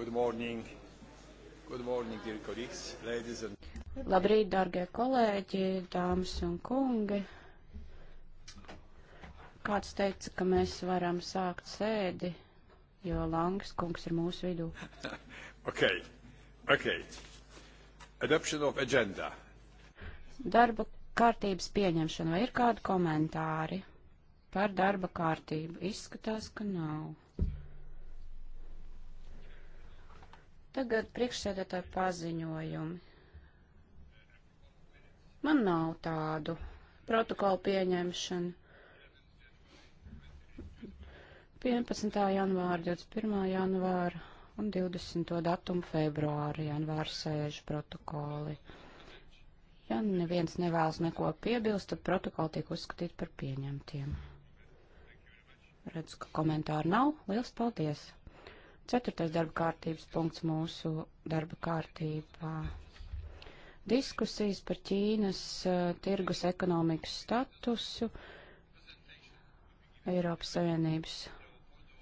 Good morning. Good morning, dear colleagues, ladies and... Labrīt, dargie kolēģi, dāmas un kungi. Kāds teica, ka mēs varam sākt sēdi, jo Langs kungs ir mūsu vidū. ok, ok. Adoption of agenda. Darba kārtības pieņemšana vai ir kādi komentāri par darba kārtību? Izskatās, ka nav. Tagad priekšsēdētāji paziņojumi. Man nav tādu protokolu pieņemšanu. 11. janvāra, 21. janvāra un 20. datumu februāra janvāra sēžu protokoli. Ja neviens nevēlas neko piebilst, tad protokoli tiek uzskatīti par pieņemtiem. Redzu, ka komentāru nav. Liels paldies! Ceturtais darba kārtības punkts mūsu darba kārtībā. Diskusijas par Ķīnas uh, tirgus ekonomikas statusu, Eiropas Savienības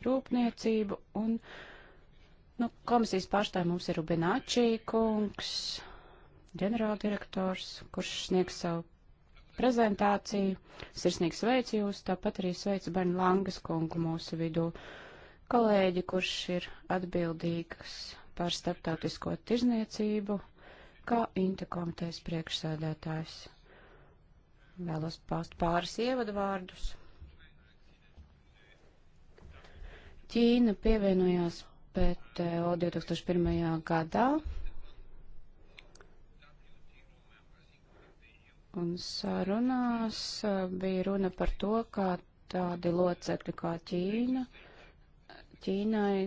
rūpniecību un nu, komisijas pārstāvja mums ir Rubināčī kungs, ģenerāldirektors, kurš sniegs savu prezentāciju. Sirsnīgi sveicu jūs, tāpat arī sveicu Bērnu Langas kungu mūsu vidū. Uh, kolēģi, kurš ir atbildīgs par starptautisko tirzniecību, kā interkomitejas priekšsēdētājs. Vēlos pāst pāris ievadu vārdus. Ķīna pievienojās PTO 2001. gadā un sarunās eh, bija runa par to, kā tādi locekļi kā Ķīna Ķīnai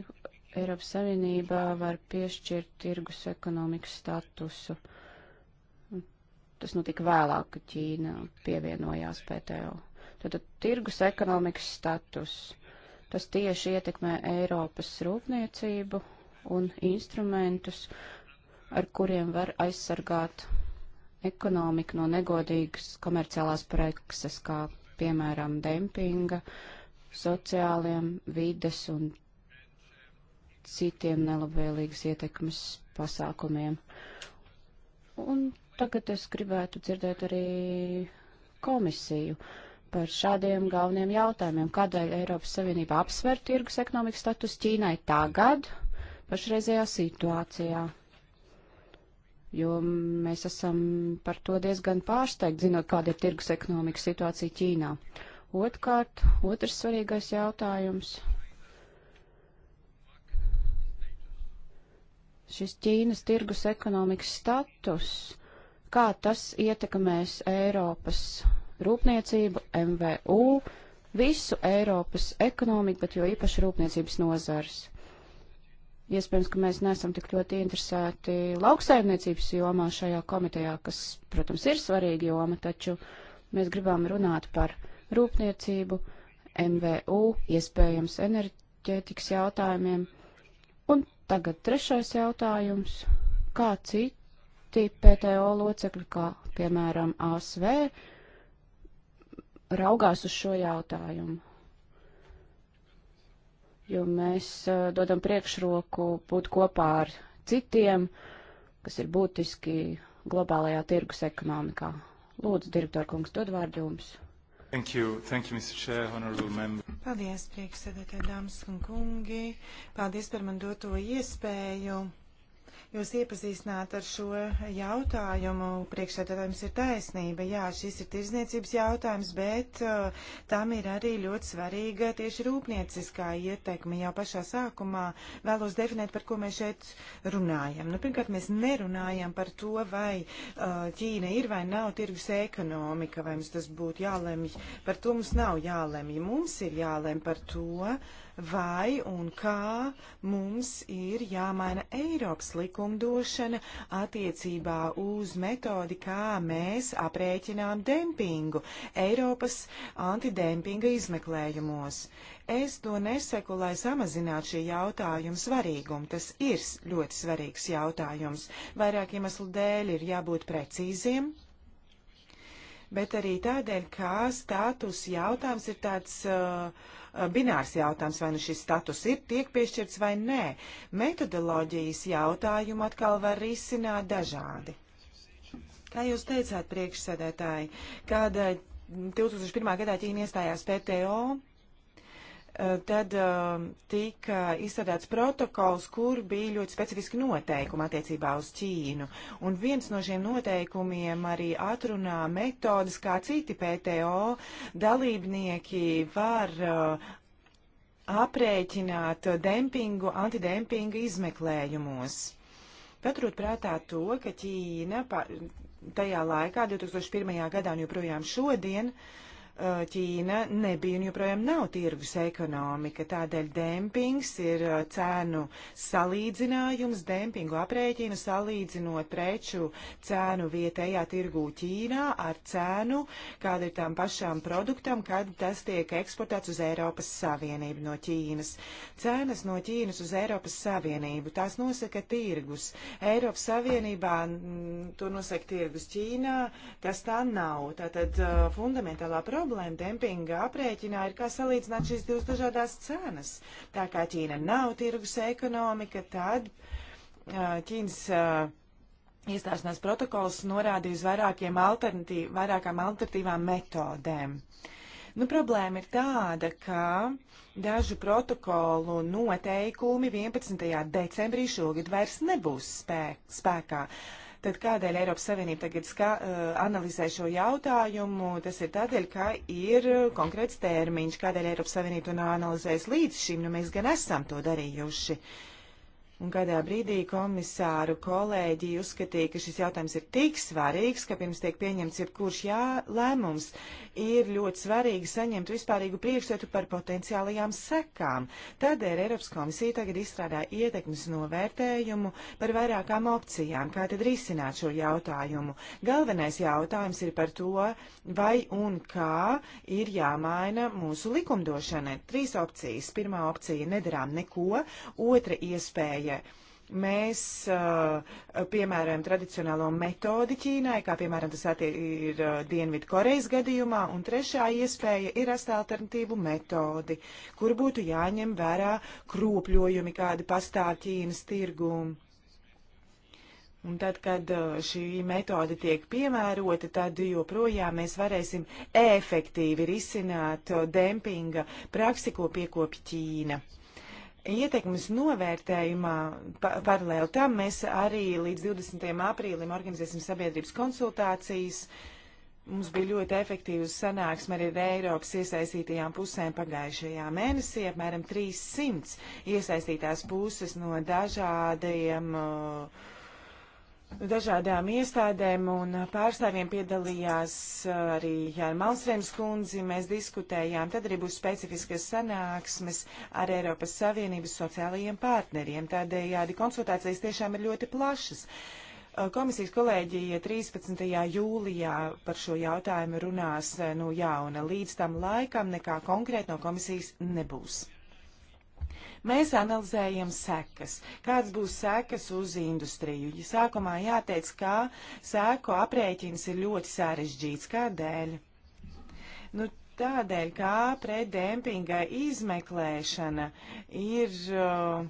Eiropas Savienībā var piešķirt tirgus ekonomikas statusu. Tas notika vēlāk, kad Ķīna pievienojās PTO. Tātad tirgus ekonomikas status. Tas tieši ietekmē Eiropas rūpniecību un instrumentus, ar kuriem var aizsargāt ekonomiku no negodīgas komerciālās prakses, kā piemēram dempinga, uh, sociāliem, vides un citiem nelabvēlīgas ietekmes pasākumiem. Un tagad es gribētu dzirdēt arī komisiju par šādiem galveniem jautājumiem. Kādēļ Eiropas Savienība apsver tirgus ekonomikas status Ķīnai tagad, pašreizējā situācijā? Jo mēs esam par to diezgan pārsteigti, zinot, kāda ir tirgus ekonomikas situācija Ķīnā. Uh, Otkārt, otrs svarīgais jautājums. Šis Ķīnas tirgus ekonomikas status, kā tas ietekmēs Eiropas rūpniecību, MVU, visu Eiropas ekonomiku, bet jo īpaši rūpniecības nozars. Iespējams, ka mēs neesam tik ļoti interesēti lauksaimniecības jomā šajā komitejā, kas, protams, ir svarīga joma, taču mēs gribam runāt par rūpniecību, MVU, iespējams enerģētikas jautājumiem. Un tagad trešais jautājums - kā citi PTO locekļi, kā piemēram ASV, raugās uz šo jautājumu? Jo mēs uh, dodam priekšroku būt kopā ar citiem, kas ir būtiski globālajā tirgus ekonomikā. Lūdzu, direktor kungs, dod vārdu jums. Thank you. Thank you, Mr. Chair, honorable member. Paldies, priekšsēdētāji, dāmas un kungi. Paldies par man doto iespēju jūs iepazīstināt ar šo jautājumu. Priekšsēdētājums ir taisnība. Jā, šis ir tirzniecības jautājums, bet uh, tam ir arī ļoti svarīga tieši rūpnieciskā ietekme. Jau pašā sākumā vēlos definēt, par ko mēs šeit runājam. Nu, pirmkārt, mēs nerunājam par to, vai uh, Ķīna ir vai nav tirgus ekonomika, vai mums tas būtu jālemj. Par to mums nav jālemj. Mums ir jālemj par to. Uh, vai un kā mums ir jāmaina Eiropas likumdošana attiecībā uz metodi, kā mēs aprēķinām dempingu Eiropas antidempinga izmeklējumos. Es to neseku, lai samazinātu šī jautājuma svarīgumu. Tas ir ļoti svarīgs jautājums. Vairāk iemeslu dēļ ir jābūt precīziem bet arī tādēļ, kā status jautājums ir tāds uh, binārs jautājums, vai nu šis status ir tiek piešķirts vai nē. Metodoloģijas jautājumu atkal var risināt dažādi. Kā jūs teicāt, priekšsēdētāji, kad 2001. Eh, gadā Ķīna iestājās PTO, Eh, tad eh, tika izstrādāts protokols, kur bija ļoti specifiski noteikumi attiecībā uz Ķīnu. Un viens no šiem noteikumiem arī atrunā metodas, kā citi PTO dalībnieki var eh, aprēķināt dempingu, antidempingu izmeklējumos. Paturot prātā to, ka Ķīna tajā laikā, 2001. gadā un joprojām šodien, uh, Ķīna nebija un joprojām nav tirgus ekonomika. Tādēļ dempings ir uh, cēnu salīdzinājums, dempingu aprēķina salīdzinot preču cēnu vietējā tirgū Ķīnā ar cēnu, kāda ir tām pašām produktam, kad tas tiek eksportēts uz Eiropas Savienību no Ķīnas. Cēnas no Ķīnas uz Eiropas Savienību, tās nosaka tirgus. Eiropas Savienībā to nosaka tirgus Ķīnā, tas tā nav. Tātad uh, fundamentālā problēma problēma dempinga aprēķinā ir, kā salīdzināt šīs divas dažādās cenas. Tā kā Ķīna nav tirgus ekonomika, tad Ķīnas iestāšanās protokols norādīja uz vairākiem alternatīv, vairākām alternatīvām metodēm. Nu, problēma ir tāda, ka dažu protokolu noteikumi 11. decembrī šogad vairs nebūs spēk, spēkā. Tad kādēļ Eiropas Savienība tagad ska, eh, analizē šo jautājumu? Tas ir tādēļ, ka ir konkrēts termiņš, kādēļ Eiropas Savienība to nav analizējusi līdz šim, nu mēs gan esam to darījuši. Uh, Un kādā brīdī komisāru kolēģi uzskatīja, ka šis jautājums ir tik svarīgs, ka pirms tiek pieņemts jebkurš jā, lēmums, ir ļoti svarīgi saņemt vispārīgu priekšstatu par potenciālajām sekām. Tādēļ Eiropas komisija tagad izstrādā ietekmes novērtējumu par vairākām opcijām, kā tad risināt šo jautājumu. Galvenais jautājums ir par to, vai un kā ir jāmaina mūsu likumdošana. Trīs opcijas. Pirmā opcija - nedarām neko, otra iespēja Krievijai. Mēs uh, piemērojam tradicionālo metodi Ķīnai, kā piemēram tas ir uh, Dienvidu Korejas gadījumā, un trešā iespēja ir rast alternatīvu metodi, kur būtu jāņem vērā kropļojumi, kādi pastāv Ķīnas tirgumu. Un tad, kad šī metode tiek piemērota, tad joprojām mēs varēsim efektīvi risināt dempinga praksi, ko piekopja Ķīna. Ietekmes novērtējumā pa paralēli tam mēs arī līdz 20. aprīlim organizēsim sabiedrības konsultācijas. Mums bija ļoti efektīvas sanāksme arī ar Eiropas iesaistītajām pusēm pagājušajā mēnesī. Apmēram 300 iesaistītās puses no dažādiem uh, dažādām iestādēm un pārstāvjiem piedalījās arī Jāna Malmstrēms kundzi. Mēs diskutējām, tad arī būs specifiskas sanāksmes ar Eiropas Savienības sociālajiem partneriem. Tādējādi konsultācijas tiešām ir ļoti plašas. Komisijas kolēģija 13. jūlijā par šo jautājumu runās no nu, jauna. Līdz tam laikam nekā konkrēta no komisijas nebūs. Mēs analizējam sekas. Kāds būs sekas uz industriju? Ja sākumā jāteic, ka sēku aprēķins ir ļoti sarežģīts. Kādēļ? Nu, tādēļ, kā pretdempinga izmeklēšana ir. Uh,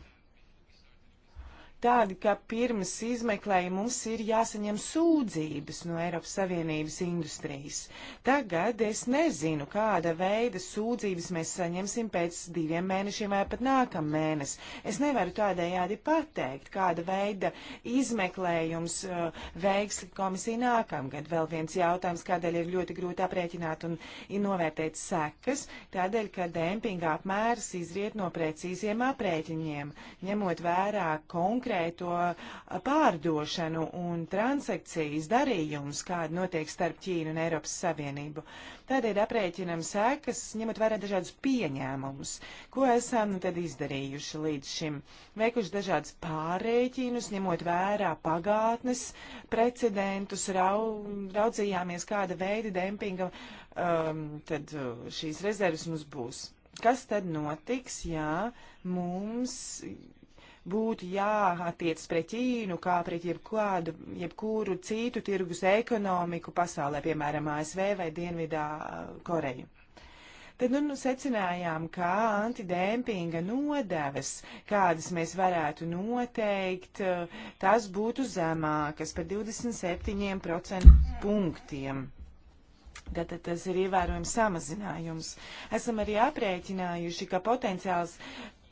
tādi, ka pirms izmeklējuma mums ir jāsaņem sūdzības no Eiropas Savienības industrijas. Tagad es nezinu, kāda veida sūdzības mēs saņemsim pēc diviem mēnešiem vai pat nākam mēnes. Es nevaru tādējādi pateikt, kāda veida izmeklējums uh, veiks komisija nākamgad. Vēl viens jautājums, kādēļ ir ļoti grūti aprēķināt un novērtēt sekas, tādēļ, ka dempinga apmērs izriet no precīziem aprēķiniem, ņemot vērā konkrēti konkrēto pārdošanu un transakcijas darījumus, kāda notiek starp Ķīnu un Eiropas Savienību. Tad ir aprēķinam sekas, ņemot vērā dažādus pieņēmumus, ko esam nu, tad izdarījuši līdz šim. Veikuši dažādas pārēķinus, ņemot vērā pagātnes precedentus, rau, raudzījāmies, kāda veida dempinga um, tad uh, šīs rezerves mums būs kas tad notiks, ja mums būtu jāattiec pret Ķīnu kā pret jebkādu, jebkuru citu tirgus ekonomiku pasaulē, piemēram, ASV vai Dienvidā uh, Koreju. Tad nu, nu secinājām, ka antidempinga nodevas, kādas mēs varētu noteikt, uh, tas būtu zemākas par 27% punktiem. Tātad tas ir ievērojams samazinājums. Esam arī aprēķinājuši, ka potenciāls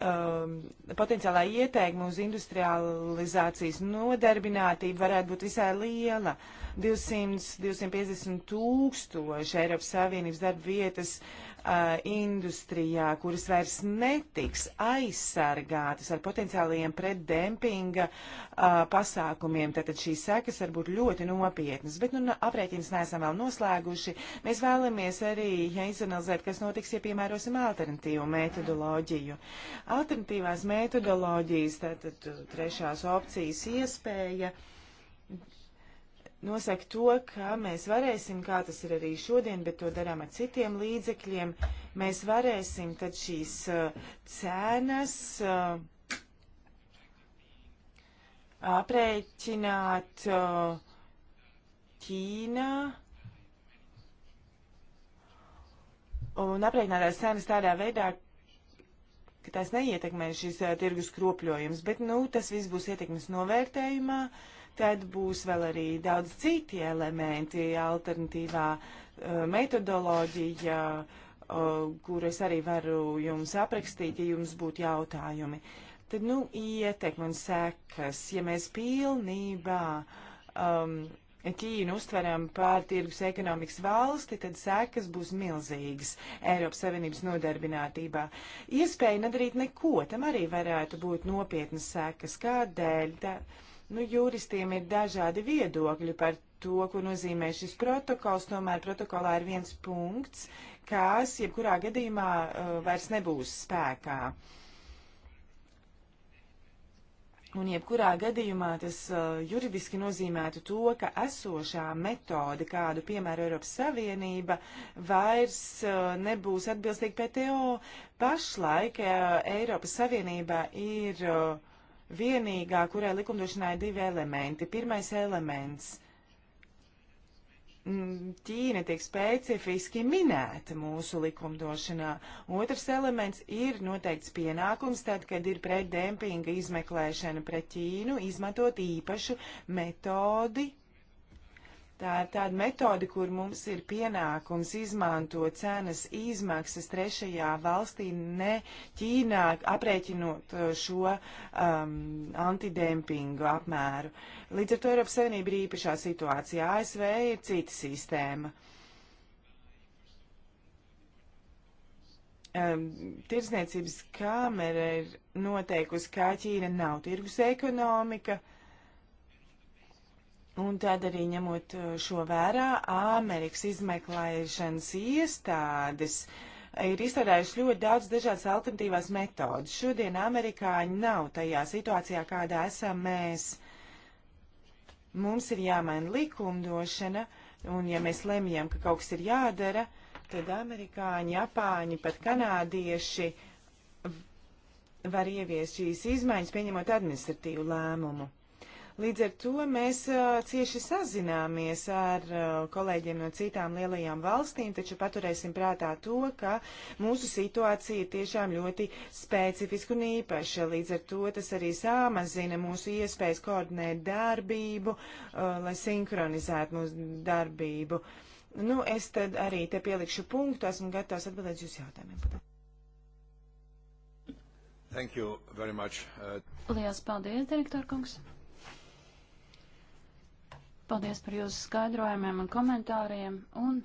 um, potenciālā ieteikuma uz industrializācijas nodarbinātību varētu būt visai liela. 200-250 tūkstoši Eiropas Savienības darba vietas uh, Eh, industrijā, kuras vairs netiks aizsargātas ar potenciāliem pretdempinga uh, pasākumiem. Tātad šīs sekas var būt ļoti nopietnas, bet nu, aprēķins neesam vēl noslēguši. Mēs vēlamies arī ja izanalizēt, kas notiks, ja piemērosim alternatīvu metodoloģiju. Alternatīvās metodoloģijas, tātad eh, trešās opcijas iespēja. Uh, nosaka to, ka mēs varēsim, kā tas ir arī šodien, bet to darām ar citiem līdzekļiem, mēs varēsim tad šīs uh, cenas uh, aprēķināt uh, Ķīnā. Un aprēķinātās cenas tādā veidā, ka tās neietekmē šis uh, tirgus kropļojums, bet, nu, tas viss būs ietekmes novērtējumā. Uh, Tad būs vēl arī daudz citi elementi, alternatīvā uh, metodoloģija, uh, kuras arī varu jums aprakstīt, ja jums būtu jautājumi. Tad, nu, ietekmi un sekas, ja mēs pilnībā um, Ķīnu uztveram par tirgus ekonomikas valsti, tad sekas būs milzīgas Eiropas Savienības nodarbinātībā. Iespēja nedarīt neko, tam arī varētu būt nopietnas sekas. Kādēļ? Tā, Nu, juristiem ir dažādi viedokļi par to, ko nozīmē šis protokols. Tomēr protokolā ir viens punkts, kas jebkurā gadījumā uh, vairs nebūs spēkā. Un jebkurā gadījumā tas uh, juridiski nozīmētu to, ka esošā metode, kādu piemēra Eiropas Savienība, vairs uh, nebūs atbilstīga PTO. Pašlaik uh, Eiropas Savienība ir uh, vienīgā, kurai likumdošanā ir divi elementi. Pirmais elements mm, - Ķīna tiek specifiski minēta mūsu likumdošanā. Otrs elements ir noteikts pienākums, tad, kad ir pretdempinga izmeklēšana pret Ķīnu, izmantot īpašu metodi Tā ir tāda metode, kur mums ir pienākums izmantot cenas izmaksas trešajā valstī, ne Ķīnā, aprēķinot uh, šo um, antidempingu apmēru. Līdz ar to Eiropas Savienība ir īpašā situācijā. ASV ir cita sistēma. Um, tirzniecības kāmera ir noteikusi, ka Ķīna nav tirgus ekonomika. Uh, Un tad arī ņemot uh, šo vērā, Amerikas izmeklēšanas iestādes eh, ir izstrādājuši ļoti daudz dažādas alternatīvās metodas. Šodien amerikāņi nav tajā situācijā, kādā esam mēs. Mums ir jāmaina likumdošana, un ja mēs lemjam, ka kaut kas ir jādara, tad amerikāņi, japāņi, pat kanādieši var ieviest šīs izmaiņas, pieņemot administratīvu lēmumu. Līdz ar to mēs cieši sazināmies ar kolēģiem no citām lielajām valstīm, taču paturēsim prātā to, ka mūsu situācija ir tiešām ļoti specifiska un īpaša. Līdz ar to tas arī samazina mūsu iespējas koordinēt darbību, lai sinhronizētu mūsu darbību. Nu, es tad arī te pielikšu punktu, esmu gatavs atbildēt jūsu jautājumiem. Thank you very much. Uh... Lielas paldies, direktor kungs. Paldies par jūsu skaidrojumiem un komentāriem. Un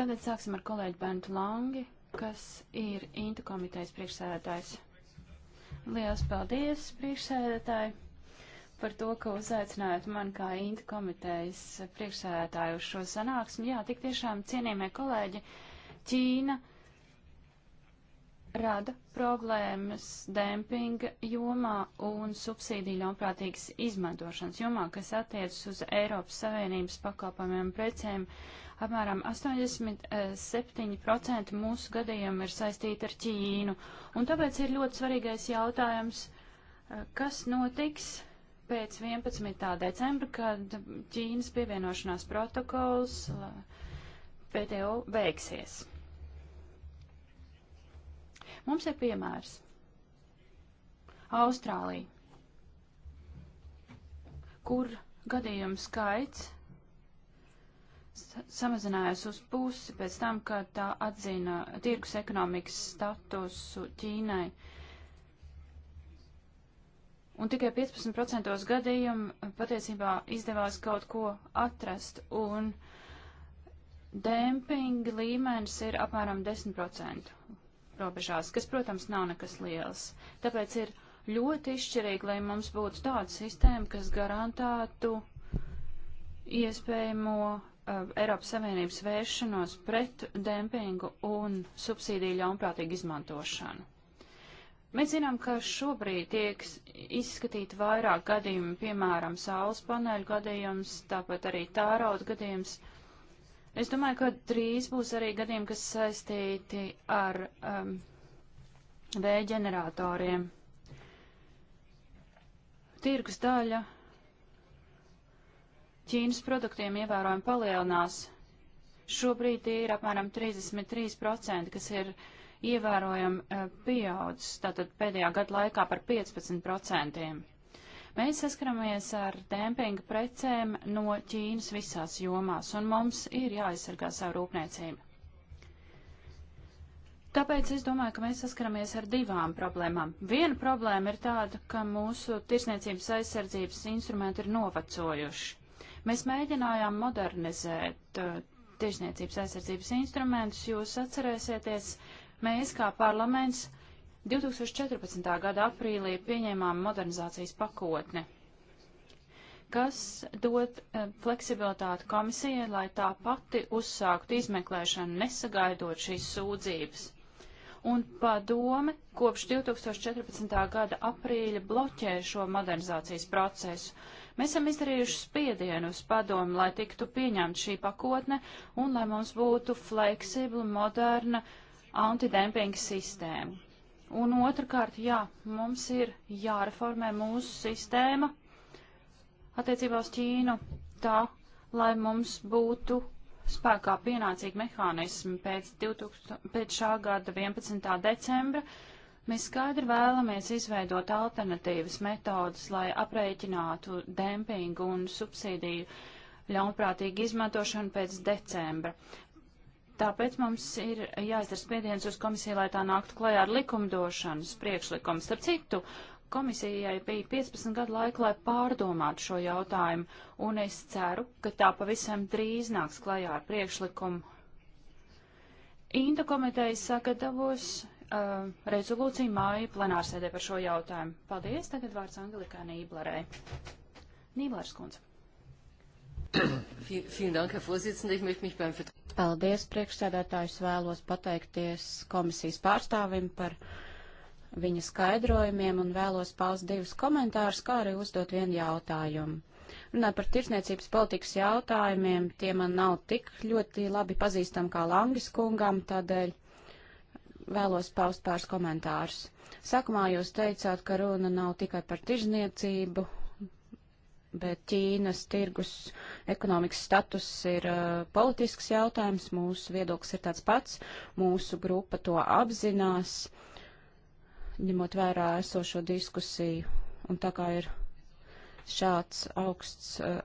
tagad sāksim ar kolēģi Bentu Langi, kas ir Intu komitejas priekšsēdētājs. Lielas paldies, priekšsēdētāji, par to, ka uzaicinājāt man kā Intu komitejas priekšsēdētāju uz šo sanāksmi. Jā, tik tiešām cienījamie kolēģi, Ķīna rada problēmas dempinga jomā un subsīdiju ļaunprātīgas izmantošanas jomā, kas attiecas uz Eiropas Savienības pakalpojumiem un precēm. Apmēram 87% eh, mūsu gadījumu ir saistīti ar Ķīnu, un tāpēc ir ļoti svarīgais jautājums, eh, kas notiks pēc 11. decembra, kad Ķīnas pievienošanās protokols eh, PTO beigsies. Mums ir piemērs. Austrālija, kur gadījumu skaits samazinājās uz pusi pēc tam, kad tā atzina tirgus ekonomikas statusu Ķīnai. Un tikai 15% gadījumu patiesībā izdevās kaut ko atrast, un dempinga līmenis ir apmēram 10% robežās, kas, protams, nav nekas liels. Tāpēc ir ļoti izšķirīgi, lai mums būtu tāda sistēma, kas garantētu iespējamo uh, Eiropas Savienības vēršanos pret dempingu un subsīdiju ļaunprātīgu izmantošanu. Mēs zinām, ka šobrīd tiek izskatīti vairāk gadījumi, piemēram, saules paneļu gadījums, tāpat arī tārauda gadījums. Uh, Es domāju, ka drīz būs arī gadījumi, kas saistīti ar um, vēja ģeneratoriem. Tirgus daļa Ķīnas produktiem ievērojami palielinās. Šobrīd tie ir apmēram 33%, kas ir ievērojami uh, pieaudzis, tātad pēdējā gada laikā par 15%. Mēs saskaramies ar dēmpinga precēm no Ķīnas visās jomās, un mums ir jāaizsargā savu rūpniecību. Tāpēc es domāju, ka mēs saskaramies ar divām problēmām. Viena problēma ir tāda, ka mūsu tirsniecības aizsardzības instrumenti ir novecojuši. Mēs mēģinājām modernizēt uh, tirsniecības aizsardzības instrumentus, jūs atcerēsieties, mēs kā parlaments uh, 2014. gada aprīlī pieņēmām modernizācijas pakotni, kas dod e, fleksibilitāti komisijai, lai tā pati uzsāktu izmeklēšanu, nesagaidot šīs sūdzības. Un padome kopš 2014. gada aprīļa bloķē šo modernizācijas procesu. Mēs esam izdarījuši spiedienu uz padomu, lai tiktu pieņemta šī pakotne un lai mums būtu fleksibla, moderna antidempinga sistēma Un otrkārt, jā, mums ir jāreformē mūsu sistēma attiecībā uz Ķīnu tā, lai mums būtu spēkā pienācīgi mehānismi pēc, 2000, pēc šā gada 11. decembra. Mēs skaidri vēlamies izveidot alternatīvas metodas, lai aprēķinātu dempingu un subsīdiju ļaunprātīgu izmantošanu pēc decembra. Tāpēc mums ir jāizdara spiediens uz komisiju, lai tā nāktu klajā ar likumdošanas priekšlikumu. Starp citu, komisijai bija 15 gadu laika, lai pārdomātu šo jautājumu, un es ceru, ka tā pavisam drīz nāks klajā ar priekšlikumu. Inta komiteja sagatavos uh, rezolūciju māju plenārsēdē par šo jautājumu. Paldies, tagad vārds Angelikā Nīblerē. Nīblers kundze. Vielen Dank, Herr Vorsitzender. Ich möchte mich beim Vertreter Paldies, priekšsēdētājs. Vēlos pateikties komisijas pārstāvim par viņa skaidrojumiem un vēlos paust divus komentārus, kā arī uzdot vienu jautājumu. Runājot par tirsniecības politikas jautājumiem, tie man nav tik ļoti labi pazīstami kā Langis kungam, tādēļ vēlos paust pāris komentārus. Sākumā jūs teicāt, ka runa nav tikai par tirzniecību bet Ķīnas tirgus ekonomikas status ir uh, politisks jautājums, mūsu viedoklis ir tāds pats, mūsu grupa to apzinās, ņemot vērā esošo diskusiju, un tā kā ir šāds augsts uh,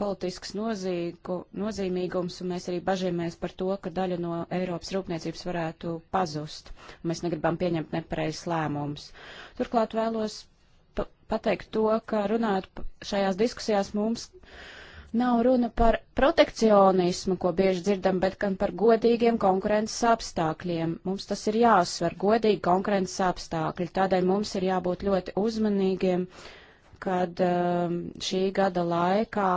politisks nozīgu, nozīmīgums, un mēs arī bažīmies par to, ka daļa no Eiropas rūpniecības varētu pazust. Mēs negribam pieņemt nepareizs lēmums. Turklāt vēlos pa pateikt to, ka runājot šajās diskusijās mums nav runa par protekcionismu, ko bieži dzirdam, bet gan par godīgiem konkurences apstākļiem. Mums tas ir jāuzsver, godīgi konkurences apstākļi. Tādēļ mums ir jābūt ļoti uzmanīgiem, kad um, šī gada laikā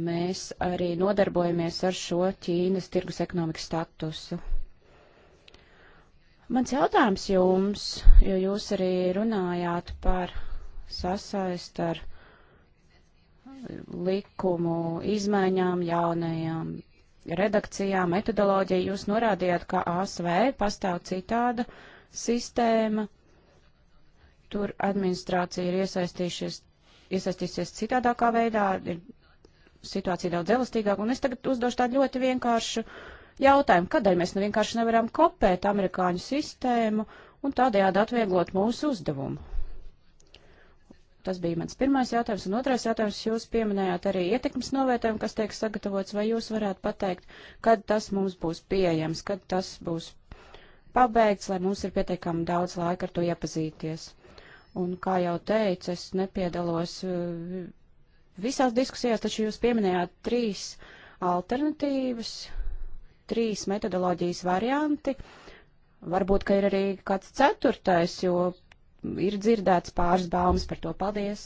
mēs arī nodarbojamies ar šo Ķīnas tirgus ekonomikas statusu. Mans jautājums jums, jo jūs arī runājāt par sasaist ar likumu izmaiņām, jaunajām redakcijām, metodoloģiju. Jūs norādījāt, ka ASV pastāv citāda sistēma, tur administrācija ir iesaistījušies, iesaistīsies citādākā veidā, ir situācija daudz elastīgāka, un es tagad uzdošu tādu ļoti vienkāršu jautājumu, kādēļ mēs nu vienkārši nevaram kopēt amerikāņu sistēmu un tādējādi atvieglot mūsu uzdevumu. Tas bija mans pirmais jautājums, un otrais jautājums jūs pieminējāt arī ietekmes novērtējumu, kas tiek sagatavots, vai jūs varētu pateikt, kad tas mums būs pieejams, kad tas būs pabeigts, lai mums ir pietiekami daudz laika ar to iepazīties. Un, kā jau teicu, es nepiedalos uh, visās diskusijās, taču jūs pieminējāt trīs alternatīvas, trīs metodoloģijas varianti. Varbūt, ka ir arī kāds ceturtais, jo ir dzirdēts pāris baumas par to. Paldies!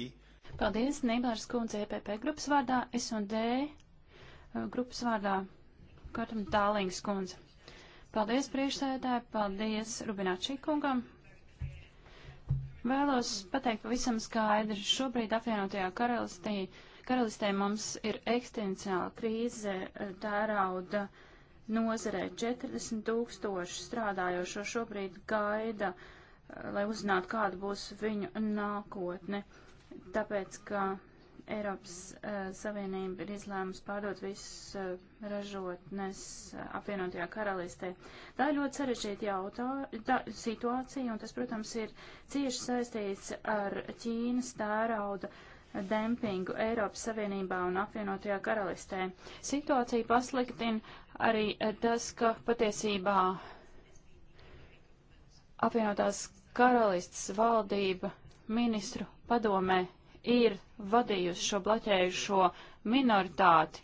E paldies, Neibārs kundze, EPP grupas vārdā, S&D uh, grupas vārdā, Kartam Tālīngas kundze. Paldies, priekšsēdētāji, paldies Rubināčī kungam. Vēlos pateikt pavisam skaidri, šobrīd apvienotajā karalistī, karalistē mums ir eksistenciāla krīze, tērauda. Uh, nozarē. 40 tūkstoši strādājošo šobrīd gaida, eh, lai uzzinātu, kāda būs viņu nākotne, tāpēc, ka Eiropas uh, Savienība ir izlēmusi pārdot visas uh, ražotnes uh, apvienotajā karalistē. Tā ir ļoti sarežģīta jautā, tā, situācija, un tas, protams, ir cieši saistīts ar Ķīnas tērauda uh, dempingu Eiropas Savienībā un apvienotajā karalistē. Situācija pasliktina arī tas, ka patiesībā apvienotās karalists valdība ministru padomē ir vadījusi šo blaķējušo minoritāti,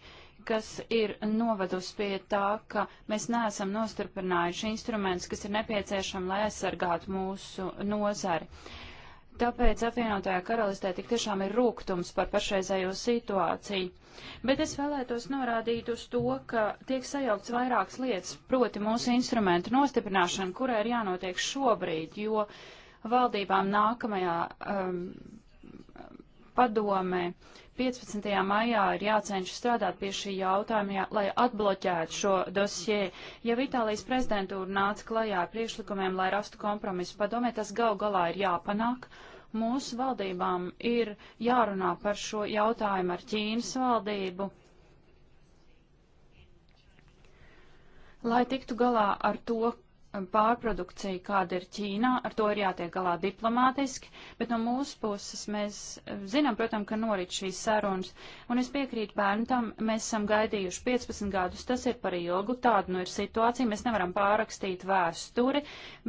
kas ir novedusi pie tā, ka mēs neesam nostarpinājuši instrumentus, kas ir nepieciešami, lai aizsargātu mūsu nozari. Uh, Tāpēc apvienotajā karalistē tik tiešām ir rūgtums par pašreizējo situāciju. Bet es vēlētos norādīt uz to, ka tiek sajaukts vairākas lietas, proti mūsu instrumentu nostiprināšana, kurai ir jānotiek šobrīd, jo valdībām nākamajā um, padomē 15. maijā ir jācenšas strādāt pie šī jautājuma, jā, lai atbloķētu šo dosie. Ja Itālijas prezidentūra nāca klajā ar priekšlikumiem, lai rastu kompromisu padomē, tas gal galā ir jāpanāk, Mūsu valdībām ir jārunā par šo jautājumu ar Ķīnas valdību, lai tiktu galā ar to, pārprodukcija, kāda ir Ķīnā, ar to ir jātiek galā diplomātiski, bet no mūsu puses mēs eh, zinām, protams, ka norit šīs sarunas, un es piekrītu bērnam, mēs esam gaidījuši 15 gadus, tas ir par ilgu, tāda nu ir situācija, mēs nevaram pārrakstīt vēsturi,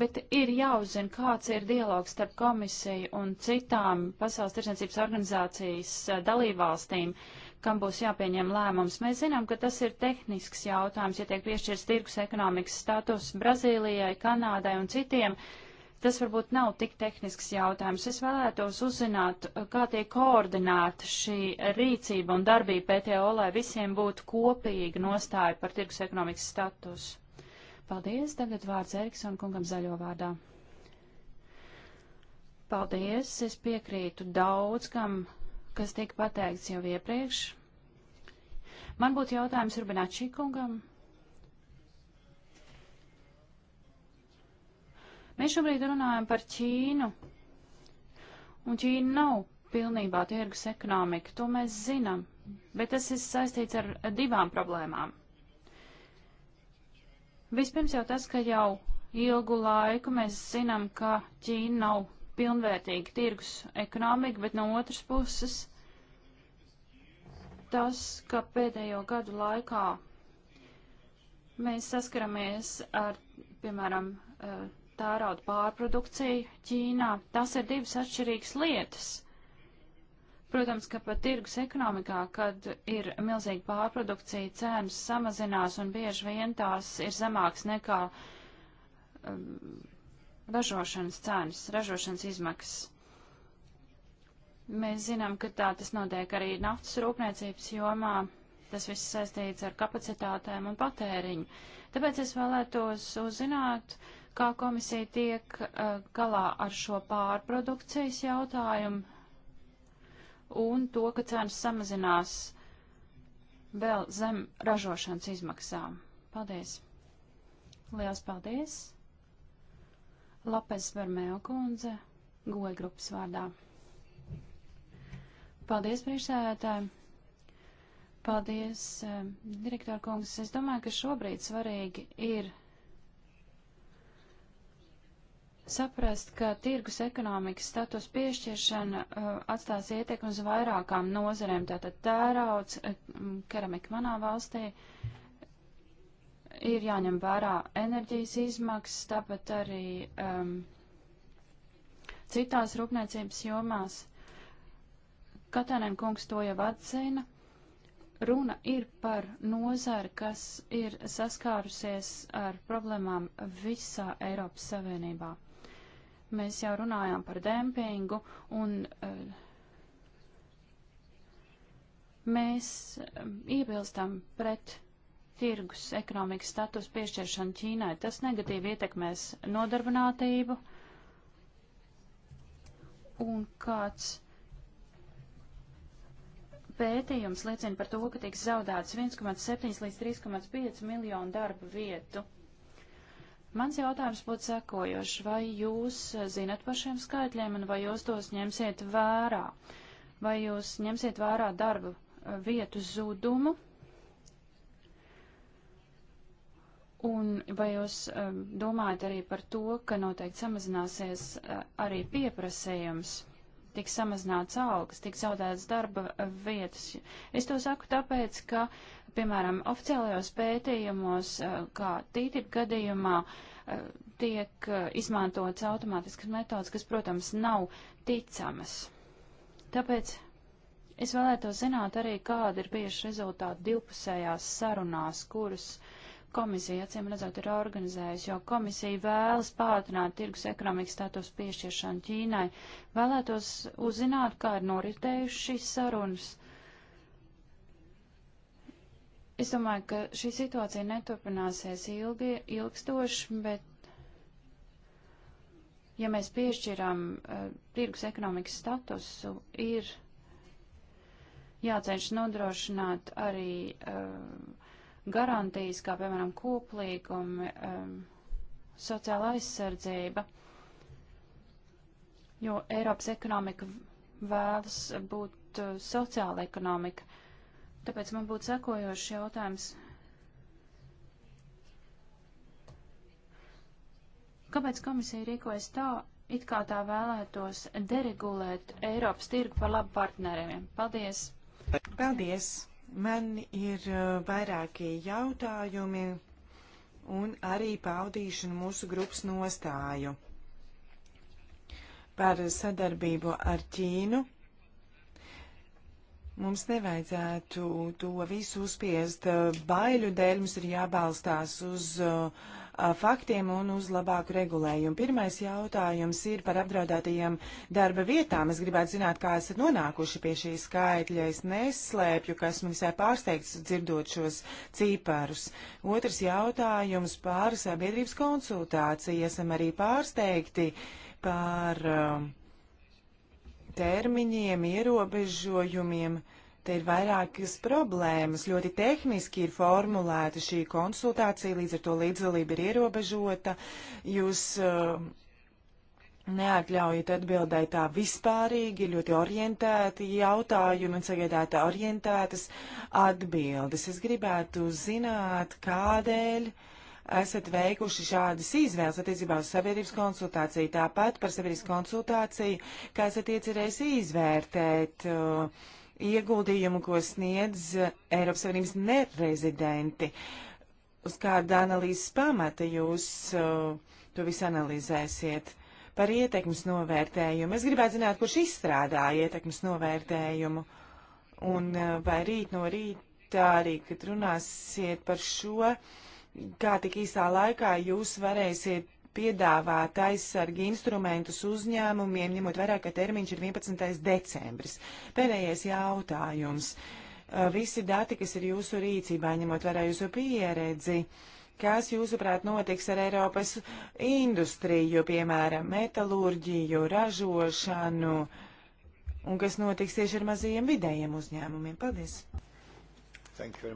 bet ir jāuzzina, kāds ir dialogs starp komisiju un citām pasaules tirsniecības organizācijas eh, dalībvalstīm. Uh, kam būs jāpieņem lēmums. Mēs zinām, ka tas ir tehnisks jautājums, ja tiek piešķirts tirgus ekonomikas status Brazīlijai, Kanādai un citiem. Tas varbūt nav tik tehnisks jautājums. Es vēlētos uzzināt, kā tiek koordinēta šī rīcība un darbība PTO, lai visiem būtu kopīga nostāja par tirgus ekonomikas status. Paldies, tagad vārds Eriksona kungam zaļo vārdā. Paldies, es piekrītu daudz, kam kas tika pateikts jau iepriekš. Man būtu jautājums Rubināt Šikungam. Mēs šobrīd runājam par Ķīnu, un Ķīna nav pilnībā tirgus ekonomika, to mēs zinām, bet tas ir saistīts ar divām problēmām. Vispirms jau tas, ka jau ilgu laiku mēs zinām, ka Ķīna nav pilnvērtīga tirgus ekonomika, bet no otras puses tas, ka pēdējo gadu laikā mēs saskaramies ar, piemēram, eh, tērauda pārprodukciju Ķīnā, tas ir divas atšķirīgas lietas. Protams, ka pat tirgus ekonomikā, kad ir milzīga pārprodukcija, cenas samazinās un bieži vien tās ir zemāks nekā um, ražošanas cenas, ražošanas izmaksas. Mēs zinām, ka tā tas notiek arī naftas rūpniecības jomā. Tas viss saistīts ar kapacitātēm un patēriņu. Tāpēc es vēlētos uzzināt, kā komisija tiek uh, galā ar šo pārprodukcijas jautājumu un to, ka cenas samazinās vēl zem ražošanas izmaksām. Paldies! Liels paldies! Lapes Vermēla kundze, goja grupas vārdā. Paldies, priekšsēdētāji! Paldies, eh, direktor kungs. Es domāju, ka šobrīd svarīgi ir saprast, ka tirgus ekonomikas status piešķiršana uh, atstās ietekmi uz vairākām nozarēm, tātad tērauds, eh, keramika manā valstī, uh, ir jāņem vērā enerģijas izmaksas, tāpat arī um, citās rūpniecības jomās. Katēnēn kungs to jau atzina. Runa ir par nozari, kas ir saskārusies ar problēmām visā Eiropas Savienībā. Mēs jau runājām par dempingu un uh, mēs um, iebilstam pret tirgus ekonomikas status piešķiršanu Ķīnai. Tas negatīvi ietekmēs nodarbinātību un kāds pētījums liecina par to, ka tiks zaudēts 1,7 līdz 3,5 miljonu darba vietu. Mans jautājums būtu sekojošs. Vai jūs zinat par šiem skaitļiem un vai jūs tos ņemsiet vērā? Vai jūs ņemsiet vērā darba vietu zudumu Un vai jūs um, domājat arī par to, ka noteikti samazināsies uh, arī pieprasījums, tiks samazināts algas, tiks zaudētas darba uh, vietas? Es to saku tāpēc, ka, piemēram, oficiālajos pētījumos, uh, kā TTIP gadījumā, uh, tiek uh, izmantotas automātiskas metodas, kas, protams, nav ticamas. Tāpēc es vēlētos zināt arī, kāda ir bijuši rezultāti divpusējās sarunās, kuras uh, komisija, acīm redzot, ir organizējusi, jo komisija vēlas pātrināt tirgus ekonomikas status piešķiršanu Ķīnai. Vēlētos uzzināt, kā ir noritējuši šīs sarunas. Es domāju, ka šī situācija neturpināsies ilgi, ilgstoši, bet ja mēs piešķiram uh, tirgus ekonomikas statusu, ir jācenšas nodrošināt arī uh, garantijas, kā piemēram koplīgumi, um, sociāla aizsardzība, jo Eiropas ekonomika vēlas būt uh, sociāla ekonomika. Tāpēc man būtu sekojošs jautājums. Kāpēc komisija rīkojas tā, it kā tā vēlētos deregulēt Eiropas tirgu par labu partneriem? Paldies! Paldies! Man ir uh, vairākie jautājumi un arī paudīšana mūsu grupas nostāju par sadarbību ar Ķīnu. Mums nevajadzētu to visu uzspiest uh, baiļu dēļ, mums ir jābalstās uz uh, faktiem un uz labāku regulējumu. Pirmais jautājums ir par apdraudētajiem darba vietām. Es gribētu zināt, kā esat nonākuši pie šī skaitļa. Es neslēpju, kas man visai pārsteigts dzirdot šos cīparus. Otrs jautājums par sabiedrības konsultāciju. Esam arī pārsteigti par termiņiem, ierobežojumiem. Uh, Te ir vairākas problēmas, ļoti tehniski ir formulēta šī konsultācija, līdz ar to līdzdalība ir ierobežota. Jūs uh, neatļaujat atbildēt tā vispārīgi, ļoti orientēti jautājumi un sagaidāt orientētas atbildes. Es gribētu zināt, kādēļ esat veikuši šādas izvēles attiecībā uz sabiedrības konsultāciju, tāpat par sabiedrības konsultāciju, kā esat iecerējis izvērtēt. Uh, ieguldījumu, ko sniedz Eiropas Savienības nerezidenti. Uz kāda analīzes pamata jūs uh, to visu analizēsiet? Par ietekmes novērtējumu. Es gribētu zināt, kurš izstrādāja ietekmes novērtējumu. Un uh, vai rīt no rīta arī, kad runāsiet par šo, kā tik īsā laikā jūs varēsiet piedāvāt aizsargi instrumentus uzņēmumiem, ņemot vērā, ka termiņš ir 11. decembris. Pēdējais jautājums. Visi dati, kas ir jūsu rīcībā, ņemot vērā jūsu pieredzi, kas jūsuprāt notiks ar Eiropas industriju, piemēram, metalurģiju, ražošanu, un kas notiks tieši ar mazajiem vidējiem uzņēmumiem? Paldies!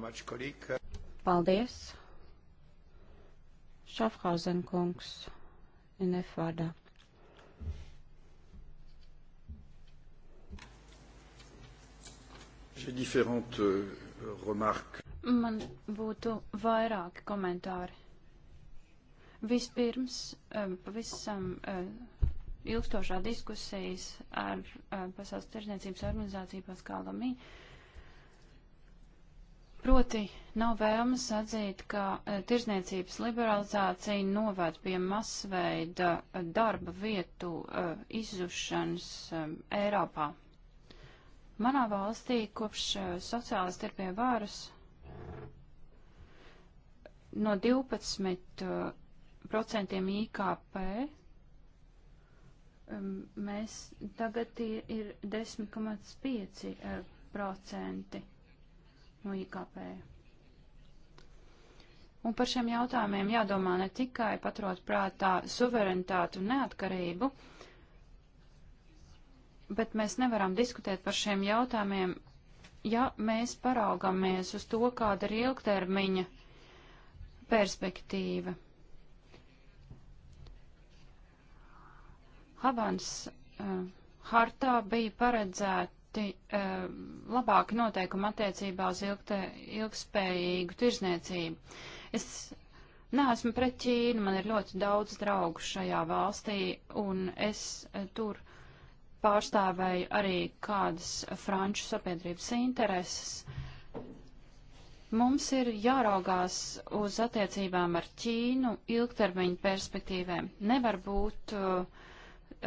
Much, Paldies! Šafhausen kungs, NF vārdā. Euh, Man būtu vairāki komentāri. Vispirms, um, pavisam um, ilgstošā diskusijas ar um, Pasaules tirdzniecības organizāciju Paskāla Mī Proti nav vēlmes atzīt, ka e, tirzniecības liberalizācija novērt pie masveida e, darba vietu uh, izzušanas um, Eiropā. Manā valstī kopš uh, sociālisti ir pie varas no 12% uh, IKP um, mēs tagad ir 10,5% no IKP. Un par šiem jautājumiem jādomā ne tikai paturot prātā suverenitātu un neatkarību, bet mēs nevaram diskutēt par šiem jautājumiem, ja mēs paraugamies uz to, kāda ir ilgtermiņa perspektīva. Havans uh, hartā bija paredzēta ļoti uh, eh, labāki noteikumi attiecībā uz ilgte, ilgspējīgu tirzniecību. Es neesmu pret Ķīnu, man ir ļoti daudz draugu šajā valstī, un es uh, tur pārstāvēju arī kādas franču sabiedrības intereses. Mums ir jāraugās uz attiecībām ar Ķīnu ilgtermiņu perspektīvēm. Nevar būt uh,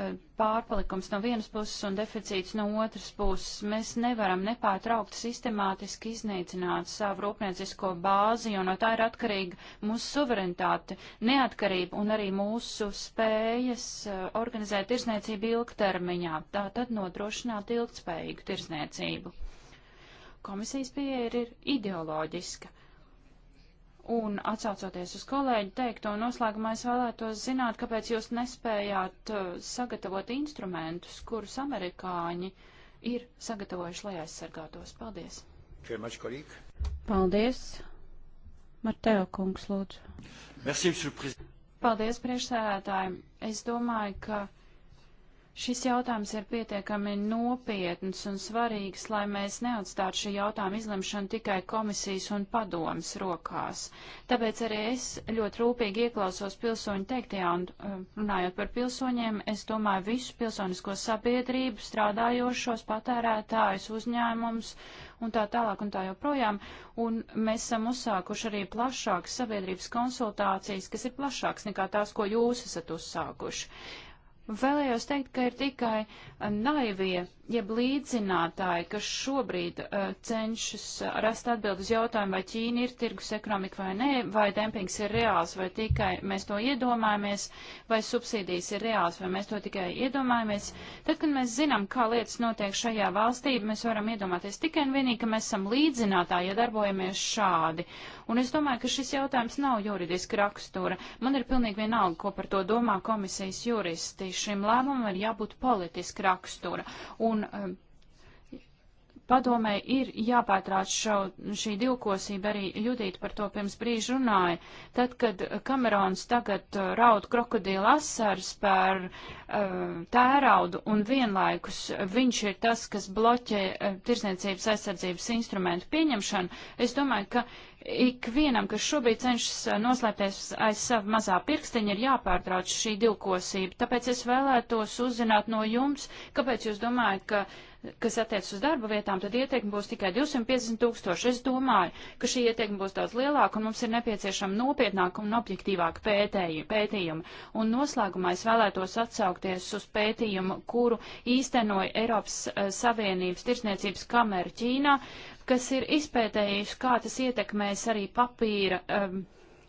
E, pārpalikums no vienas puses un deficīts no otras puses. Mēs nevaram nepārtraukti sistemātiski iznīcināt savu rūpniecisko bāzi, jo no tā ir atkarīga mūsu suverenitāte, neatkarība un arī mūsu spējas e, organizēt tirsniecību ilgtermiņā, tā tad nodrošināt ilgtspējīgu tirsniecību. Komisijas pieeja ir ideoloģiska. Un atsaucoties uz kolēģi teikto noslēgumā, es vēlētos zināt, kāpēc jūs nespējāt uh, sagatavot instrumentus, kurus amerikāņi ir sagatavojuši, lai aizsargātos. Paldies! Paldies! Marteo kungs, lūdzu. Merci, Paldies, priekšsēdētāji. Es domāju, ka Šis jautājums ir pietiekami nopietns un svarīgs, lai mēs neatstātu šī jautājuma izlemšanu tikai komisijas un padomas rokās. Tāpēc arī es ļoti rūpīgi ieklausos pilsoņu teiktajā un um, runājot par pilsoņiem, es domāju visu pilsonisko sabiedrību, strādājošos, patērētājus, uzņēmumus un tā tālāk un tā joprojām. Un mēs esam uzsākuši arī plašākas sabiedrības konsultācijas, kas ir plašākas nekā tās, ko jūs esat uzsākuši. Vēlējos teikt, ka ir tikai naivie jeb līdzinātāji, kas šobrīd uh, cenšas uh, rast atbildi uz jautājumu, vai Ķīna ir tirgus ekonomika vai nē, vai dempings ir reāls, vai tikai mēs to iedomājamies, vai subsīdijas ir reāls, vai mēs to tikai iedomājamies. Tad, kad mēs zinām, kā lietas notiek šajā valstī, mēs varam iedomāties tikai un vienīgi, ka mēs esam līdzinātāji, ja darbojamies šādi. Un es domāju, ka šis jautājums nav juridiski rakstura. Man ir pilnīgi vienalga, ko par to domā komisijas juristi. Šim lēmumam ir jābūt politiski rakstura. Un un um, Padomē ir jāpārtrāc šo, šī divkosība, arī Judīt par to pirms brīža runāja. Tad, kad Kamerons tagad uh, raud krokodilu asars par uh, tēraudu un vienlaikus viņš ir tas, kas bloķē uh, tirsniecības aizsardzības instrumentu pieņemšanu, es domāju, ka ikvienam, kas šobrīd cenšas uh, noslēpties aiz savu mazā pirksteņa, ir jāpārtrauc šī divkosība. Tāpēc es vēlētos uzzināt no jums, kāpēc jūs domājat, ka kas attiec uz darba vietām, tad ieteikumi būs tikai 250 tūkstoši. Es domāju, ka šī ieteikuma būs daudz lielāka un mums ir nepieciešama nopietnāka un objektīvāka pētījuma. Un noslēgumā es vēlētos atsaukties uz pētījumu, kuru īstenoja Eiropas uh, Savienības tirsniecības kamera Ķīnā, kas ir izpētējuši, kā tas ietekmēs arī papīra. Um,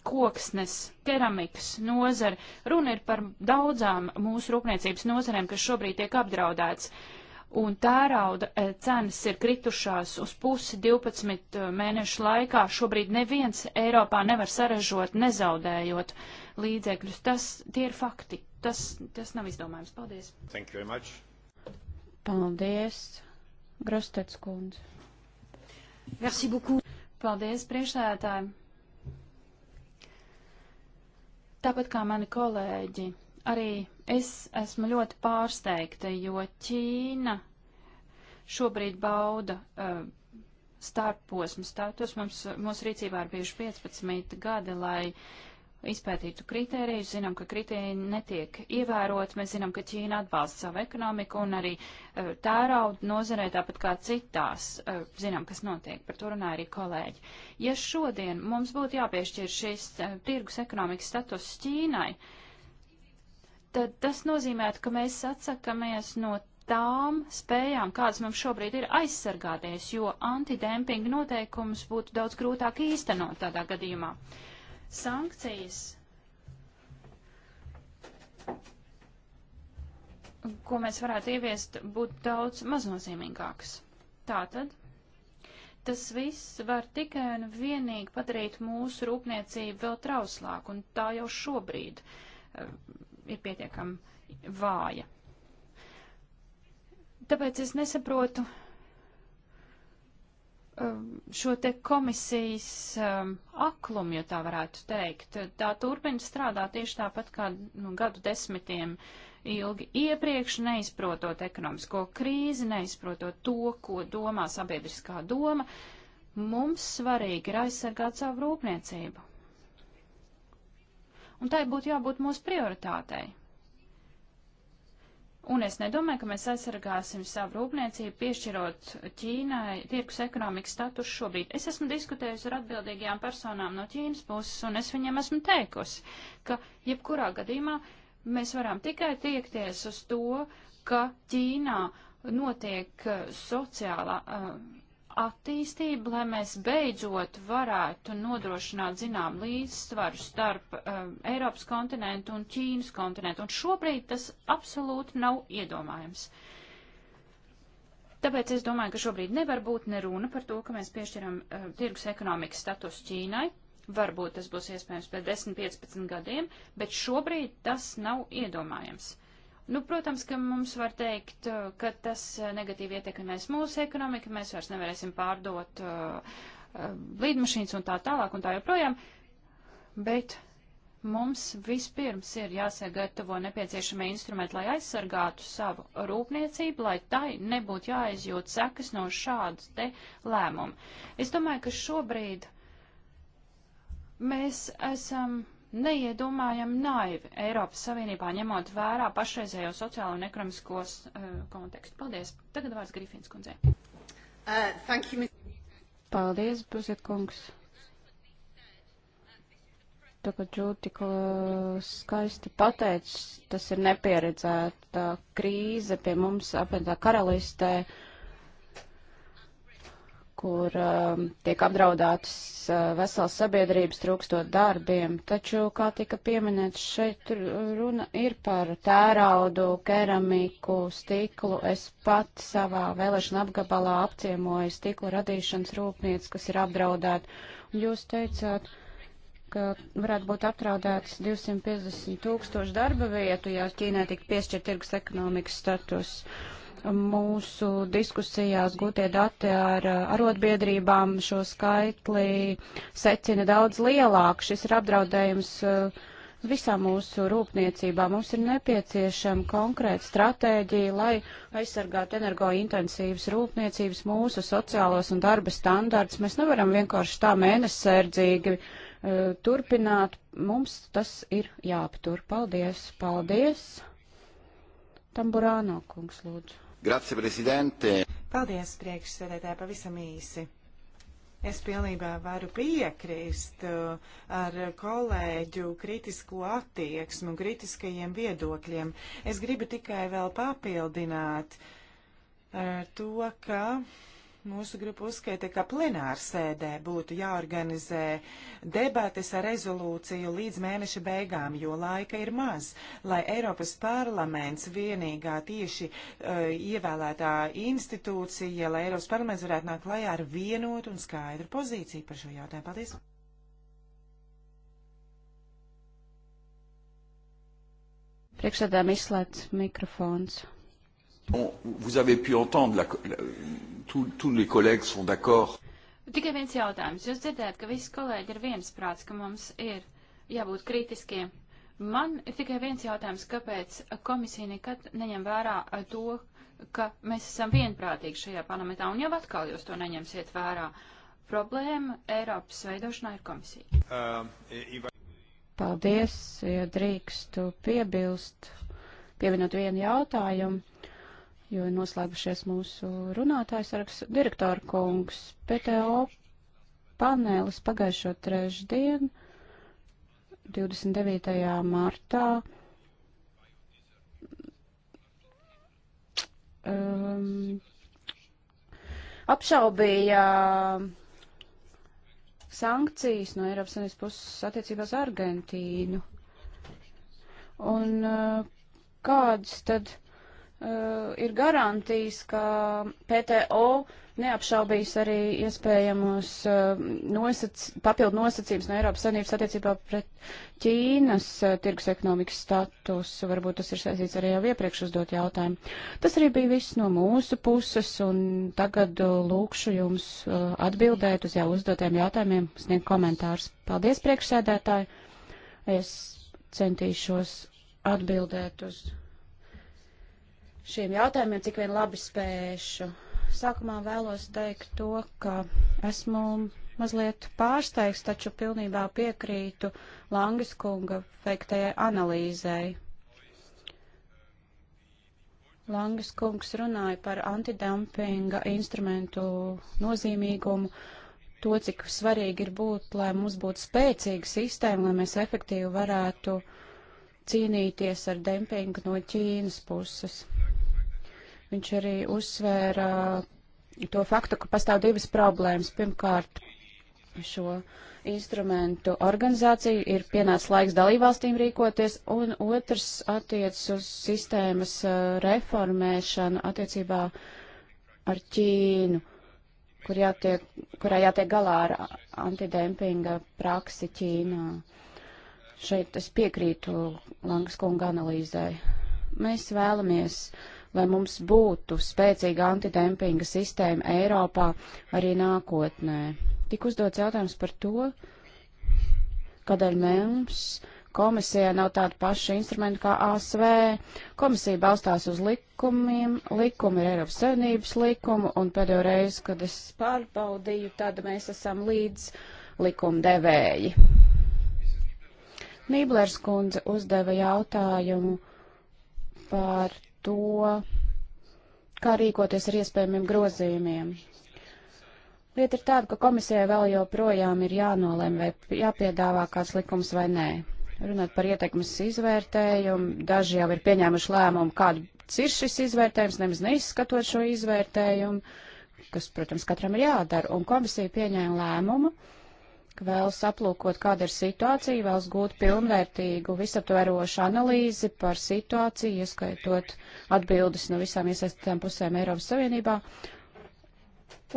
koksnes, keramikas nozara. Runa ir par daudzām mūsu rūpniecības nozarēm, kas šobrīd tiek apdraudēts. Uh, un tērauda eh, cenas ir kritušās uz pusi 12 eh, mēnešu laikā. Šobrīd neviens Eiropā nevar saražot, nezaudējot līdzekļus. Tas tie ir fakti. Tas, tas nav izdomājums. Paldies. Thank you very much. Paldies, Grostets kundze. Merci beaucoup. Paldies, priekšsēdētāji. Tāpat kā mani kolēģi, arī Es esmu ļoti pārsteigta, jo Ķīna šobrīd bauda uh, starposmu status. Mums, mums rīcībā ir bijuši 15 gadi, lai izpētītu kritērijus. Zinām, ka kritēriji netiek ievērot. Mēs zinām, ka Ķīna atbalsta savu ekonomiku un arī uh, tērauda nozarē, tāpat kā citās. Uh, zinām, kas notiek. Par to runāja arī kolēģi. Ja šodien mums būtu jāpiešķir šis uh, tirgus ekonomikas status Ķīnai, uh, tad tas nozīmētu, ka mēs atsakamies no tām spējām, kādas mums šobrīd ir aizsargāties, jo antidempinga noteikumus būtu daudz grūtāk īstenot tādā gadījumā. Sankcijas, ko mēs varētu ieviest, būtu daudz maznozīmīgākas. Tātad tas viss var tikai un vienīgi padarīt mūsu rūpniecību vēl trauslāku, un tā jau šobrīd ir pietiekami vāja. Tāpēc es nesaprotu um, šo te komisijas um, aklumu, ja tā varētu teikt. Tā turpina strādāt tieši tāpat kā nu, gadu desmitiem ilgi iepriekš, neizprotot ekonomisko krīzi, neizprotot to, ko domā sabiedriskā doma. Mums svarīgi ir aizsargāt savu rūpniecību un tai būtu jābūt mūsu prioritātei. Un es nedomāju, ka mēs aizsargāsim savu rūpniecību, piešķirot Ķīnai tirkus ekonomikas statusu šobrīd. Es esmu diskutējusi ar atbildīgajām personām no Ķīnas puses, un es viņiem esmu teikusi, ka jebkurā gadījumā mēs varam tikai tiekties uz to, ka Ķīnā notiek eh, sociālā. Uh, attīstību, lai mēs beidzot varētu nodrošināt zinām līdzsvaru starp um, Eiropas kontinentu un Ķīnas kontinentu. Un šobrīd tas absolūti nav iedomājams. Tāpēc es domāju, ka šobrīd nevar būt neruna par to, ka mēs piešķiram uh, tirgus ekonomikas status Ķīnai. Varbūt tas būs iespējams pēc 10-15 gadiem, bet šobrīd tas nav iedomājams. Uh, Nu, protams, ka mums var teikt, uh, ka tas uh, negatīvi ietekmēs mūsu ekonomiku, mēs vairs nevarēsim pārdot uh, uh, lidmašīnas un tā tālāk un tā joprojām, bet mums vispirms ir jāsagatavo nepieciešamie instrumenti, lai aizsargātu savu rūpniecību, lai tai nebūtu jāizjūt sekas no šādas te lēmuma. Es domāju, ka šobrīd mēs esam neiedomājami naivi Eiropas Savienībā, ņemot vērā pašreizējo sociālo un ekonomiskos uh, kontekstu. Paldies. Tagad vārds Grifins kundzei. Uh, you, Paldies, Buziet kungs. Tā kā Džūti uh, skaisti pateicis, tas ir nepieredzēta krīze pie mums apvienotā karalistē. Uh, kur um, tiek apdraudētas uh, veselas sabiedrības trūkstot darbiem, taču, kā tika pieminēts, šeit runa ir par tēraudu, keramiku, stiklu. Es pat savā vēlēšana apgabalā apciemoju stikla radīšanas rūpnīcas, kas ir apdraudēta. Un jūs teicāt, ka varētu būt apdraudēts 250 tūkstoši darba vietu, ja Ķīnai tik piešķirt tirgus ekonomikas status. Uh, mūsu diskusijās gūtie dati ar arotbiedrībām šo skaitli secina daudz lielāk. Šis ir apdraudējums uh, visām mūsu rūpniecībām. Mums ir nepieciešama konkrēta stratēģija, lai aizsargātu energointensīvas rūpniecības, mūsu sociālos un darba standarts. Mēs nevaram vienkārši tā mēnesērdzīgi uh, turpināt. Mums tas ir jāaptur. Paldies! Paldies! Tamburāno kungs lūdzu. Grazie, prezidente. Paldies, priekšsēdētāji, pavisam īsi. Es pilnībā varu piekrist uh, ar kolēģu kritisko attieksmu, kritiskajiem viedokļiem. Es gribu tikai vēl papildināt ar uh, to, ka Mūsu grupa uzskaita, ka plenāra sēdē būtu jāorganizē debates ar rezolūciju līdz mēneša beigām, jo laika ir maz, lai Eiropas parlaments vienīgā tieši uh, ievēlētā institūcija, lai Eiropas parlaments varētu nākt klajā ar vienotu un skaidru pozīciju par šo jautājumu. Paldies! Priekšsēdām izslēgts mikrofons. Vous avez pu entendre, la, la, tous les collègues sont d'accord. Tikai viens jautājums. Jūs dzirdējat, ka visi kolēģi ir viensprāts, ka mums ir jābūt kritiskiem. Man ir tikai viens jautājums, kāpēc komisija nekad neņem vērā eh, to, ka mēs esam vienprātīgi šajā parlamentā, un jau atkal jūs to neņemsiet vērā. Problēma Eiropas veidošanā ir komisija. Um, Paldies, ja drīkstu piebilst, pievienot vienu jautājumu jo ir noslēgušies mūsu runātājs araks direktora kungs. PTO panelis pagājušo trešdien, 29. martā, um, apšaubīja sankcijas no Eiropas Savienības puses attiecībās Argentīnu. Un uh, kādas tad Eh, ir garantijas, ka PTO neapšaubīs arī iespējamos eh, nosac, papildu nosacījums no Eiropas Savienības attiecībā pret Ķīnas eh, tirgus ekonomikas statusu. Varbūt tas ir saistīts arī jau iepriekš uzdot jautājumu. Tas arī bija viss no mūsu puses, un tagad lūkšu jums atbildēt uz jau uzdotiem jautājumiem, sniegt komentārus. Paldies, priekšsēdētāji! Es centīšos atbildēt uz šiem jautājumiem, cik vien labi spēšu. Sākumā vēlos teikt to, ka esmu mazliet pārsteigts, taču pilnībā piekrītu Langas kunga veiktajai analīzei. Langas kungs runāja par antidumpinga instrumentu nozīmīgumu, to, cik svarīgi ir būt, lai mums būtu spēcīga sistēma, lai mēs efektīvi varētu cīnīties ar dempingu no Ķīnas puses. Viņš arī uzsvēra uh, to faktu, ka pastāv divas problēmas. Pirmkārt, šo instrumentu organizāciju ir pienācis laiks dalībvalstīm rīkoties, un otrs attiec uz sistēmas uh, reformēšanu attiecībā ar Ķīnu, kur jātiek, kurā jātiek galā ar antidempinga praksi Ķīnā. Šeit es piekrītu Langas kunga analīzai. Mēs vēlamies uh, lai mums būtu spēcīga antidempinga sistēma Eiropā arī nākotnē. Tik uzdots jautājums par to, kādēļ mums komisijai nav tāda paša instrumenta kā ASV. Komisija balstās uz likumiem, likumi ir Eiropas Savienības likumi, un pēdējo reizi, kad es pārbaudīju, tad mēs esam līdz likumdevēji. Nīblers kundze uzdeva jautājumu par to, kā rīkoties ar iespējamiem grozījumiem. Lieta ir tāda, ka komisijai vēl joprojām ir jānolem, vai jāpiedāvā kāds likums vai nē. Runāt par ietekmes izvērtējumu, daži jau ir pieņēmuši lēmumu, kāds ir šis izvērtējums, nemaz neizskatot šo izvērtējumu, kas, protams, katram ir jādara. Un komisija pieņēma lēmumu, uh, ka vēlas aplūkot, kāda ir situācija, vēlas gūt pilnvērtīgu, visaptverošu analīzi par situāciju, ieskaitot atbildes no visām iesaistītām pusēm Eiropas Savienībā.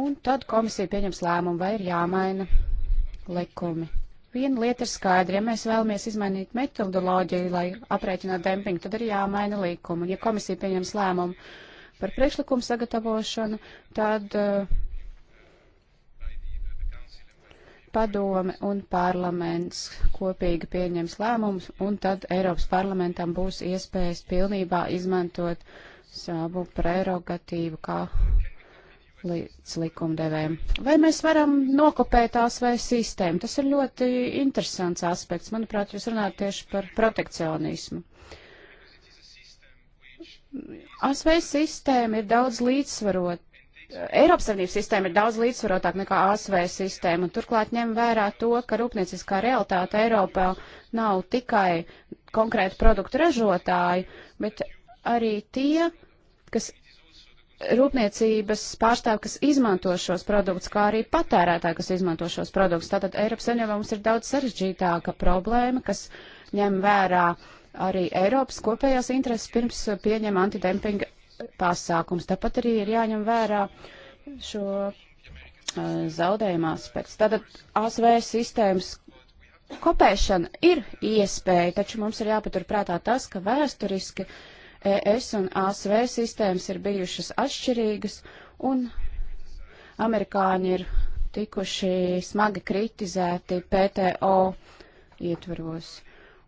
Un tad komisija pieņems lēmumu, vai ir jāmaina likumi. Viena lieta ir skaidra, ja mēs vēlamies izmainīt metodoloģiju, lai aprēķinātu dempingu, tad ir jāmaina likumi. Ja komisija pieņems lēmumu par priekšlikumu sagatavošanu, tad uh, padome un parlaments kopīgi pieņems lēmumus, un tad Eiropas parlamentam būs iespējas pilnībā izmantot savu prerogatīvu kā līdz likumdevējiem. Vai mēs varam nokopēt ASV sistēmu? Tas ir ļoti interesants aspekts. Manuprāt, jūs runājat tieši par protekcionismu. ASV sistēma ir daudz līdzsvarot Eiropas Savienības sistēma ir daudz līdzsvarotāk nekā ASV sistēma, un turklāt ņem vērā to, ka rūpnieciskā realitāte Eiropā nav tikai konkrēti produktu ražotāji, bet arī tie, kas rūpniecības pārstāv, kas izmanto šos produktus, kā arī patērētāji, kas izmanto šos produktus. Tātad Eiropas Savienībā mums ir daudz sarežģītāka problēma, kas ņem vērā arī Eiropas kopējās intereses pirms pieņem antidempinga pasākums. Tāpat arī ir jāņem vērā šo uh, zaudējumu aspekts. Tātad ASV sistēmas kopēšana ir iespēja, taču mums ir jāpaturprātā tas, ka vēsturiski ES un ASV sistēmas ir bijušas atšķirīgas un amerikāņi ir tikuši smagi kritizēti PTO ietvaros.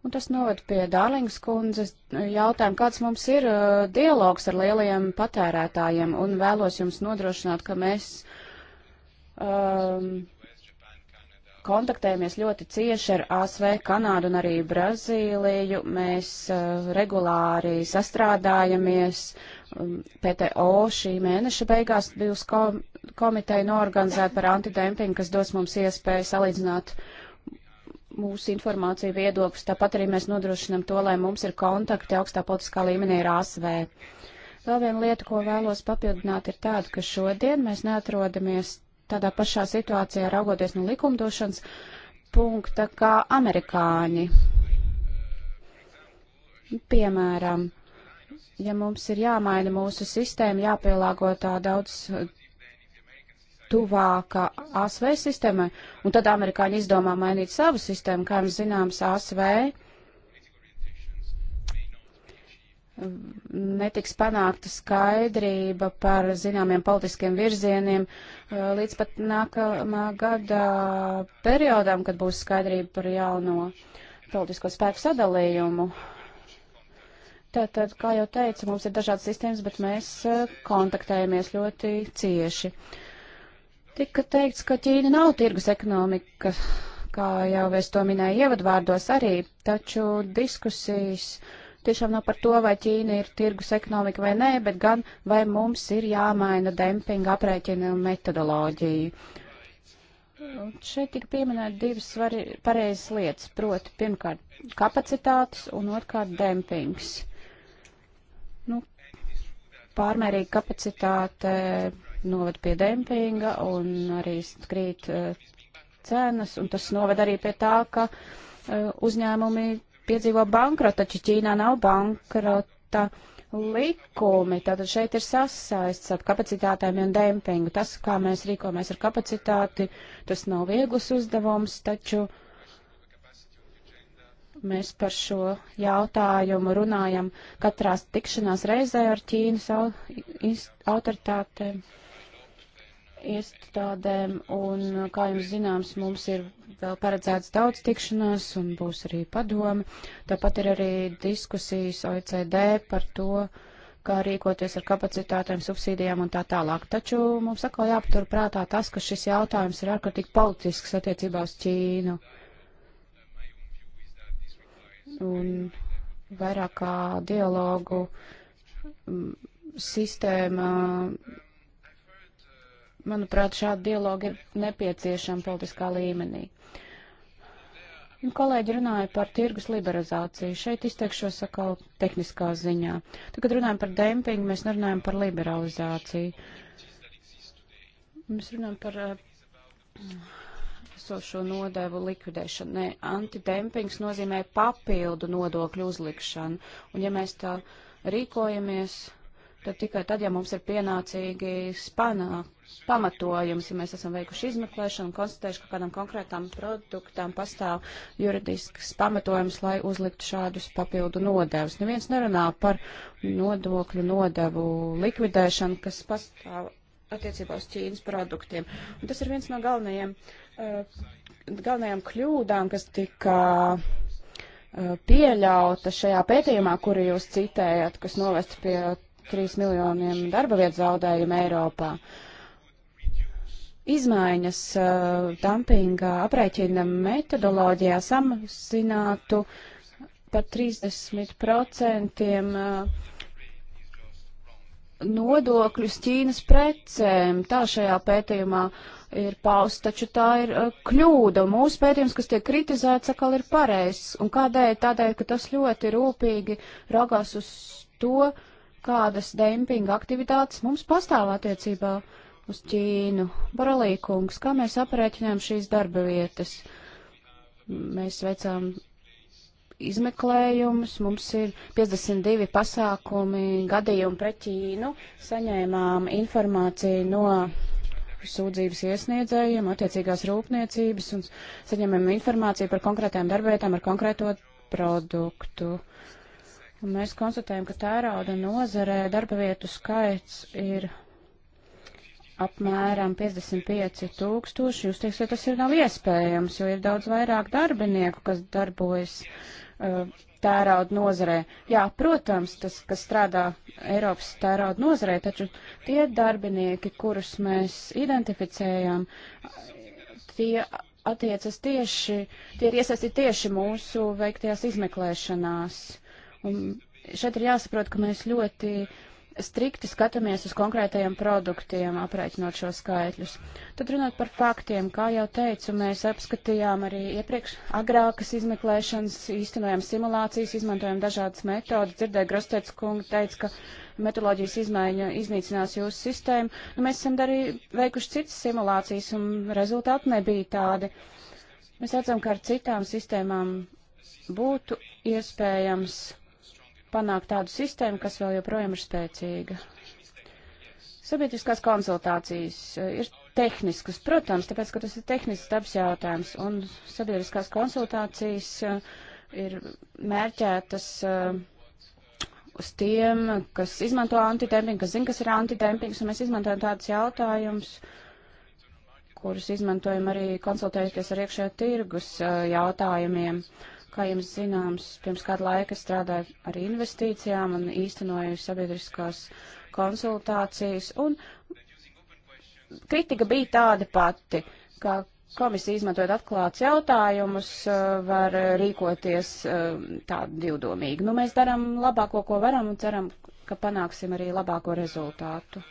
Un tas noved pie Dārlings kundzes jautājumu, kāds mums ir uh, dialogs ar lielajiem patērētājiem, un vēlos jums nodrošināt, ka mēs um, kontaktējamies ļoti cieši ar ASV, Kanādu un arī Brazīliju. Mēs uh, regulāri sastrādājamies. Um, PTO šī mēneša beigās būs kom komiteja norganizēta par antidempingu, kas dos mums iespēju salīdzināt uh, mūsu informāciju viedokļus, tāpat arī mēs nodrošinam to, lai mums ir kontakti augstā politiskā līmenī ar ASV. Vēl viena lieta, ko vēlos papildināt, ir tāda, ka šodien mēs neatrodamies tādā pašā situācijā raugoties no likumdošanas punkta kā amerikāņi. Piemēram, ja mums ir jāmaina mūsu sistēma, jāpielāgo tā daudz tuvāka ASV sistēmai, un tad amerikāņi izdomā mainīt savu sistēmu, kā jums zināms, ASV netiks panākta skaidrība par zināmiem politiskiem virzieniem uh, līdz pat nākamā gada periodam, kad būs skaidrība par jauno politisko spēku sadalījumu. Tātad, kā jau teicu, mums ir dažādas sistēmas, bet mēs uh, kontaktējamies ļoti cieši. Uh, Tika teikts, ka Ķīna nav tirgus ekonomika, kā jau es to minēju ievadvārdos arī, taču diskusijas tiešām nav par to, vai Ķīna ir tirgus ekonomika vai nē, bet gan vai mums ir jāmaina dempinga aprēķina metodoloģija. Un šeit tika pieminēta divas svari, pareizas lietas, proti pirmkārt kapacitātes un otrkārt dempings. Nu, pārmērīga kapacitāte. Eh, noved pie dempinga un arī krīt uh, eh, cenas, un tas noved arī pie tā, ka uh, uzņēmumi piedzīvo bankrota, taču Ķīnā nav bankrota likumi, tātad šeit ir sasaists ar kapacitātēm un dempingu. Tas, kā mēs rīkojamies ar kapacitāti, tas nav viegls uzdevums, taču mēs par šo jautājumu runājam katrās tikšanās reizē ar Ķīnas autoritātēm iestādēm, un, kā jums zināms, mums ir vēl paredzēts daudz tikšanās, un būs arī padome. Tāpat ir arī diskusijas OECD par to, kā rīkoties ar kapacitātēm, subsīdijām un tā tālāk. Taču mums atkal jāpatur prātā tas, ka šis jautājums ir ārkārtīgi politisks attiecībā uz Ķīnu. Un vairāk kā dialogu mm, sistēma Manuprāt, šāda dialoga ir nepieciešama politiskā līmenī. Un kolēģi runāja par tirgus liberalizāciju. Šeit izteikšos atkal tehniskā ziņā. Tad, kad runājam par dempingu, mēs nerunājam par liberalizāciju. Mēs runājam par uh, esošo nodevu likvidēšanu. Nē, antidempings nozīmē papildu nodokļu uzlikšanu. Un ja mēs tā rīkojamies, tad tikai tad, ja mums ir pienācīgi spana pamatojums, ja mēs esam veikuši izmeklēšanu, konstatējuši, ka kādam konkrētam produktam pastāv juridisks pamatojums, lai uzliktu šādus papildu nodevus. Neviens nerunā par nodokļu nodevu likvidēšanu, kas pastāv attiecībā uz Ķīnas produktiem. Un tas ir viens no galvenajiem, uh, galvenajām kļūdām, kas tika uh, pieļauta šajā pētījumā, kuru jūs citējat, kas novest pie 3 miljoniem darba vietu zaudējumu Eiropā. Izmaiņas uh, dumpinga aprēķina metodoloģijā samazinātu par 30% uh, nodokļus Ķīnas precēm. Tā šajā pētījumā ir pausta, taču tā ir uh, kļūda. Mūsu pētījums, kas tiek kritizēts, atkal ir pareizs. Un kādēļ? Tādēļ, ka tas ļoti rūpīgi raugās uz to, uh, kādas dempinga aktivitātes mums pastāv attiecībā uz Ķīnu. Baralīkungs, kā mēs aprēķinām šīs darba vietas? Mēs veicām izmeklējumus, mums ir 52 pasākumi gadījumi pret Ķīnu, saņēmām informāciju no sūdzības iesniedzējiem, attiecīgās rūpniecības un saņemam informāciju par konkrētām darbvietām ar konkrēto produktu. Uh, Mēs konstatējam, ka tērauda nozarē darba vietu skaits ir apmēram 55 tūkstoši. Jūs teiksiet, tas ir nav iespējams, jo ir daudz vairāk darbinieku, kas darbojas uh, tērauda nozarē. Jā, protams, tas, kas strādā Eiropas tērauda nozarē, taču tie darbinieki, kurus mēs identificējām, tie attiecas tieši, tie ir iesaistīti tieši mūsu veiktajās izmeklēšanās. Un šeit ir jāsaprot, ka mēs ļoti strikti skatāmies uz konkrētajiem produktiem, aprēķinot šo skaitļus. Tad runāt par faktiem, kā jau teicu, mēs apskatījām arī iepriekš agrākas izmeklēšanas, īstenojām simulācijas, izmantojām dažādas metodas. Dzirdēju, Grostēts kunga teica, ka metoloģijas izmaiņa iznīcinās jūsu sistēmu. Nu, mēs esam arī veikuši citas simulācijas, un rezultāti nebija tādi. Mēs redzam, ka ar citām sistēmām būtu iespējams panākt tādu sistēmu, kas vēl joprojām ir spēcīga. Sabiedriskās konsultācijas e, ir tehniskas, protams, tāpēc, ka tas ir tehnisks darbs jautājums, un sabiedriskās konsultācijas e, ir mērķētas e, uz tiem, kas izmanto antidempingu, kas zina, kas ir antidempings, un mēs izmantojam tādus jautājumus, kurus izmantojam arī konsultējoties ar iekšējo tirgus jautājumiem. Uh, Kā jums zināms, pirms kādu laiku strādāju ar investīcijām un īstenoju sabiedriskās konsultācijas, un kritika bija tāda pati, ka komisija izmantojot atklāts jautājumus, eh, var rīkoties eh, tādu divdomīgi. Nu, mēs darām labāko, ko varam, un ceram, ka panāksim arī labāko rezultātu.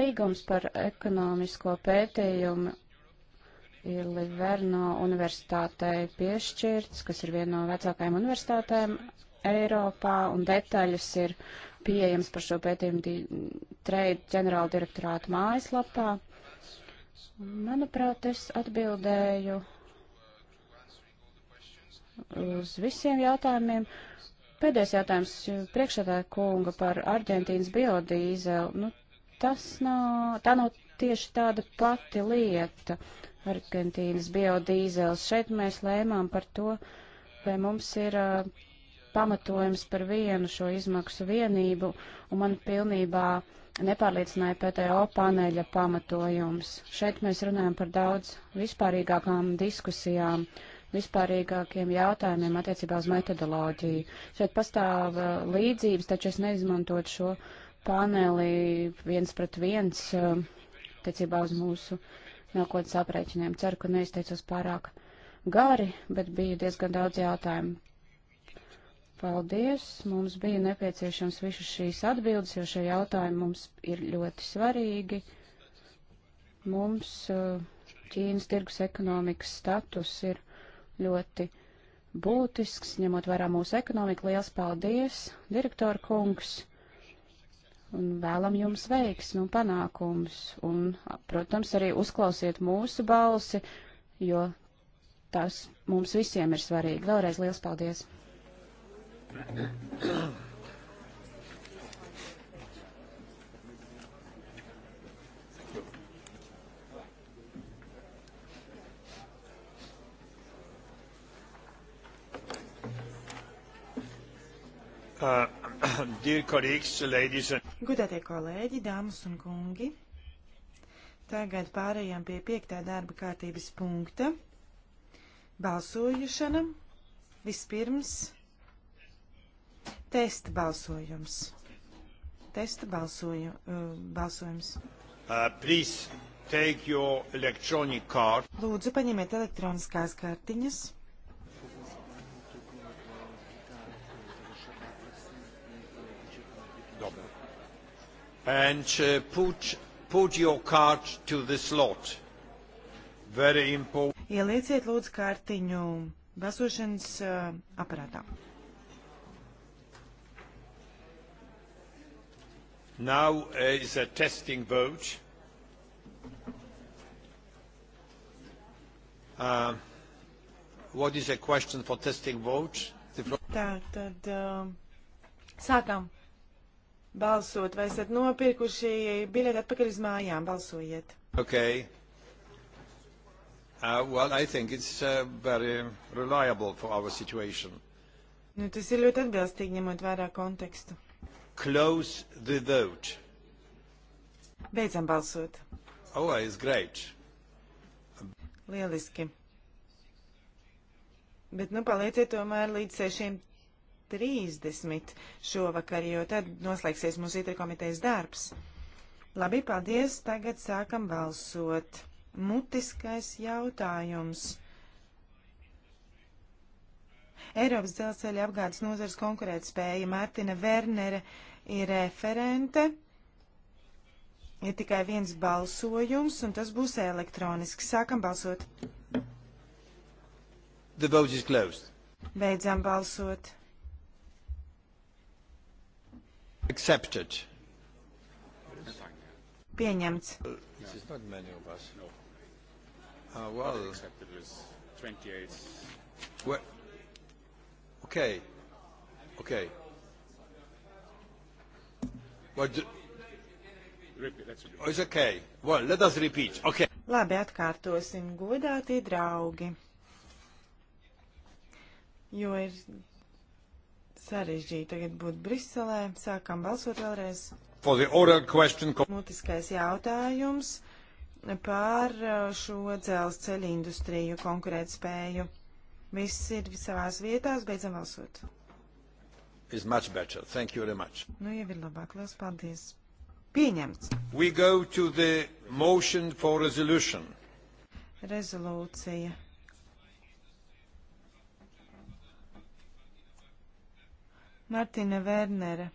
Līgums par ekonomisko pētījumu ir Liverno universitātei piešķirts, kas ir viena no vecākajām universitātēm Eiropā, un detaļas ir pieejams par šo pētījumu di trade ģenerāla direktorāta mājaslapā. Manuprāt, es atbildēju uz visiem jautājumiem. Pēdējais jautājums priekšsēdētāja kunga par Argentīnas biodīzeli. Nu, tas nav, tā nav tieši tāda pati lieta. Argentīnas biodīzels. Šeit mēs lēmām par to, vai mums ir uh, pamatojums par vienu šo izmaksu vienību, un man pilnībā nepārliecināja PTO paneļa pamatojums. Šeit mēs runājam par daudz vispārīgākām diskusijām, vispārīgākiem jautājumiem attiecībā uz metodoloģiju. Šeit pastāv uh, līdzības, taču es neizmantotu šo paneli viens pret viens uh, attiecībā uz mūsu uh, nākotnes aprēķiniem. Ceru, ka neizteicos pārāk gari, bet bija diezgan daudz jautājumu. Paldies! Mums bija nepieciešams visas šīs atbildes, jo šie jautājumi mums ir ļoti svarīgi. Mums uh, Ķīnas tirgus ekonomikas status ir ļoti būtisks, ņemot vērā mūsu ekonomiku. Liels paldies, direktora kungs! un vēlam jums veiksmi un panākums. Un, protams, arī uzklausiet mūsu balsi, jo tas mums visiem ir svarīgi. Vēlreiz liels paldies! Uh, Gudētie kolēģi, dāmas un kungi, tagad pārējām pie piektā darba kārtības punkta. Balsojušana. Vispirms testa balsojums. Testa balsoju, uh, balsojums. Uh, please take your electronic card. Lūdzu, paņemiet elektroniskās kartiņas. and uh, put, put your card to the slot. Very important. Ielieciet lūdzu kārtiņu balsošanas uh, aparātā. Now uh, is a testing vote. Uh, what is a question for testing vote? The... Tā, tad uh, sākam balsot. Vai esat nopirkuši biļeti atpakaļ uz mājām? Balsojiet. Okay. Uh, well, I think it's uh, very reliable for our situation. Nu, tas ir ļoti atbilstīgi, ņemot vērā kontekstu. Close the vote. Beidzam balsot. Oh, it's great. Lieliski. Bet nu palieciet tomēr līdz 6.30. 30 šovakar, jo tad noslēgsies mūsu itra komitejas darbs. Labi, paldies. Tagad sākam balsot. Mutiskais jautājums. Eiropas dzelzceļa apgādes nozares konkurētspēja Mārtina Vernere ir referente. Ir tikai viens balsojums, un tas būs elektroniski. Sākam balsot. Beidzam balsot. Accepted. Pieņemts. Uh, well, accepted was 28. Well, okay. Okay. But oh, it's okay. Well, let us repeat. Okay. Labi, atkārtosim, godātie draugi. Jo ir sarežģīti tagad būt Briselē. Sākam balsot vēlreiz. Mutiskais jautājums par uh, šo dzelzceļa industriju konkurētspēju. Viss ir savās vietās, beidzam balsot. Nu, jau ir labāk, liels paldies. Pieņemts. Rezolūcija Martina Vernere.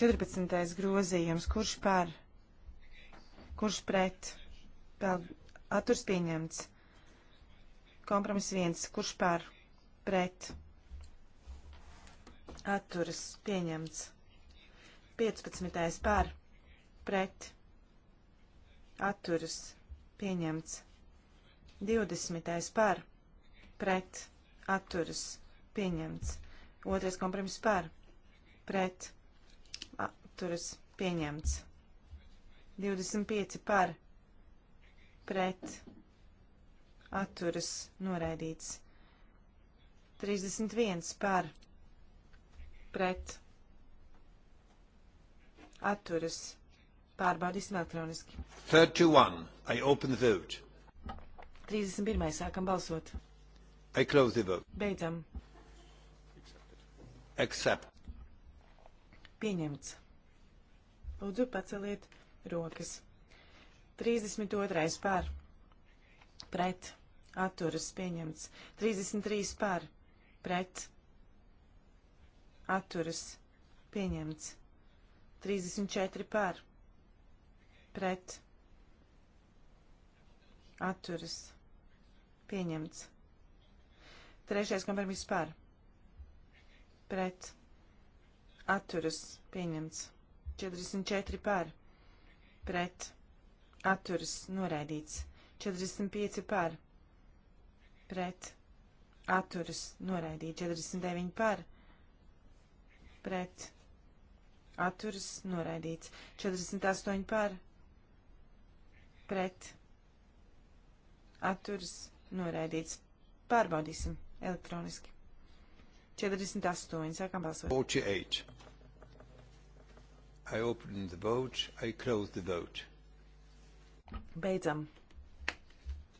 14. grozījums. Kurš par? Kurš pret? Pel... Atturs pieņemts. Kompromis viens. Kurš par? Pret. Atturs pieņemts. 15. par? Pret. Atturs pieņemts. 20. par? Pret. Atturs pieņemts pieņemts. Otrais kompromiss par, pret, atturas, pieņemts. 25 par, pret, atturas, noraidīts. 31 par, pret, atturas, pārbaudīsim elektroniski. 31. I open the vote. 31. sākam balsot. I close the vote. Beidzam accept. Pieņemts. Lūdzu, paceliet rokas. 32. pār. Pret. Atturas pieņemts. 33 pār. Pret. Atturas pieņemts. 34 pār. Pret. Atturas pieņemts. Trešais kompromiss pār pret atturas pieņemts 44 par pret atturas noraidīts 45 par pret atturas noraidīts 49 par pret atturas noraidīts 48 par pret atturas noraidīts pārbaudīsim elektroniski. 48. Sākam balsot. 48. I open the vote. I close the vote. Beidzam.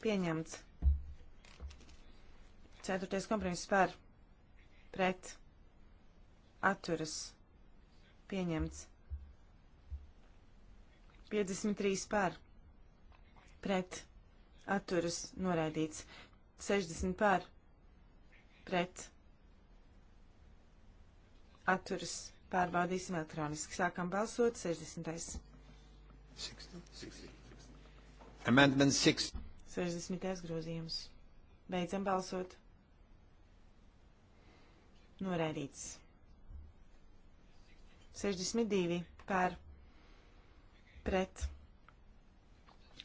Pieņemts. Ceturtais kompromiss par. Pret. Atturas. Pieņemts. 53 par. Pret. Atturas. Noraidīts. 60 par. Pret atturas pārbaudīsim elektroniski. Sākam balsot 60. 60. Amendment 6. 60. grozījums. Beidzam balsot. Noraidīts. 62 pār pret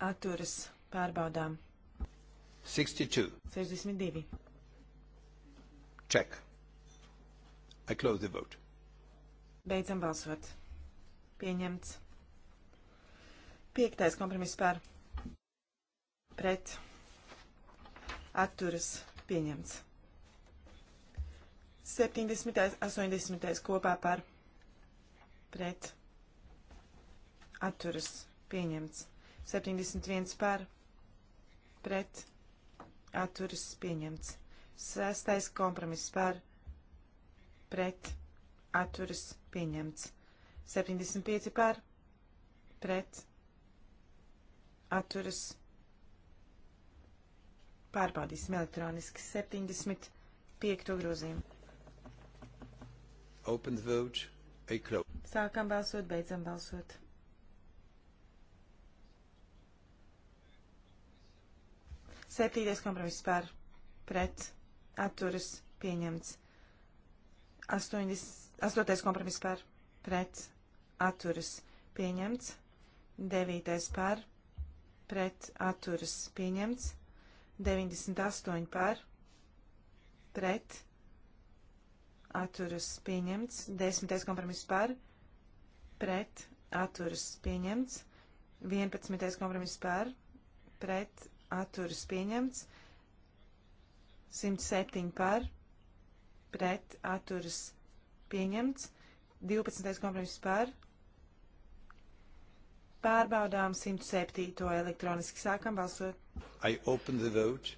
atturas pārbaudām. 62. 62. Check. I close the vote. Beidzam balsot. Pieņemts. Piektais kompromiss par pret atturas pieņemts. 70. 80. kopā par pret atturas pieņemts. 71 par pret atturas pieņemts. Sestais kompromiss par pret atturas pieņemts. 75 par pret atturas pārbaudīsim elektroniski 75 grozījumu. Open the vote. Sākam balsot, beidzam balsot. Septītais kompromiss par pret atturas pieņemts. Astotais kompromiss par pret atturas pieņemts. Devītais par pret atturas pieņemts. 98 par pret atturas pieņemts. Desmitais kompromiss par pret atturas pieņemts. 11. kompromiss par, pret, atturas pieņemts, 107 par, pret atturas pieņemts. 12. kompromiss par. Pārbaudām 107. elektroniski sākam balsot. I open the vote.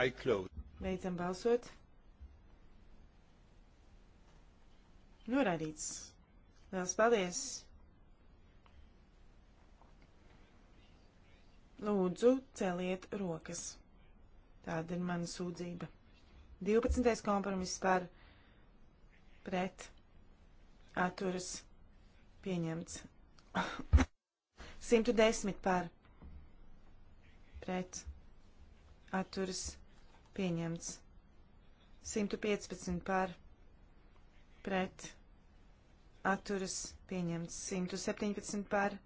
I close. Beidzam balsot. Norādīts. Liels paldies. Lūdzu, celiet rokas. Tāda ir mana sūdzība. 12. kompromiss par pret atturas pieņemts. 110 par pret atturas pieņemts. 115 par pret atturas pieņemts. 117 par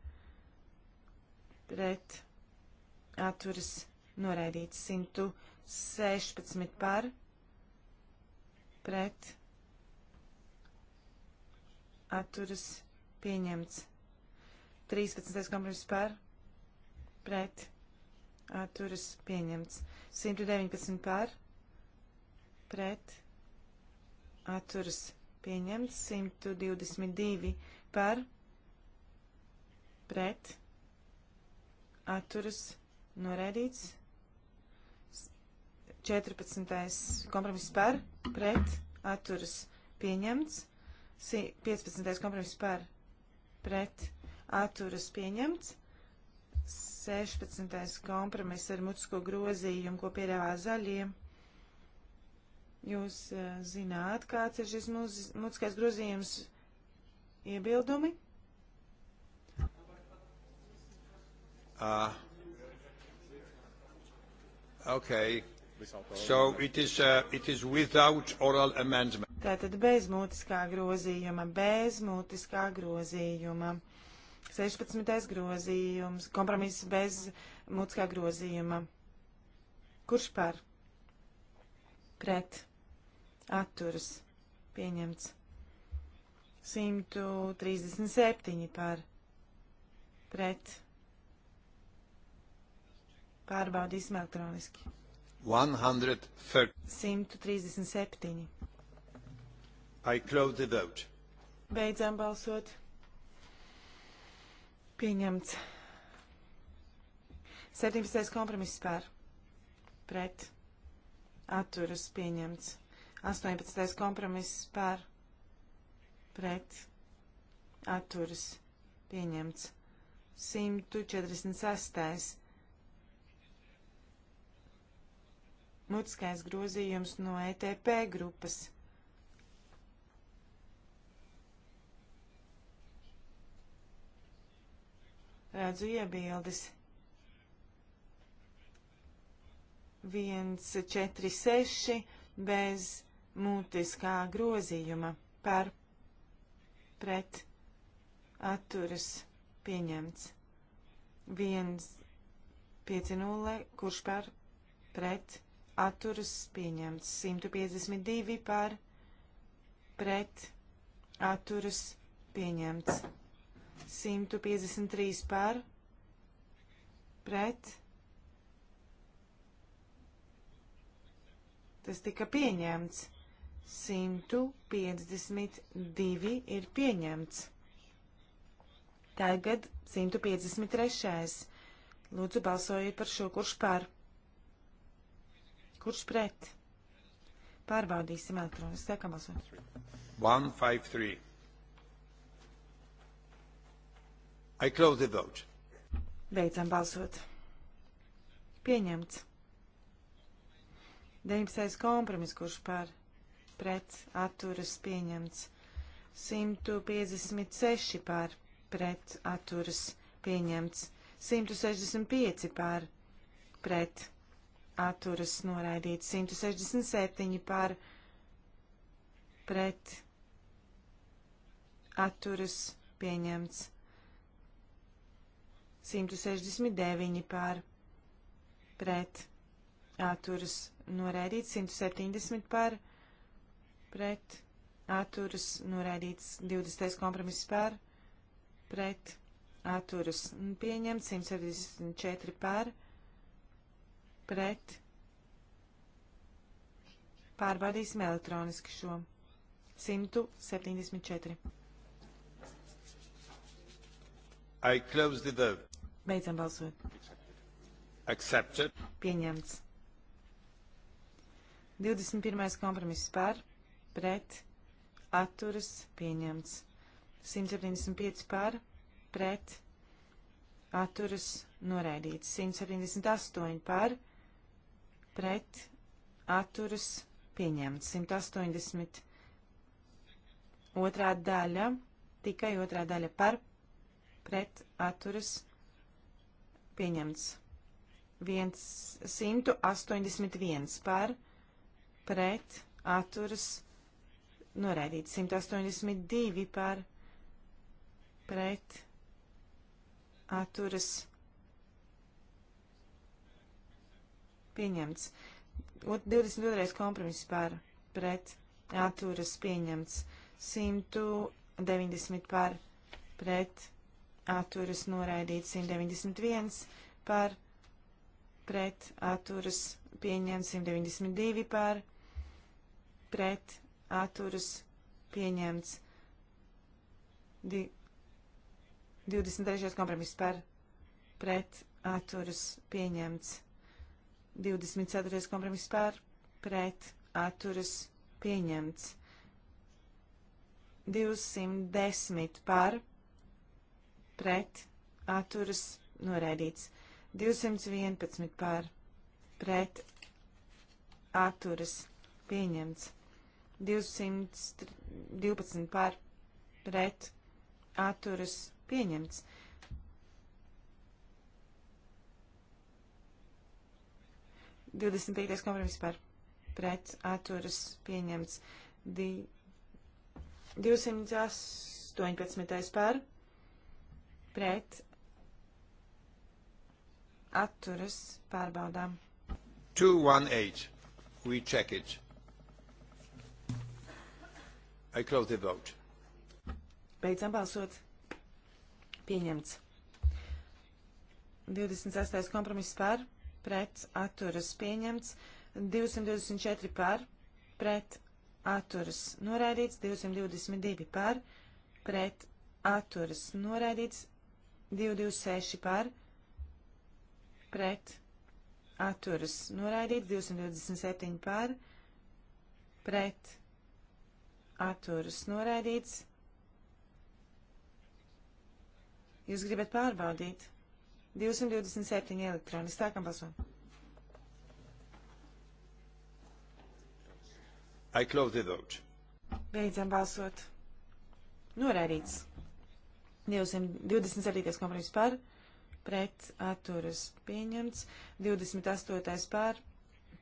pret atturas pieņemts noraidīts 116 par pret atturas pieņemts 13. kompromiss par pret atturas pieņemts 119 par pret atturas pieņemts 122 par pret atturas pieņemts noraidīts 14. kompromiss par, pret, atturas pieņemts. 15. kompromiss par, pret, atturas pieņemts. 16. kompromiss ar mutisko grozījumu, ko piedāvā zaļie. Jūs uh, zināt, kāds ir šis mutiskais grozījums iebildumi? Uh, okay. So it is, uh, it is without oral amendment. Tātad bez mutiskā grozījuma, bez mutiskā grozījuma. 16. grozījums, kompromiss bez mutiskā grozījuma. Kurš par? Pret. Atturas. Pieņemts. 137 par. Pret. Pārbaudīsim elektroniski. 137. I close the vote. Beidzām balsot. Pieņemts. 17. kompromiss pār. Pret. Atturas pieņemts. 18. kompromiss pār. Pret. Atturas pieņemts. 146. mutiskais grozījums no ETP grupas. Redzu iebildes. 1, 4, 6 bez mutiskā grozījuma par pret atturas pieņemts. 1, 5, 0, kurš par pret atturas atturas pieņemts 152 par pret atturas pieņemts 153 par pret tas tika pieņemts 152 ir pieņemts tagad 153 lūdzu balsojiet par šo kurš par Kurš pret? Pārbaudīsim elektroniski. Sākam balsot. 153. I close the vote. Beidzam balsot. Pieņemts. 19. kompromis, kurš par pret atturas pieņemts. 156 par pret atturas pieņemts. 165 par pret atturas noraidīts 167 par pret atturas pieņemts 169 par pret atturas noraidīts 170 par pret atturas noraidīts 20. kompromiss par pret atturas pieņemts 174 par pret pret. Pārbaudīsim elektroniski šo 174. I close the vote. Beidzam balsot. Accepted. Pieņemts. 21. kompromiss par, pret, atturas, pieņemts. 175 par, pret, atturas, noraidīts. 178 par, pret pret atturas pieņemts. 180 otrā daļa, tikai otrā daļa par pret atturas pieņemts. 181 par pret atturas noraidīts. 182 par pret atturas pieņemts pieņemts. 22. kompromiss par pret atturas pieņemts. 190 par pret atturas noraidīts. 191 par pret atturas pieņemts. 192 par pret atturas pieņemts. 23. kompromiss par pret atturas pieņemts. 24. kompromiss pār pret atturas pieņemts. 210 par pret atturas noraidīts. 211 par pret atturas pieņemts. 212 par pret atturas pieņemts. 25. kompromiss par pret atturas pieņemts. Di, 218. par pret atturas pārbaudām. 218. We check it. I close the vote. Beidzam balsot. Pieņemts. 26. kompromiss par pret atturas pieņemts, 224 par pret atturas noraidīts, 222 par pret atturas noraidīts, 226 par pret atturas noraidīts, 227 par pret atturas noraidīts. Jūs gribat pārbaudīt? 227 elektroniski. Sākam balsot. I close the vote. Beidzam balsot. Norādīts. 227. kompromiss par, pret atturas pieņemts. 28. par,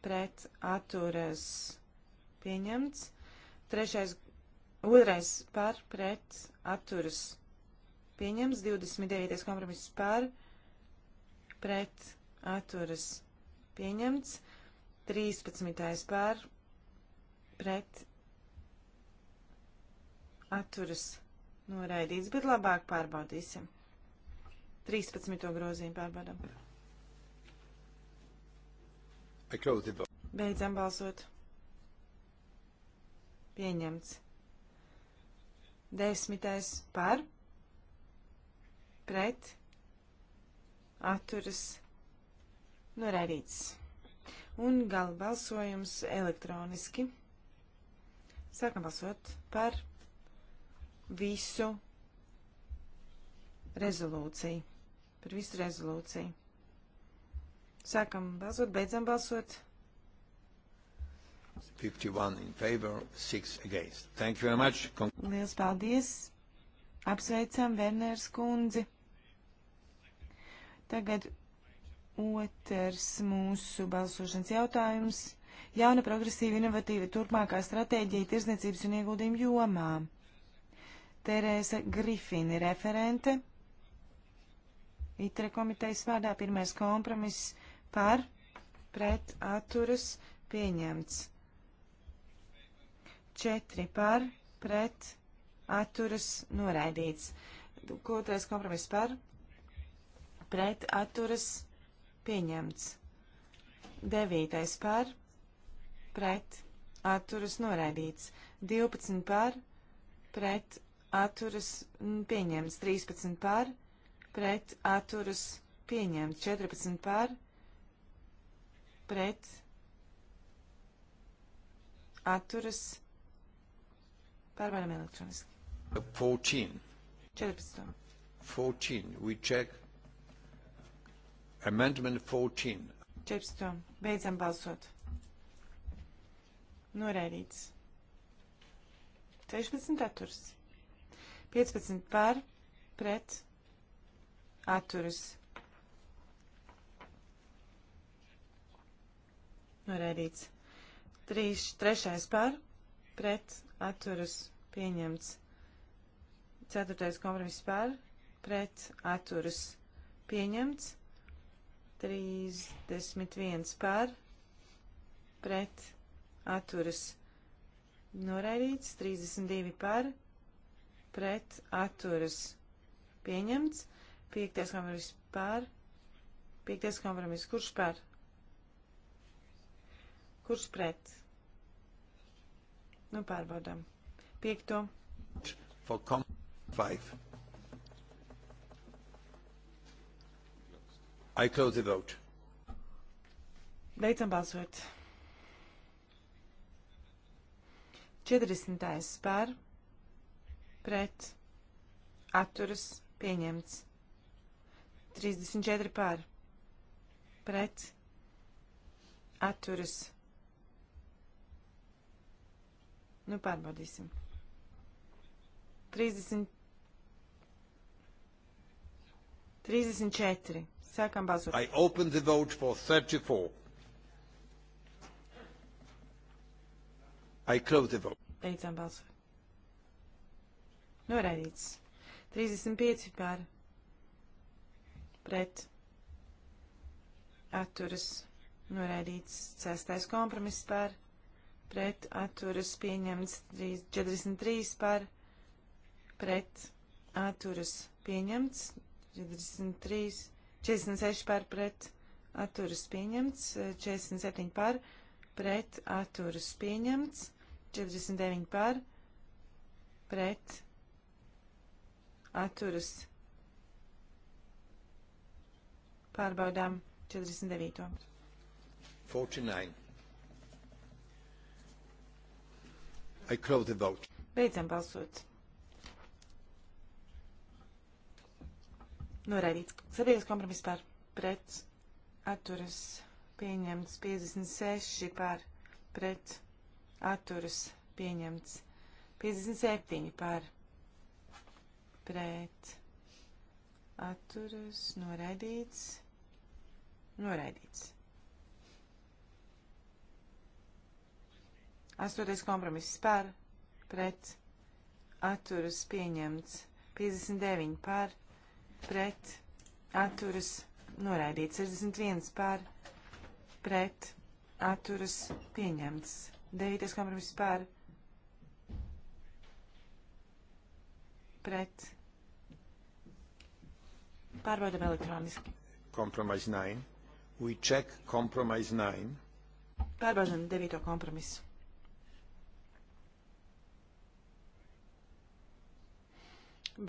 pret atturas pieņemts. 3. Otrais par, pret atturas pieņemts. 29. kompromiss par, pret pret atturas pieņemts, 13. pār pret atturas noraidīts, bet labāk pārbaudīsim. 13. grozījumu pārbaudam. Beidzam balsot. Pieņemts. Desmitais par. Pret atturas norādīts. Un gala balsojums elektroniski. Sākam balsot par visu rezolūciju. Par visu rezolūciju. Sākam balsot, beidzam balsot. 51 in favor, 6 against. Thank you very much. Con Liels paldies. Apsveicam Verners kundzi. Tagad otrs mūsu balsošanas jautājums - jauna progresīva inovatīva turpmākā stratēģija tirzniecības un ieguldījumu jomā. Terēza Grifini referente. ITRE komitejas vārdā pirmais kompromiss par pret atturas pieņemts. 4 par pret atturas noraidīts. Otrais kompromiss par pret atturas pieņemts. 9. par pret atturas noraidīts. 12 mm, par pret atturas pieņemts. 13 par pret atturas pieņemts. 14 par pret atturas pārbaudām elektroniski. 14. 14. 14. We check Amendment 14. 14. Beidzam balsot. Noraidīts. 16 atturs. 15 par, pret, atturs. Noraidīts. 3. Trešais par, pret, atturs. Pieņemts. 4. Kompromiss par, pret, atturs. Pieņemts. 31 par, pret, atturas noraidīts, 32 par, pret, atturas pieņemts, 5. kompromiss par, 5. kompromiss kurš par, kurš pret. Nu, pārbaudām. 5. For com 5. I close the vote. Beidzam balsot. 40. par, pret, atturas, pieņemts. 34 par, pret, atturas. Nu, pārbaudīsim. 30, 34. Sākam balsot. I open the vote for 34. I close the vote. Beidzam balsot. Noraidīts. 35 pār. Pret. Atturas. Noraidīts. 6. kompromiss pār. Pret. Atturas. Pieņemts. 3, 43 pār. Pret. Atturas. Pieņemts. 43. 46 par pret atturas pieņemts, 47 par pret atturas pieņemts, 49 par pret atturas pārbaudām 49. 49. I close the vote. Beidzam balsot. Noraidīts. Sabiedriskais kompromiss par pret atturas pieņemts. 56 par pret atturas pieņemts. 57 par pret atturas noraidīts. Noraidīts. Astoties kompromiss par pret atturas pieņemts. 59 par pret atturas noraidīts. 61 par pret atturas pieņemts. 9. kompromiss par pret. Pārbaudam elektroniski. Compromise 9. We check compromise 9. Pārbaudam 9. kompromisu.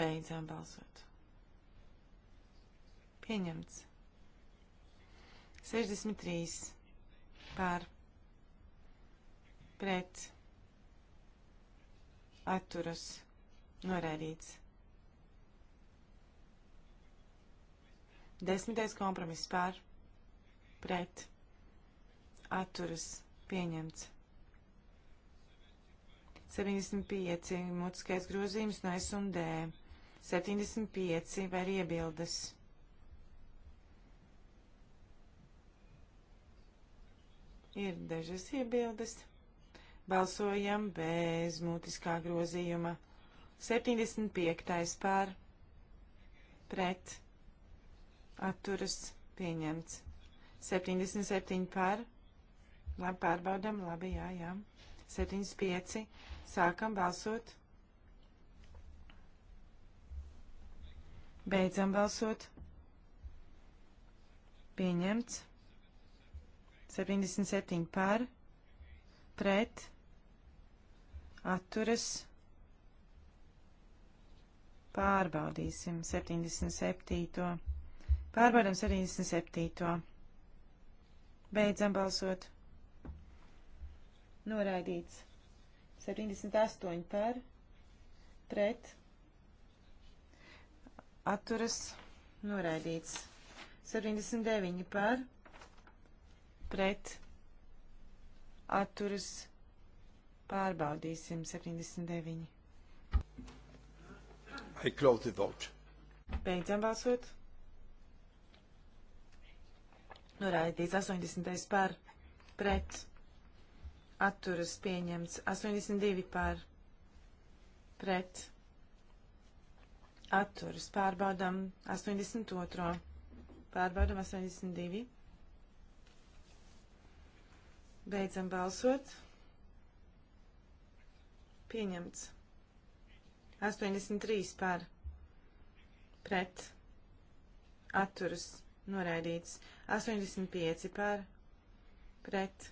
Beidzām balsot. Pieņemts. 63 pār pret atturas norādīts. Desmitais kompromiss pār pret atturas pieņemts. 75 mutiskais grozījums no S un D. 75 vai iebildes. Ir dažas iebildes. Balsojam bez mutiskā grozījuma. 75. pār pret atturas pieņemts. 77 pār. Labi, pārbaudam, labi, jā, jā. 75. Sākam balsot. Beidzam balsot. Pieņemts. 77 par, pret, atturas, pārbaudīsim 77. Pārbaudam 77. Beidzam balsot. Noraidīts. 78 par, pret, atturas, noraidīts. 79 par, pret pret atturas pārbaudīsim 79. I close the vote. Beidzam balsot. Noraidīts 80. par pret atturas pieņemts 82 par pret atturas pārbaudam 82. Pārbaudam 82. Beidzam balsot. Pieņemts. 83 par. Pret. Atturas. Noraidīts. 85 par. Pret.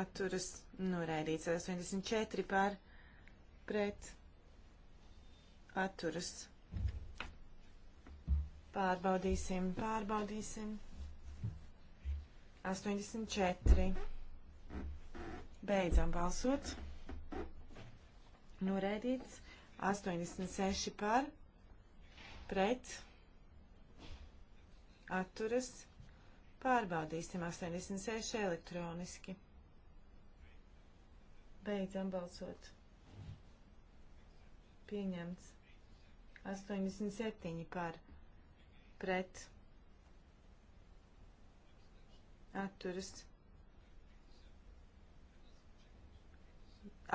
Atturas. Noraidīts. 84 par. Pret. Atturas. Pārbaudīsim, pārbaudīsim. 84. Beidzam balsot. Noraidīts. 86 par. Pret. Atturas. Pārbaudīsim 86 elektroniski. Beidzam balsot. Pieņemts. 87 par. Pret. Atturas.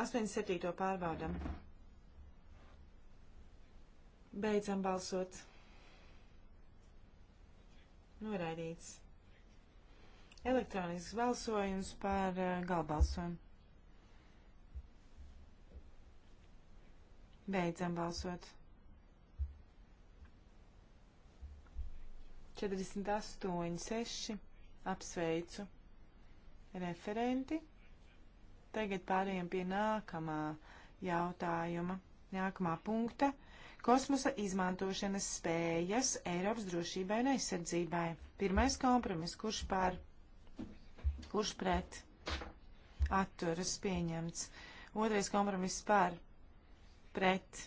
87. pārbaudam. Beidzam balsot. Noraidīts. Elektronisks balsojums par eh, galbalsojumu. Beidzam balsot. 48, 6. Apsveicu referenti. Tagad pārējiem pie nākamā jautājuma, nākamā punkta - kosmosa izmantošanas spējas Eiropas drošībai un aizsardzībai. Pirmais kompromiss, kurš pār, kurš pret atturas pieņemts. Otrais kompromiss pār, pret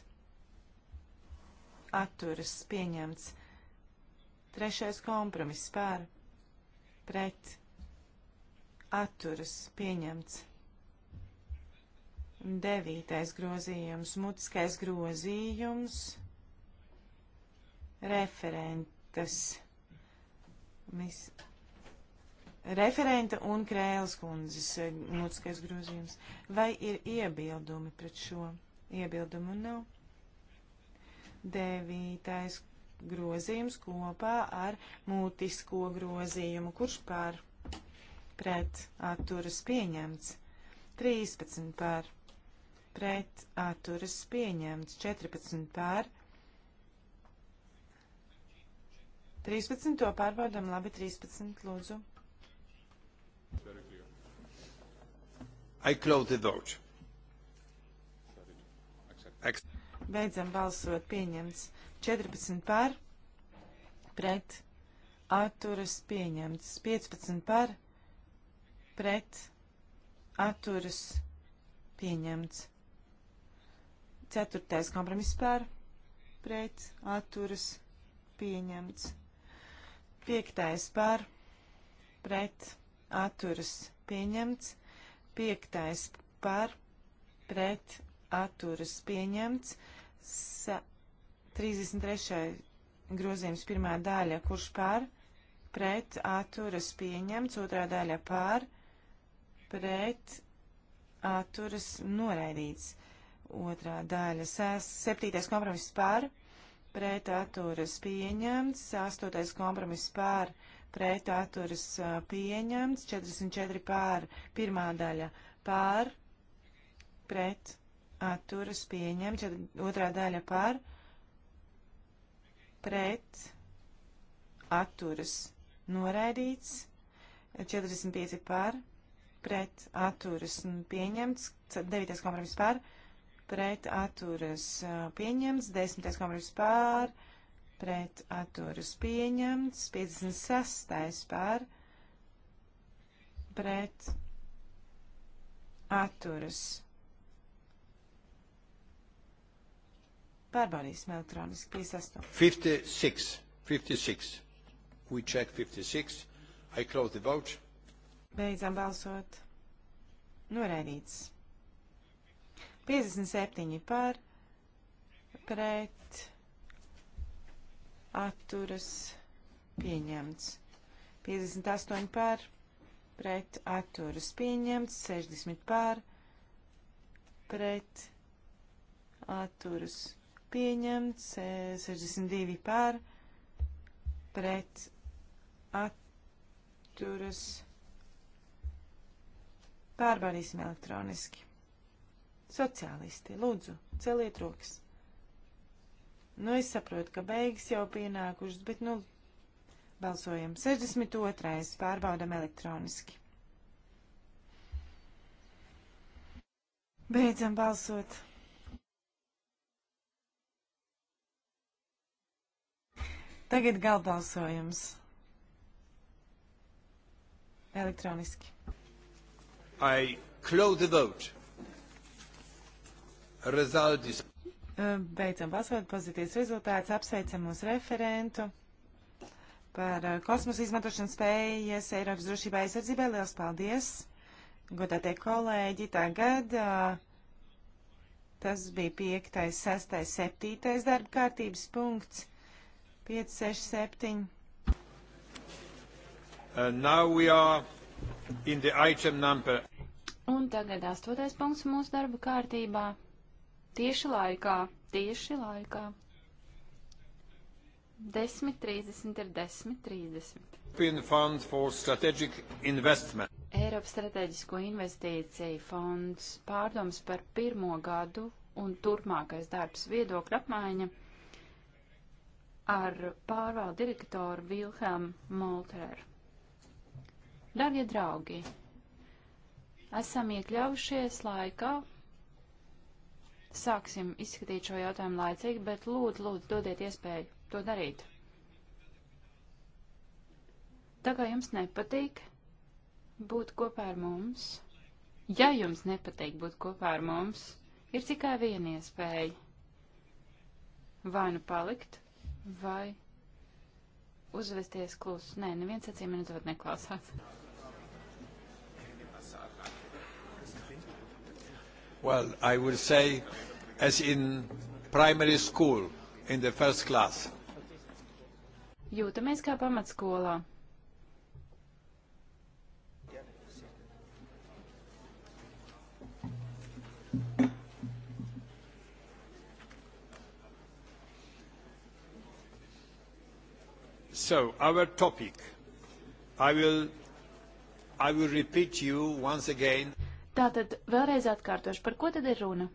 atturas pieņemts. Trešais kompromiss pār, pret atturas pieņemts. Devītais grozījums, mutiskais grozījums, referentas, mis, referenta un krēlas kundzes eh, mutiskais grozījums. Vai ir iebildumi pret šo? Iebildumu nav. Devītais grozījums kopā ar mutisko grozījumu, kurš pār pret atturas pieņemts. 13 pār pret atturas pieņemts 14 pār. 13. pārbaudam, labi, 13. lūdzu. I close the vote. Beidzam balsot pieņemts 14 pār, pret atturas pieņemts 15 pār, pret atturas pieņemts. Ceturtais kompromiss par pret atturas pieņemts. Piektais par pret atturas pieņemts. Piektais par pret atturas pieņemts. Sa 33. grozījums pirmā daļa, kurš par pret atturas pieņemts, otrā daļa par pret atturas noraidīts. Otrā daļa. Sēs, septītais kompromiss par, pret atturas pieņemts. Astotais kompromiss par, pret atturas pieņemts. 44 par, pirmā daļa par, pret atturas pieņemts. Otrā daļa par, pret atturas noraidīts. 45 par, pret atturas pieņemts. 9. kompromiss par, pret pret atturas pieņemts, 10. kompromiss pār, pret atturas pieņemts, 56. pār, pret atturas. Pārbaudīsim elektroniski 58. 56. 56. We check 56. I close the vote. Beidzam balsot. Noraidīts. 57 par pret atturas pieņemts. 58 par pret atturas pieņemts. 60 par pret atturas pieņemts. 62 par pret atturas pieņemts. Pārbaudīsim elektroniski. Sociālisti, lūdzu, celiet rokas. Nu, es saprotu, ka beigas jau pienākušas, bet, nu, balsojam. 62. pārbaudam elektroniski. Beidzam balsot. Tagad galbalsojums. Elektroniski. I close the vote. Result is. Beidzam balsot, pozitīvs rezultāts, apsveicam mūsu referentu par eh, kosmosa izmantošanas spējas Eiropas drošībā aizsardzībai. Liels paldies, godātie kolēģi. Tagad eh, tas bija 5., 6., 7. darba kārtības punkts. 5, 6, 7. Un tagad astotais punkts mūsu darba kārtībā Tieši laikā, tieši laikā. 10.30 ir 10.30. Eiropas strateģisko investīciju fonds pārdoms par pirmo gadu un turpmākais darbs viedokļa apmaiņa ar pārvaldu direktoru Vilhelmu Moltereru. Darbie draugi, esam iekļaujušies laikā, sāksim izskatīt šo jautājumu laicīgi, bet lūdzu, lūdzu, dodiet iespēju to darīt. Tā kā jums nepatīk būt kopā ar mums, ja jums nepatīk būt kopā ar mums, ir tikai viena iespēja. Vai nu palikt, vai uzvesties klusu. Nē, neviens acīm redzot neklausās. Well, I would say as in primary school, in the first class. Jūtamies kā pamatskolā. So, our topic. I will, I will repeat you once again. Tātad vēlreiz atkārtošu, par ko tad ir runa?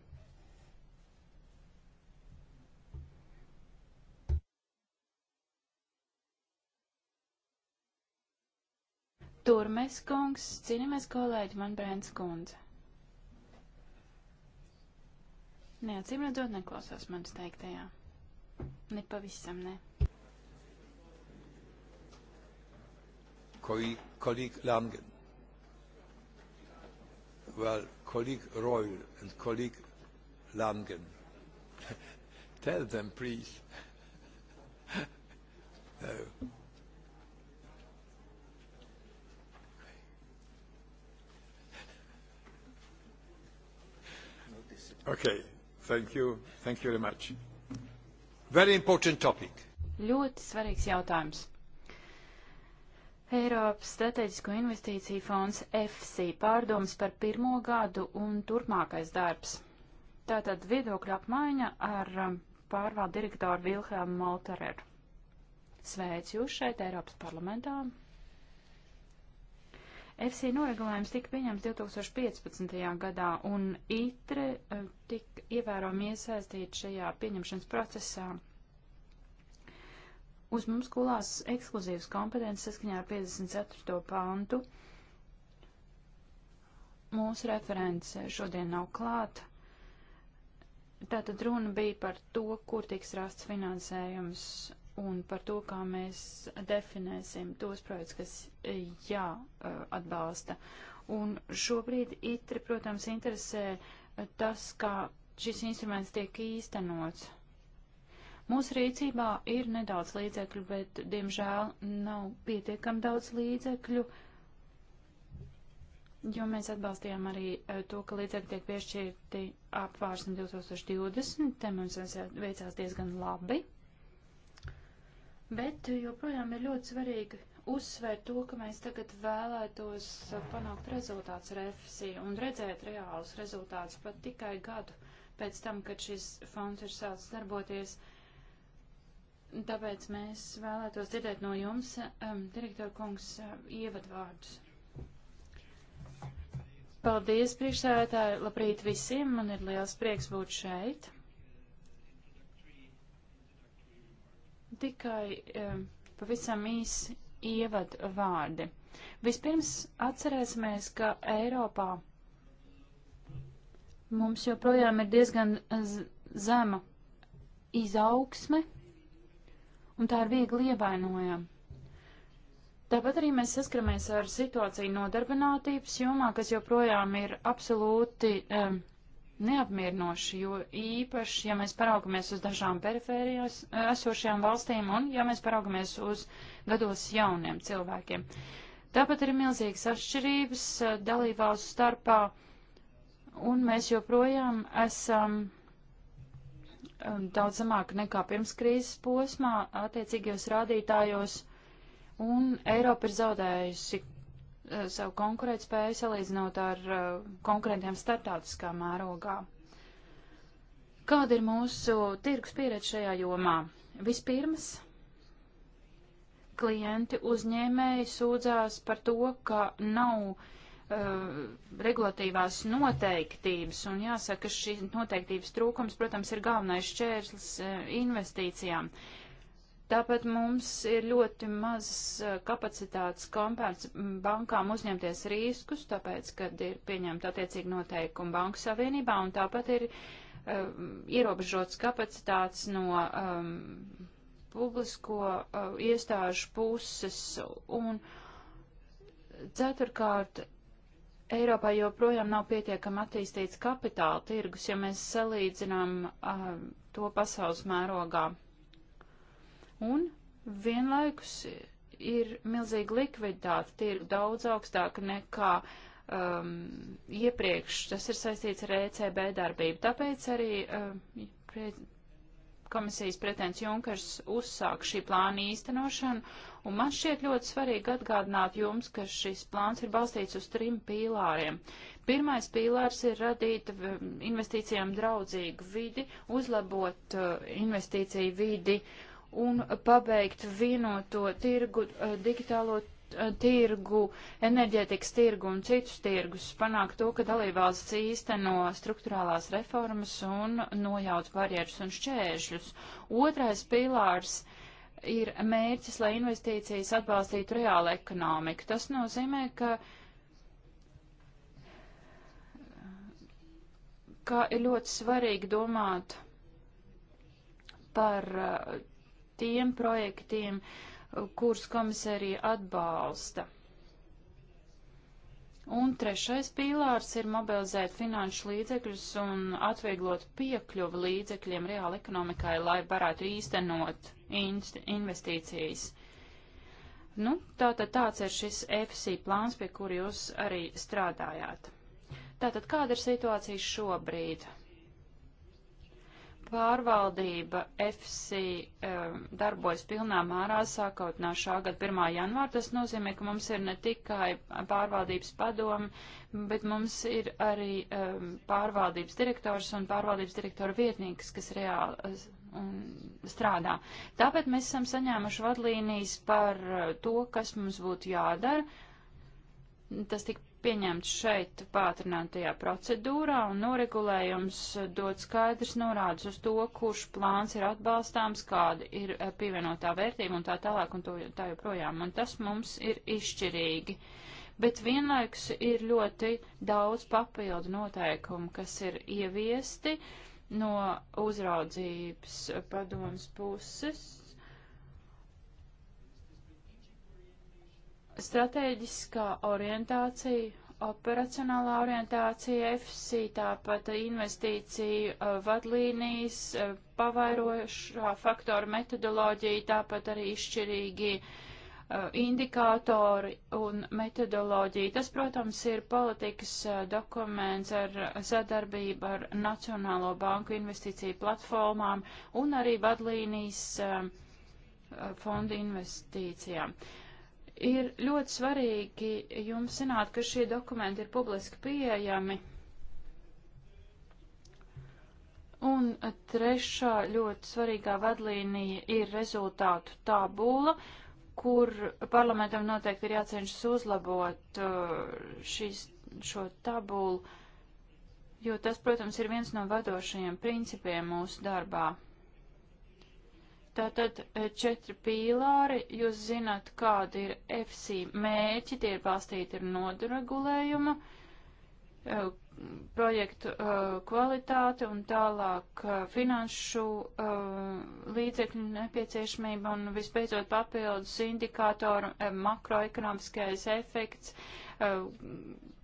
Turmes kungs, cienījamies kolēģi, man brēns kundze. Nē, acīm redzot, neklausās manas teiktajā. Nepavisam ne. Kolī, kolīgi Langen. Well, kolīgi Royal and kolīgi Langen. Tell them, please. no. Okay. Thank you. Thank you very much. Very important topic. Ļoti svarīgs jautājums. Eiropas Strateģisko investīciju fonds FC pārdoms par pirmo gadu un turpmākais darbs. Tātad viedokļa apmaiņa ar um, pārvaldu direktoru Vilhelmu Moltereru. Sveicu jūs šeit Eiropas parlamentā. FC noregulējums tika pieņemts 2015. gadā, un ITRE eh, tika ievērojami iesaistīta šajā pieņemšanas procesā. Uz mums kulās ekskluzīvas kompetences saskaņā ar 54. pantu. Mūsu referents šodien nav klāta. Tātad runa bija par to, kur tiks rasts finansējums un par to, kā mēs definēsim tos projekts, kas e, jāatbalsta. E, un šobrīd itri, protams, interesē e, tas, kā šis instruments tiek īstenots. Mūsu rīcībā ir nedaudz līdzekļu, bet, diemžēl, nav pietiekami daudz līdzekļu, jo mēs atbalstījām arī to, ka līdzekļi tiek piešķirti apvārsni 2020, te mums veicās diezgan labi. Bet joprojām ir ļoti svarīgi uzsvērt to, ka mēs tagad vēlētos panākt rezultāts refsiju un redzēt reālus rezultātus pat tikai gadu pēc tam, kad šis fonds ir sācis darboties. Tāpēc mēs vēlētos dzirdēt no jums, um, ehm, direktora kungs, eh, ievadvārdus. Paldies, priekšsēdētāji! Labrīt visiem! Man ir liels prieks būt šeit! tikai eh, pavisam īsi ievadu vārdi. Vispirms atcerēsimies, ka Eiropā mums joprojām ir diezgan eh, zema izaugsme, un tā ir viegli ievainojama. Tāpat arī mēs saskaramies ar situāciju nodarbinātības jomā, kas joprojām ir absolūti um, e, neapmierinoši, jo īpaši, ja mēs paraugamies uz dažām perifērijās eh, esošajām valstīm un ja mēs paraugamies uz gados jauniem cilvēkiem. Tāpat ir milzīgas atšķirības eh, dalībvalstu starpā, un mēs joprojām esam eh, daudz zemāk nekā pirms krīzes posmā attiecīgajos rādītājos, un Eiropa ir zaudējusi Eh, savu konkurētspēju salīdzinot ar eh, konkurentiem startautiskā mērogā. Kāda ir mūsu tirgus pieredze šajā jomā? Vispirms klienti uzņēmēji sūdzās par to, ka nav uh, regulatīvās noteiktības, un jāsaka, ka šīs noteiktības trūkums, protams, ir galvenais šķērslis uh, investīcijām. Uh, Tāpat mums ir ļoti mazas kapacitātes kompērts bankām uzņemties riskus, tāpēc, kad ir pieņemta attiecīgi noteikuma Banku Savienībā, un tāpat ir um, ierobežots kapacitātes no um, publisko uh, iestāžu puses. Un ceturkārt, Eiropā joprojām nav pietiekami attīstīts kapitāla tirgus, ja mēs salīdzinām uh, to pasaules mērogā. Un vienlaikus ir milzīga likviditāte, tie ir daudz augstāka nekā um, iepriekš. Tas ir saistīts ar ECB darbību. Tāpēc arī um, pre, komisijas pretens Junkers uzsāk šī plāna īstenošanu, un man šķiet ļoti svarīgi atgādināt jums, ka šis plāns ir balstīts uz trim pīlāriem. Pirmais pīlārs ir radīt um, investīcijām draudzīgu vidi, uzlabot uh, investīciju vidi. Uh, un pabeigt vienoto tirgu, eh, digitālo eh, tirgu, enerģētikas tirgu un citus tirgus, panākt to, ka dalībvalsts īsteno struktūrālās reformas un nojauc barjerus un šķēršļus. Otrais pilārs ir mērķis, lai investīcijas atbalstītu reālu ekonomiku. Tas nozīmē, ka ka ir ļoti svarīgi domāt par eh, tiem projektiem, kurus komisārija atbalsta. Un trešais pīlārs ir mobilizēt finanšu līdzekļus un atvieglot piekļuvi līdzekļiem reāli ekonomikai, lai varētu īstenot investīcijas. Nu, tātad tāds ir šis FC plāns, pie kur jūs arī strādājāt. Tātad kāda ir situācija šobrīd? pārvaldība FC um, darbojas pilnā mērā sākot no šā gada 1. janvāra. Tas nozīmē, ka mums ir ne tikai pārvaldības padomi, bet mums ir arī um, pārvaldības direktors un pārvaldības direktora vietnieks, kas reāli um, strādā. Tāpēc mēs esam saņēmuši vadlīnijas par uh, to, kas mums būtu jādara. Tas tika pieņemts šeit pātrinātajā procedūrā, un noregulējums dod skaidrs norādes uz to, kurš plāns ir atbalstāms, kāda ir eh, pievienotā vērtība un tā tālāk un to, tā joprojām. Un tas mums ir izšķirīgi. Bet vienlaikus ir ļoti daudz papildu noteikumu, kas ir ieviesti no uzraudzības padomas puses Stratēģiskā orientācija, operacionālā orientācija, FC, tāpat investīcija uh, vadlīnijas, uh, pavairošā faktora metodoloģija, tāpat arī izšķirīgi uh, indikātori un metodoloģija. Tas, protams, ir politikas dokuments ar sadarbību ar Nacionālo banku investīciju platformām un arī vadlīnijas um, fondu investīcijām. Uh, Ir ļoti svarīgi jums zināt, ka šie dokumenti ir publiski pieejami. Un trešā ļoti svarīgā vadlīnija ir rezultātu tabula, kur parlamentam noteikti ir jācenšas uzlabot uh, šīs, šo tabulu, jo tas, protams, ir viens no vadošajiem principiem mūsu darbā. Tātad eh, četri pīlāri, jūs zināt, kādi ir FC mēķi, tie ir balstīti ar noderegulējumu, eh, projektu eh, kvalitāti un tālāk finanšu līdzekļu nepieciešamība un visbeidzot papildus indikātoru makroekonomiskais efekts,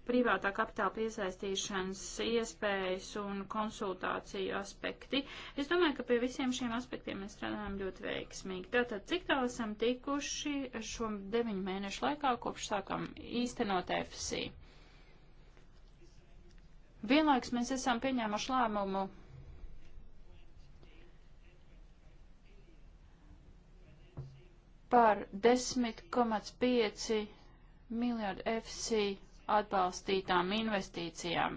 privātā kapitāla piesaistīšanas iespējas un konsultāciju aspekti. Es domāju, ka pie visiem šiem aspektiem mēs strādājam ļoti veiksmīgi. Tātad, cik tālu esam tikuši šo deviņu mēnešu laikā, kopš sākam īstenot FSI? Vienlaiks mēs esam pieņēmuši lēmumu par 10,5 miljārdu FC atbalstītām investīcijām.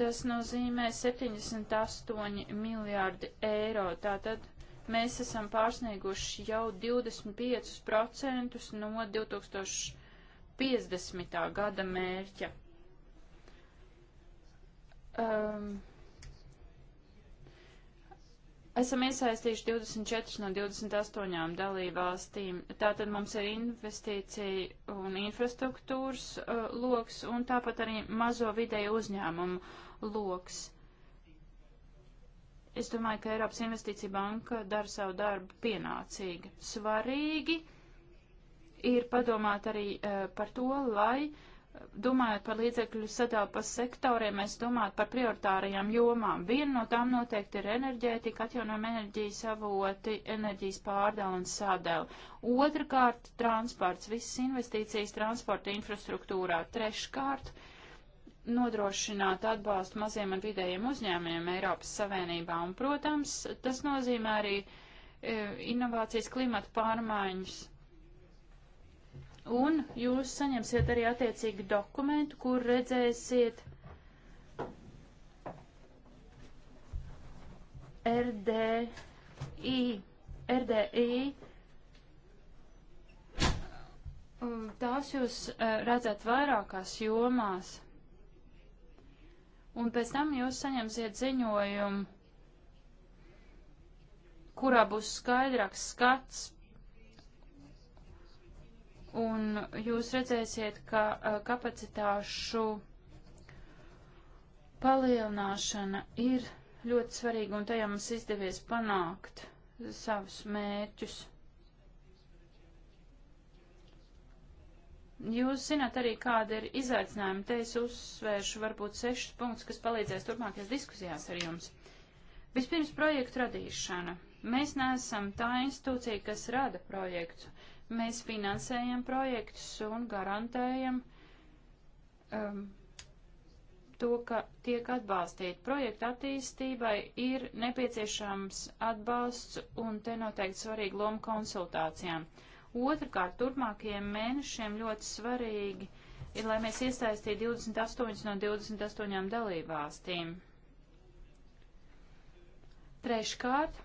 Tas nozīmē 78 miljārdi eiro. Tātad mēs esam pārsnieguši jau 25% no 2050. gada mērķa. Um, Esam iesaistījuši 24 no 28 dalībvalstīm. Tātad mums ir investīcija un infrastruktūras uh, loks un tāpat arī mazo vidēju uzņēmumu loks. Es domāju, ka Eiropas Investīcija banka dara savu darbu pienācīgi. Svarīgi ir padomāt arī uh, par to, lai uh, domājot par līdzekļu sadalību pa sektoriem, mēs domājam par prioritārajām jomām. Viena no tām noteikti ir enerģētika, atjaunojama enerģijas avoti, enerģijas pārdala un sadala. Otrakārt, transports, visas investīcijas transporta infrastruktūrā. Treškārt, nodrošināt atbalstu maziem un vidējiem uzņēmiem Eiropas Savienībā. Un, protams, tas nozīmē arī e, inovācijas klimata pārmaiņas Un jūs saņemsiet arī attiecīgi dokumentu, kur redzēsiet RDI, RDI. Tās jūs eh, redzat vairākās jomās. Un pēc tam jūs saņemsiet ziņojumu, kurā būs skaidrāks skats un jūs redzēsiet, ka uh, kapacitāšu palielināšana ir ļoti svarīga, un tajā mums izdevies panākt savus mērķus. Jūs zināt arī, kāda ir izaicinājuma. Te es uzsvēršu varbūt sešus punktus, kas palīdzēs turpmākajās diskusijās ar jums. Vispirms projektu radīšana. Mēs neesam tā institūcija, kas rada projektu. Mēs finansējam projektus un garantējam um, to, ka tiek atbalstīti. Projekta attīstībai ir nepieciešams atbalsts un te noteikti svarīga loma konsultācijām. Otrakārt, turpmākajiem mēnešiem ļoti svarīgi ir, lai mēs iesaistītu 28 no 28 dalībvalstīm. Treškārt,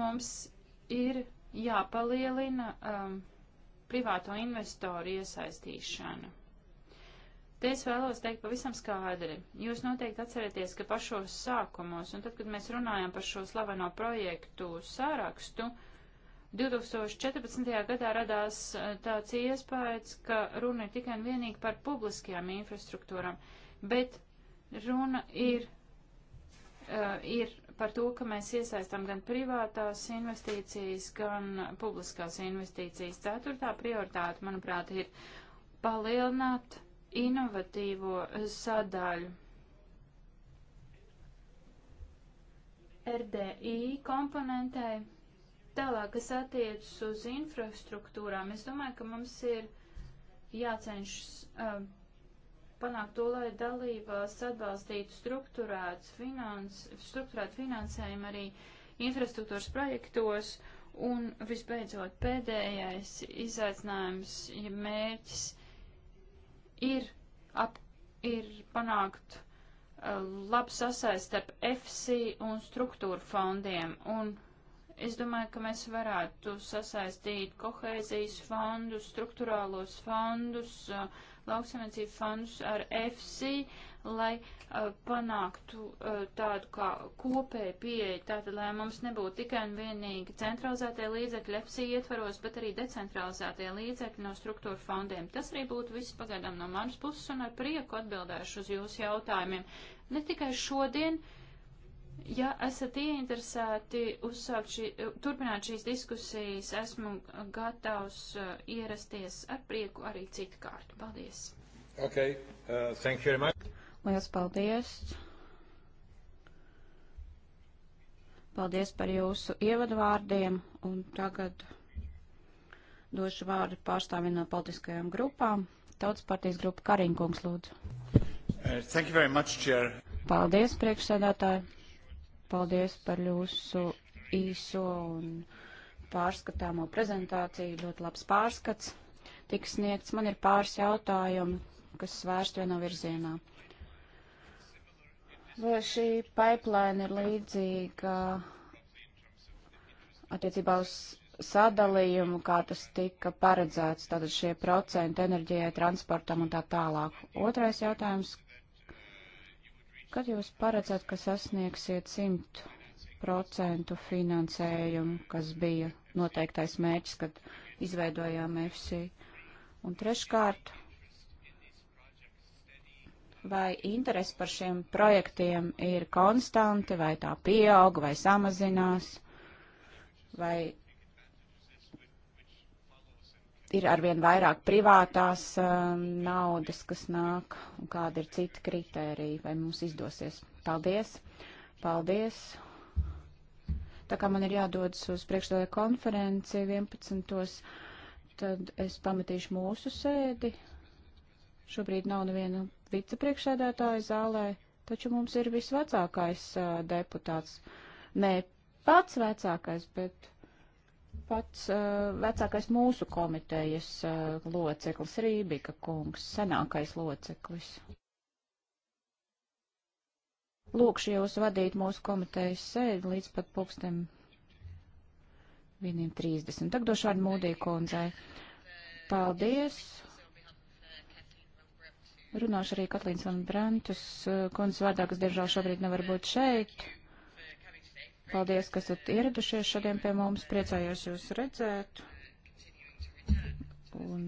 mums ir jāpalielina um, privāto investoru iesaistīšana. Te es vēlos teikt pavisam skaidri. Jūs noteikti atcerieties, ka pašos sākumos, un tad, kad mēs runājam par šo slaveno projektu sārakstu, 2014. gadā radās uh, tāds iespējas, ka runa ir tikai un vienīgi par publiskajām infrastruktūram, bet runa ir, uh, ir par to, ka mēs iesaistām gan privātās investīcijas, gan publiskās investīcijas. Ceturtā prioritāte, manuprāt, ir palielināt inovatīvo sadaļu. RDI komponentei. Tālāk, kas attiecas uz infrastruktūrām, es domāju, ka mums ir jācenšas uh, panākt to, lai dalībās atbalstītu strukturēts finans, strukturēt finansējumu arī infrastruktūras projektos. Un visbeidzot, pēdējais izaicinājums, ja mērķis ir, ap, ir panākt uh, labu sasaist starp FC un struktūra fondiem. Un es domāju, ka mēs varētu sasaistīt kohēzijas fondus, struktūrālos fondus, uh, lauksaimniecību fondus ar FC, lai uh, panāktu uh, tādu kā kopēju pieeju, tātad, lai mums nebūtu tikai un vienīgi centralizētie līdzekļi FC ietvaros, bet arī decentralizētie līdzekļi no struktūra fondiem. Tas arī būtu viss pagaidām no manas puses un ar prieku atbildēšu uz jūsu jautājumiem. Ne tikai šodien, uh, Ja esat ieinteresēti uzsākt šī, turpināt šīs diskusijas, esmu gatavs uh, ierasties ar prieku arī citu kārtu. Paldies! Okay. Uh, thank you very much. Lielas paldies! Paldies par jūsu ievadvārdiem un tagad došu vārdu pārstāvjiem no politiskajām grupām. Tautas partijas grupa Kariņkungs lūdzu. Uh, thank you very much, Chair. Paldies, priekšsēdētāji paldies par jūsu īso un pārskatāmo prezentāciju. Ļoti labs pārskats tiks sniegts. Man ir pāris jautājumu, kas svērst vienā virzienā. Vai šī pipeline ir līdzīga attiecībā uz sadalījumu, kā tas tika paredzēts, tātad šie procenti enerģijai, transportam un tā tālāk. Otrais jautājums, Kad jūs paredzat, ka sasniegsiet 100% finansējumu, kas bija noteiktais mērķis, kad izveidojām FC? Un treškārt, vai interesi par šiem projektiem ir konstanti, vai tā pieaug, vai samazinās, vai ir arvien vairāk privātās um, naudas, kas nāk, un kāda ir cita kritērija, vai mums izdosies. Paldies! Paldies! Tā kā man ir jādodas uz priekšstādā konferenci 11. tad es pametīšu mūsu sēdi. Šobrīd nav neviena vicepriekšsēdētāja zālē, taču mums ir visvecākais uh, deputāts. Nē, pats vecākais, bet pats uh, vecākais mūsu komitejas uh, loceklis, Rībika kungs, senākais loceklis. Lūkšu jūs vadīt mūsu komitejas sēdi līdz pat pulkstiem 1.30. Tagad došu vārdu Mūdī kundzei. Paldies! Runāšu arī Katlīns un Brentus eh, kundzes vārdā, kas diemžēl šobrīd nevar būt šeit. Paldies, ka esat ieradušies šodien pie mums. Priecājos jūs redzēt. Un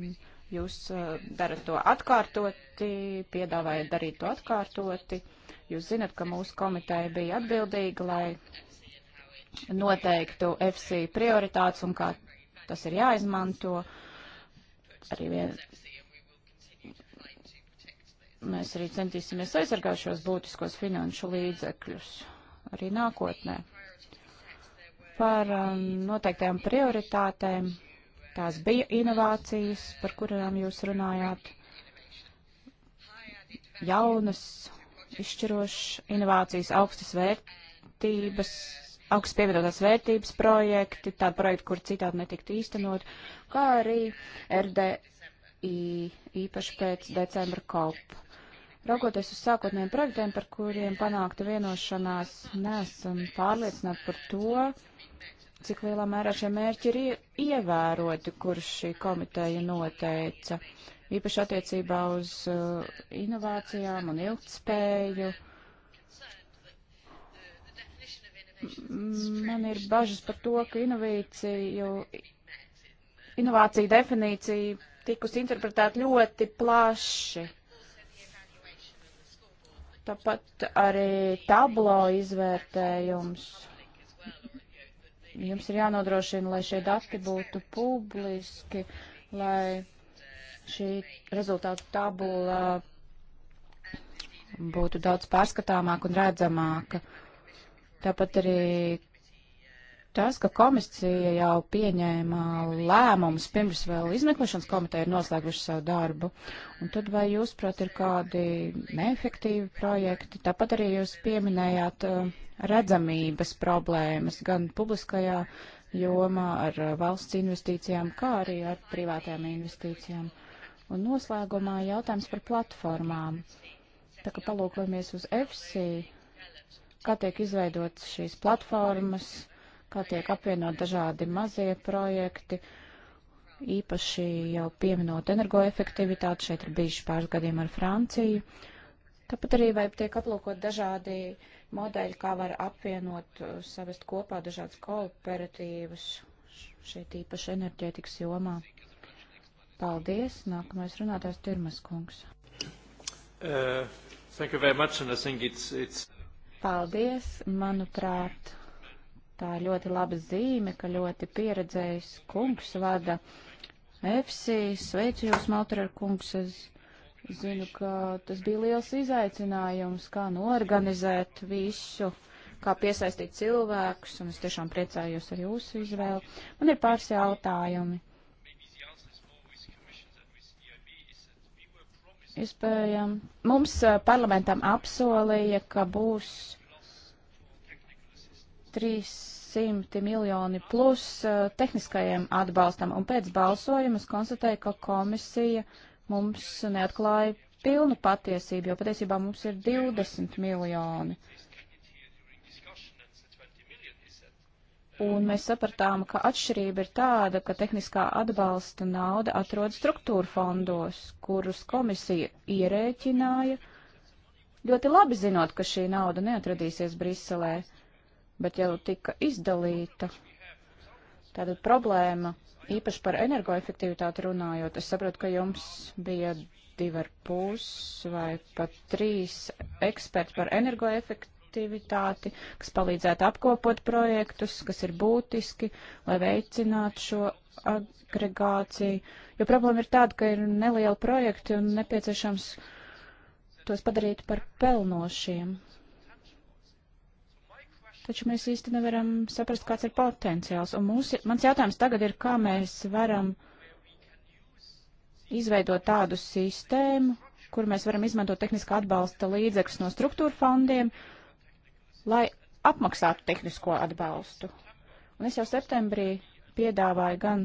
jūs eh, darat to atkārtoti, piedāvājat darīt to atkārtoti. Jūs zinat, ka mūsu komiteja bija atbildīga, lai noteiktu FC prioritātes un kā tas ir jāizmanto. Arī vien... Mēs arī centīsimies aizsargāt šos būtiskos finanšu līdzekļus arī nākotnē par um, noteiktajām prioritātēm. Tās bija inovācijas, par kurām jūs runājāt, jaunas, izšķirošas inovācijas, augstas vērtības, augstas pievienotās vērtības projekti, tādi projekti, kur citādi netiktu īstenot, kā arī RDI, īpaši pēc decembra kopu. Raugoties uz sākotnējiem projektiem, par kuriem panākta vienošanās, neesam pārliecināti par to, cik lielā mērā šie mērķi ir ievēroti, kurš šī komiteja noteica, īpaši attiecībā uz uh, inovācijām un ilgtspēju. Man ir bažas par to, ka inovāciju, inovāciju definīcija tikus interpretēt ļoti plaši. Tāpat arī tablo izvērtējums jums ir jānodrošina, lai šie dati būtu publiski, lai šī rezultātu tabula būtu daudz pārskatāmāka un redzamāka. Tāpat arī tas, ka komisija jau pieņēma lēmumus pirms vēl izmeklēšanas komiteja ir noslēguši savu darbu. Un tad vai jūs, prāt, ir kādi neefektīvi projekti? Tāpat arī jūs pieminējāt uh, redzamības problēmas gan publiskajā jomā ar uh, valsts investīcijām, kā arī ar privātajām investīcijām. Un noslēgumā jautājums par platformām. Tā kā palūkojamies uz EFSI, kā tiek izveidotas šīs platformas, uh, kā tiek apvienot dažādi mazie projekti, īpaši jau pieminot energoefektivitāti, šeit ir bijuši pāris gadījumi ar Franciju. Tāpat arī vai tiek aplūkot dažādi modeļi, kā var apvienot, uh, savest kopā dažādas kooperatīvas, šeit īpaši enerģētikas jomā. Paldies. Nākamais runātājs Tirmas kungs. Uh, thank you very much, and I think it's, it's... Paldies. Manuprāt, Tā ir ļoti laba zīme, ka ļoti pieredzējis kungs vada EFSI. Sveicu jūs, Maltrer kungs. Es zinu, ka tas bija liels izaicinājums, kā norganizēt visu, kā piesaistīt cilvēkus, un es tiešām priecājos ar jūsu izvēli. Man ir pāris jautājumi. Iespējams, mums eh, parlamentam apsolīja, ka būs 300 miljoni plus eh, tehniskajiem atbalstam. Un pēc balsojuma es konstatēju, ka komisija mums neatklāja pilnu patiesību, jo patiesībā mums ir 20 miljoni. Un mēs sapratām, ka atšķirība ir tāda, ka tehniskā atbalsta nauda atrodas struktūra fondos, kurus komisija ierēķināja, ļoti labi zinot, ka šī nauda neatradīsies Briselē bet jau tika izdalīta. Tātad problēma, īpaši par energoefektivitāti runājot, es saprotu, ka jums bija divi ar pus vai pat trīs eksperti par energoefektivitāti, kas palīdzētu apkopot projektus, kas ir būtiski, lai veicinātu šo agregāciju. Jo problēma ir tāda, ka ir neliela projekta un nepieciešams tos padarīt par pelnošiem taču mēs īsti nevaram saprast, kāds ir potenciāls. Un mūs, mans jautājums tagad ir, kā mēs varam izveidot tādu sistēmu, kur mēs varam izmantot tehniskā atbalsta līdzekļus no struktūra fondiem, lai apmaksātu tehnisko atbalstu. Un es jau septembrī piedāvāju gan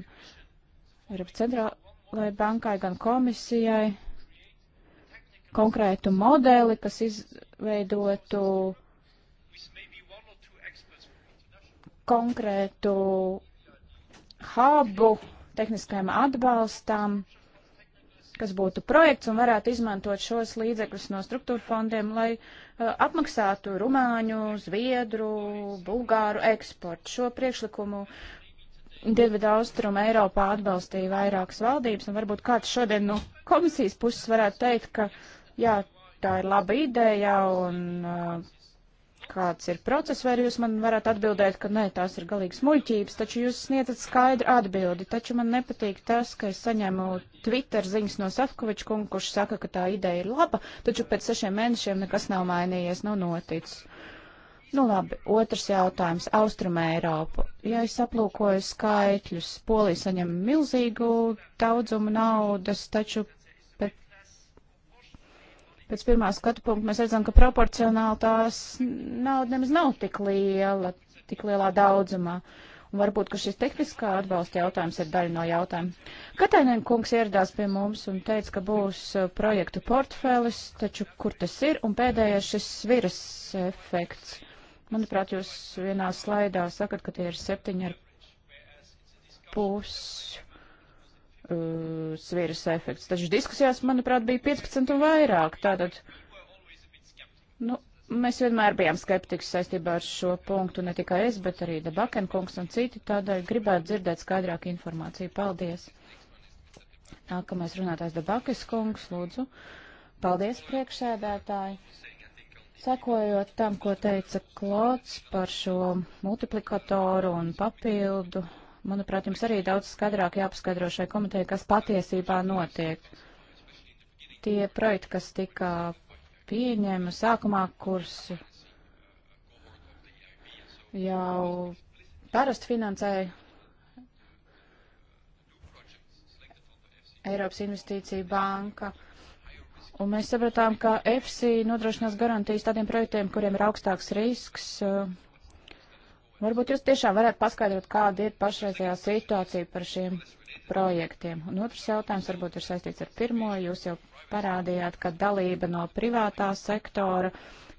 Eiropas centrālajai bankai, gan komisijai konkrētu modeli, kas izveidotu konkrētu hubu tehniskajam atbalstam, kas būtu projekts un varētu izmantot šos līdzekļus no struktūra fondiem, lai uh, apmaksātu rumāņu, zviedru, bulgāru eksportu. Šo priekšlikumu Dienvidu Austrumu Eiropā atbalstīja vairākas valdības, un varbūt kāds šodien no komisijas puses varētu teikt, ka jā, tā ir laba ideja, un uh, kāds ir process, vai jūs man varat atbildēt, ka nē, tās ir galīgas muļķības, taču jūs sniedzat skaidru atbildi, taču man nepatīk tas, ka es saņēmu Twitter ziņas no Safkoviča kunga, kurš saka, ka tā ideja ir laba, taču pēc sešiem mēnešiem nekas nav mainījies, nav noticis. Nu labi, otrs jautājums - Austrumē Eiropa. Ja es aplūkoju skaitļus, Polija saņem milzīgu daudzumu naudas, taču pēc pirmā skatu punkta mēs redzam, ka proporcionāli tās nauda nemaz nav tik liela, tik lielā daudzumā. Un varbūt, ka šis tehniskā atbalsta jautājums ir daļa no jautājuma. Katainen kungs ieradās pie mums un teica, ka būs uh, projektu portfēlis, taču kur tas ir? Un pēdējais šis sviras efekts. Manuprāt, jūs vienā slaidā sakat, ka tie ir septiņi ar pusi uh, svīras efekts. Taču diskusijās, manuprāt, bija 15 un vairāk. Tātad, nu, mēs vienmēr bijām skeptiķi saistībā ar šo punktu, ne tikai es, bet arī Debakenkungs un citi. Tādēļ gribētu dzirdēt skaidrāku informāciju. Paldies! Nākamais runātājs Debakis kungs, lūdzu. Paldies, priekšsēdētāji! Sekojot tam, ko teica Klots par šo multiplikatoru un papildu manuprāt, jums arī daudz skaidrāk jāpaskaidro šai komitejai, kas patiesībā notiek. Tie projekti, kas tika pieņēma sākumā, kurus jau parasti finansēja Eiropas investīcija banka. Un mēs sapratām, ka EFSI nodrošinās garantijas tādiem projektiem, kuriem ir augstāks risks, Varbūt jūs tiešām varētu paskaidrot, kāda ir pašreizējā situācija par šiem projektiem. Un otrs jautājums varbūt ir saistīts ar pirmo. Jūs jau parādījāt, ka dalība no privātā sektora,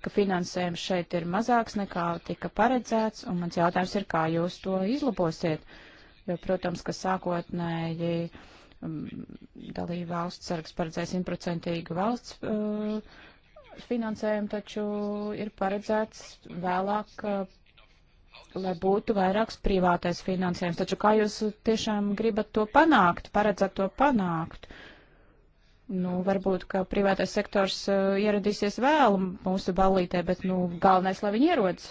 ka finansējums šeit ir mazāks nekā tika paredzēts. Un mans jautājums ir, kā jūs to izlabosiet? Jo, protams, ka sākotnēji um, dalība valsts sargs paredzēja simtprocentīgu valsts. Uh, finansējumu taču ir paredzēts vēlāk uh, lai būtu vairāks privātais finansējums. Taču kā jūs tiešām gribat to panākt, paredzat to panākt? Nu, varbūt, ka privātais sektors uh, ieradīsies vēl mūsu ballītē, bet, nu, galvenais, lai viņi ierodas.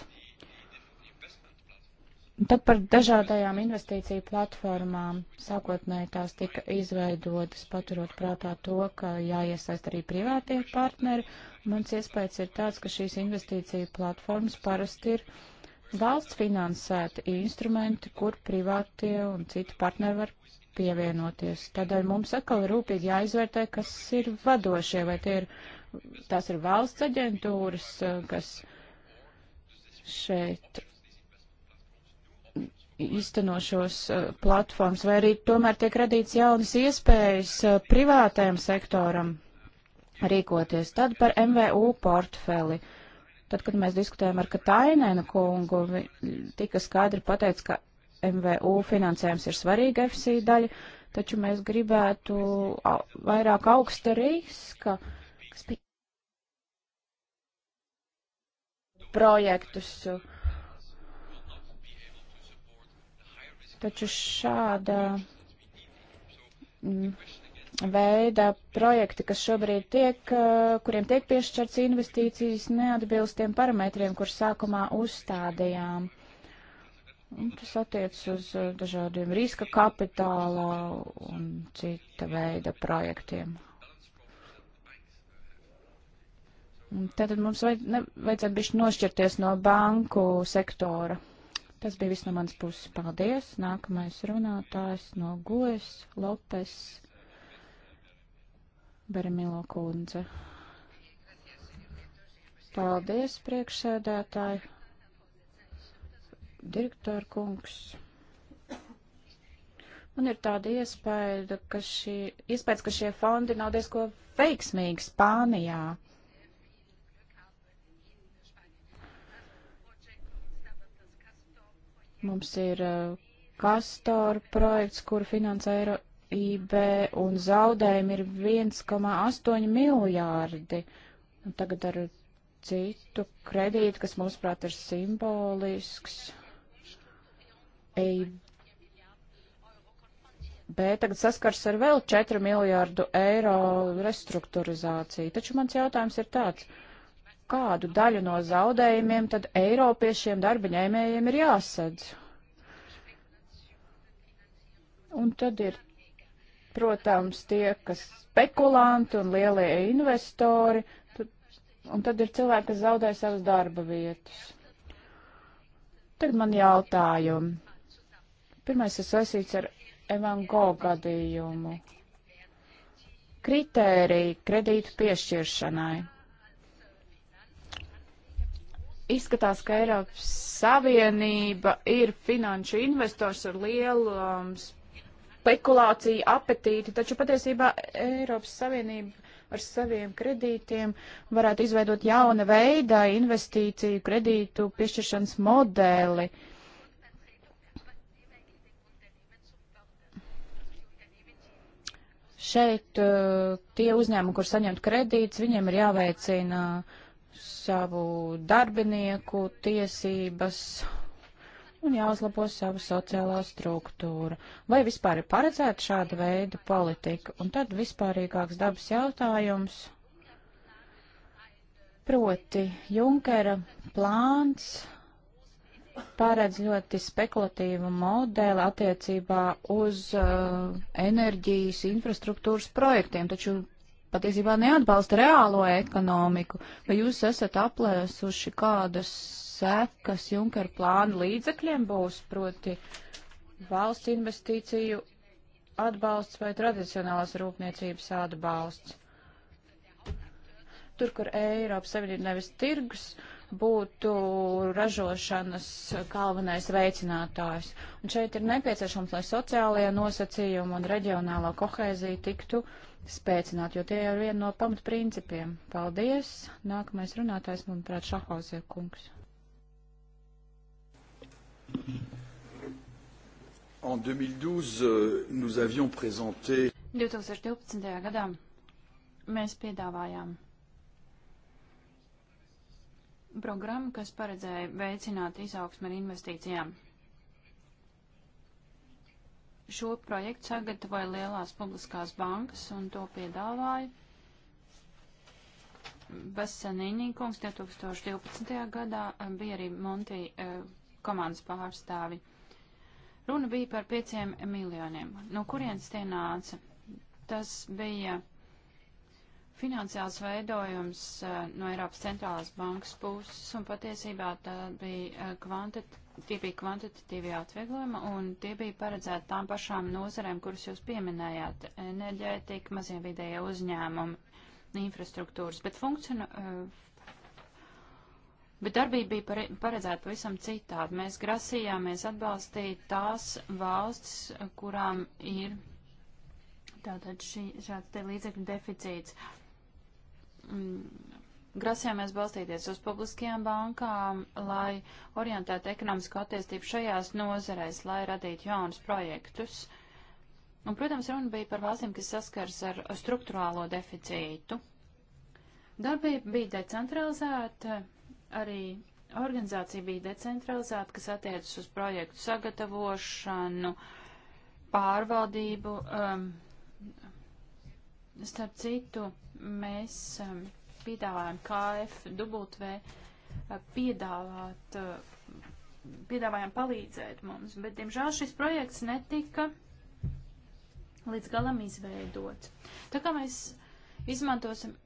Tad par dažādajām investīciju platformām. Sākotnēji tās tika izveidotas, paturot prātā to, ka jāiesaist arī privātie partneri. Mans iespējas ir tāds, ka šīs investīciju platformas parasti ir uh, valsts finansēti instrumenti, kur privātie un citi partneri var pievienoties. Tādēļ mums atkal rūpīgi jāizvērtē, kas ir vadošie, vai tie ir, tās ir valsts aģentūras, kas šeit iztenošos uh, platformas, vai arī tomēr tiek radīts jaunas iespējas uh, privātajam sektoram rīkoties. Tad par MVU portfeli. Uh, Tad, kad mēs diskutējām ar Katainēnu kungu, tika skaidri pateikts, ka MVU finansējums ir svarīga FSI daļa, taču mēs gribētu vairāk augsta riska projektus. Taču šāda. Mm, veida projekti, kas šobrīd tiek, eh, kuriem tiek piešķirts investīcijas, neatbilst tiem parametriem, kur sākumā uzstādījām. Un tas attiec uz eh, dažādiem riska kapitāla un cita veida projektiem. Tātad mums vajad, ne, vajadzētu bišķi nošķirties no banku sektora. Tas bija viss no manas puses. Paldies. Nākamais runātājs no Gojas Lopes Beremilo kundze. Paldies, priekšsēdētāji. Direktor kungs. Man ir tāda iespēja, ka, šī, iespējas, ka šie fondi nav diezko veiksmīgi Spānijā. Mums ir Kastor uh, projekts, kur finansē Eiro, IB un zaudējumi ir 1,8 miljārdi. Un tagad ar citu kredītu, kas mūsuprāt ir simbolisks. EIB tagad saskars ar vēl 4 miljārdu eiro restruktūrizāciju. Taču mans jautājums ir tāds, kādu daļu no zaudējumiem tad Eiropiešiem darba ņēmējiem ir jāsadz? Un tad ir protams, tie, kas spekulanti un lielie investori, un tad ir cilvēki, kas zaudē savas darba vietas. Tad man jautājumi. Pirmais ir saistīts ar Evango gadījumu. Kritērija kredītu piešķiršanai. Izskatās, ka Eiropas Savienība ir finanšu investors ar lielām um, spekulāciju apetīti, taču patiesībā Eiropas Savienība ar saviem kredītiem varētu izveidot jauna veida investīciju kredītu piešķiršanas modeli. Šeit uh, tie uzņēmumi, kur saņemt kredīts, viņiem ir jāveicina savu darbinieku tiesības un jāuzlabo savu sociālā struktūra. Vai vispār ir paredzēta šāda veida politika? Un tad vispārīgāks dabas jautājums. Proti, Junkera plāns paredz ļoti spekulatīvu modeli attiecībā uz uh, enerģijas infrastruktūras projektiem, taču patiesībā neatbalsta reālo ekonomiku. Vai jūs esat aplēsuši kādas sekas Junker plāna līdzekļiem būs, proti valsts investīciju atbalsts vai tradicionālās rūpniecības atbalsts. Tur, kur Eiropas Savienība nevis tirgus, būtu ražošanas galvenais veicinātājs. Un šeit ir nepieciešams, lai sociālajie nosacījumi un reģionālā kohēzija tiktu spēcināt, jo tie ir viena no pamatprincipiem. Paldies! Nākamais runātājs, manuprāt, Šahauzē kungs. En 2012, euh, nous avions présenté 2012. gadā mēs piedāvājām programmu, kas paredzēja veicināt izaugsmu ar investīcijām. Šo projektu sagatavoja lielās publiskās bankas un to piedāvāja Basanīnī kungs 2012. gadā, eh, bija arī Monti eh, komandas pārstāvi. Runa bija par pieciem miljoniem. No kurienes tie nāca? Tas bija finansiāls veidojums eh, no Eiropas centrālās bankas puses, un patiesībā tā bija eh, kvantit tie bija kvantitatīvie atvieglojumi, un tie bija paredzēti tām pašām nozarēm, kuras jūs pieminējāt - enerģētika, mazie vidējie uzņēmumi, infrastruktūras, bet funkcionu, eh, bet darbība bija paredzēta pavisam citādi. Mēs grasījāmies atbalstīt tās valstis, kurām ir tātad šī, šāds te līdzekļu deficīts. Mm, grasījāmies balstīties uz publiskajām bankām, lai orientētu ekonomisko attīstību šajās nozareis, lai radītu jaunus projektus. Un, protams, runa bija par valstīm, kas saskars ar struktūrālo deficītu. Darbība bija decentralizēta, Arī organizācija bija decentralizēta, kas attiecas uz projektu sagatavošanu, pārvaldību. Um, starp citu, mēs um, piedāvājam KFW uh, piedāvāt, uh, piedāvājam palīdzēt mums, bet, diemžēl, šis projekts netika līdz galam izveidots. Tā kā mēs izmantosim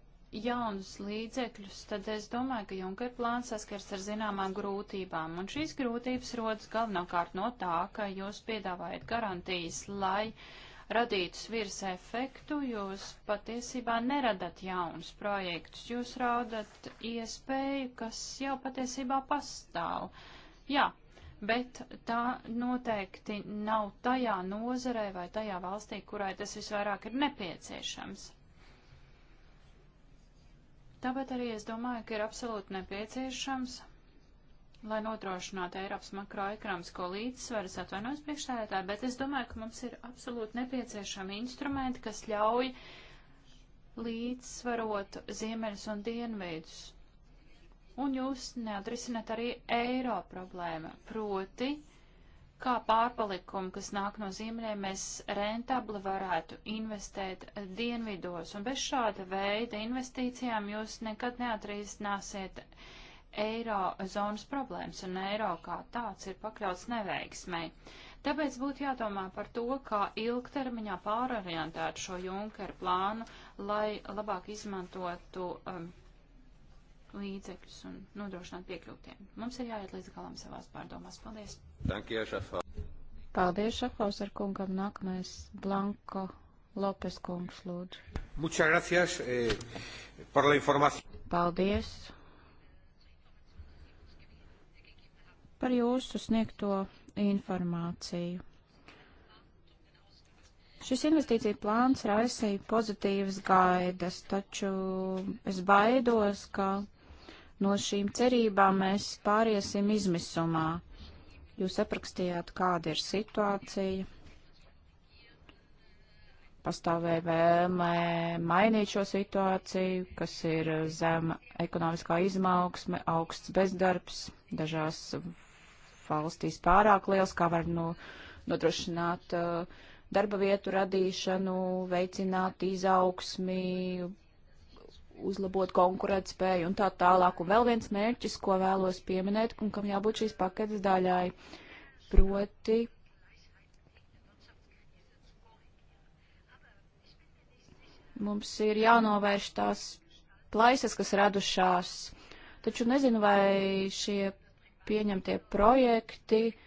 jaunus līdzekļus, tad es domāju, ka Junker plāns saskars ar zināmām grūtībām. Un šīs grūtības rodas galvenokārt no tā, ka jūs piedāvājat garantijas, lai radītu svirs efektu, jūs patiesībā neradat jaunus projektus, jūs raudat iespēju, kas jau patiesībā pastāv. Jā, bet tā noteikti nav tajā nozarē vai tajā valstī, kurai tas visvairāk ir nepieciešams. Tāpat arī es domāju, ka ir absolūti nepieciešams, lai notrošinātu Eiropas makroekonomisko līdzsvaru, es atvainojos priekšstādātāji, bet es domāju, ka mums ir absolūti nepieciešami instrumenti, kas ļauj līdzsvarot ziemeļus un dienveidus. Un jūs neatrisināt arī eiro problēmu, proti kā pārpalikumu, kas nāk no ziemeļiem, mēs rentabli varētu investēt dienvidos. Un bez šāda veida investīcijām jūs nekad neatrīstināsiet eiro zonas problēmas, un eiro kā tāds ir pakļauts neveiksmei. Tāpēc būtu jādomā par to, kā ilgtermiņā pārorientēt šo Junkeru plānu, lai labāk izmantotu um, līdzekļus un nodrošināt piekļūtiem. Mums ir jāiet līdz galam savās pārdomās. Paldies! You, šafā. Paldies, Šafos ar kungam. Nākamais Blanko Lopes kungs lūdzu. Muchas gracias eh, por la información. Paldies par jūsu sniegto informāciju. Šis investīcija plāns raisīja pozitīvas gaidas, taču es baidos, ka no šīm cerībām mēs pāriesim izmisumā. Jūs aprakstījāt, kāda ir situācija. Pastāvēja vēlme mainīt šo situāciju, kas ir zema ekonomiskā izmaugsme, augsts bezdarbs, dažās valstīs pārāk liels, kā var nu, nodrošināt uh, darba vietu radīšanu, veicināt izaugsmi, uzlabot konkurētspēju un tā tālāk. Un vēl viens mērķis, ko vēlos pieminēt un kam jābūt šīs paketes daļai, proti. Mums ir jānovērš tās plaisas, kas radušās. Taču nezinu, vai šie pieņemtie projekti uh,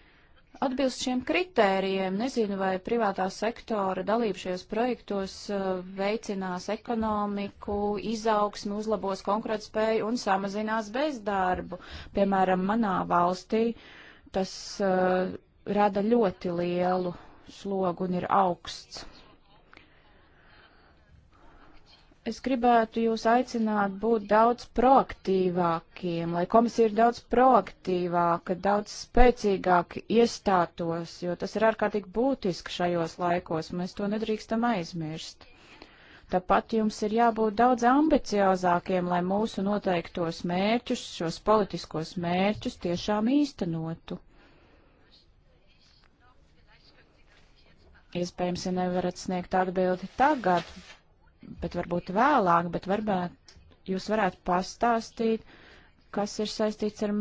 atbilst šiem kritērijiem. Nezinu, vai privātā sektora dalība šajos projektos uh, veicinās ekonomiku, izaugsmi, uzlabos konkurētspēju un samazinās bezdarbu. Piemēram, manā valstī tas uh, rada ļoti lielu slogu un ir augsts. Es gribētu jūs aicināt būt daudz proaktīvākiem, lai komisija ir daudz proaktīvāka, daudz spēcīgāk iestātos, jo tas ir ārkārtīgi būtiski šajos laikos, mēs to nedrīkstam aizmirst. Tāpat jums ir jābūt daudz ambiciozākiem, lai mūsu noteiktos mērķus, šos politiskos mērķus tiešām īstenotu. Iespējams, ja nevarat sniegt atbildi tagad, bet varbūt vēlāk, bet varbūt jūs varētu pastāstīt, kas ir saistīts ar,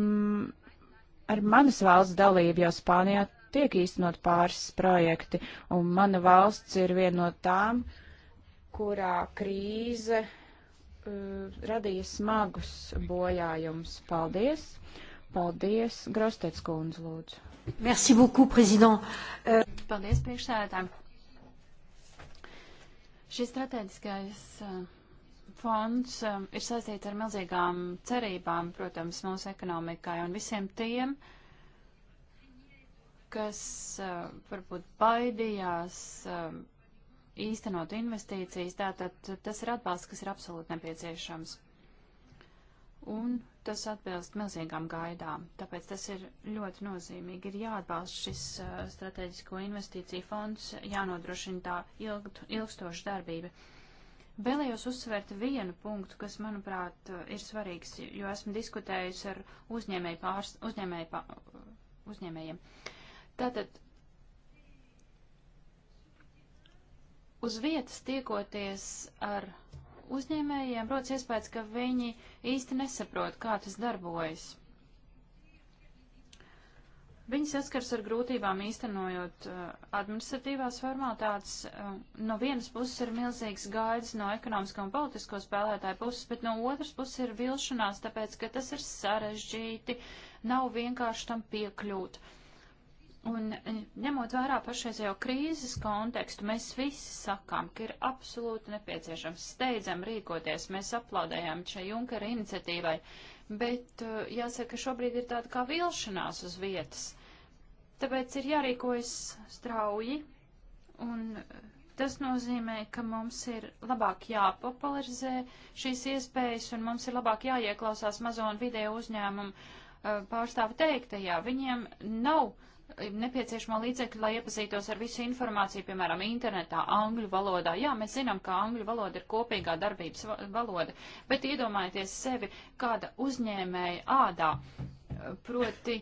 ar manas valsts dalību, jo Spānijā tiek īstenot pāris projekti, un mana valsts ir viena no tām, kurā krīze uh, radīja smagus bojājumus. Paldies! Paldies, Grostets kundze, lūdzu. Merci beaucoup, prezident. Uh... Paldies, priekšsēdētāji. Šis strateģiskais eh, fonds eh, ir saistīts ar milzīgām cerībām, protams, mūsu ekonomikai un visiem tiem, kas eh, varbūt baidījās īstenot investīcijas. Tātad tas ir atbalsts, kas ir absolūti nepieciešams. Un tas atbilst milzīgām gaidām, tāpēc tas ir ļoti nozīmīgi. Ir jāatbalsta šis uh, strateģisko investīciju fonds, jānodrošina tā ilgt, ilgstoša darbība. Vēlējos uzsvērt vienu punktu, kas, manuprāt, uh, ir svarīgs, jo esmu diskutējusi ar uzņēmēju pārs, uzņēmēju pār, uzņēmējiem. Tātad, uz vietas tiekoties ar uzņēmējiem rodas iespējas, ka viņi īsti nesaprot, kā tas darbojas. Viņi saskars ar grūtībām īstenojot uh, administratīvās formalitātes. Uh, no vienas puses ir milzīgs gaidis no ekonomiskā un politisko spēlētāju puses, bet no otras puses ir vilšanās, tāpēc, ka tas ir sarežģīti, nav vienkārši tam piekļūt. Uh, Un eh, ņemot vērā pašreizējo krīzes kontekstu, mēs visi sakām, ka ir absolūti nepieciešams steidzam rīkoties. Mēs aplaudējām šai Junkera iniciatīvai, bet eh, jāsaka, ka šobrīd ir tāda kā vilšanās uz vietas. Tāpēc ir jārīkojas strauji, un eh, tas nozīmē, ka mums ir labāk jāpopularizē šīs iespējas, un mums ir labāk jāieklausās mazo un vidēju uzņēmumu pārstāvu teiktajā. Viņiem nav nepieciešamo līdzekļu, lai iepazītos ar visu informāciju, piemēram, internetā, angļu valodā. Jā, mēs zinām, ka angļu valoda ir kopīgā darbības valoda, bet iedomājieties sevi kāda uzņēmēja ādā, proti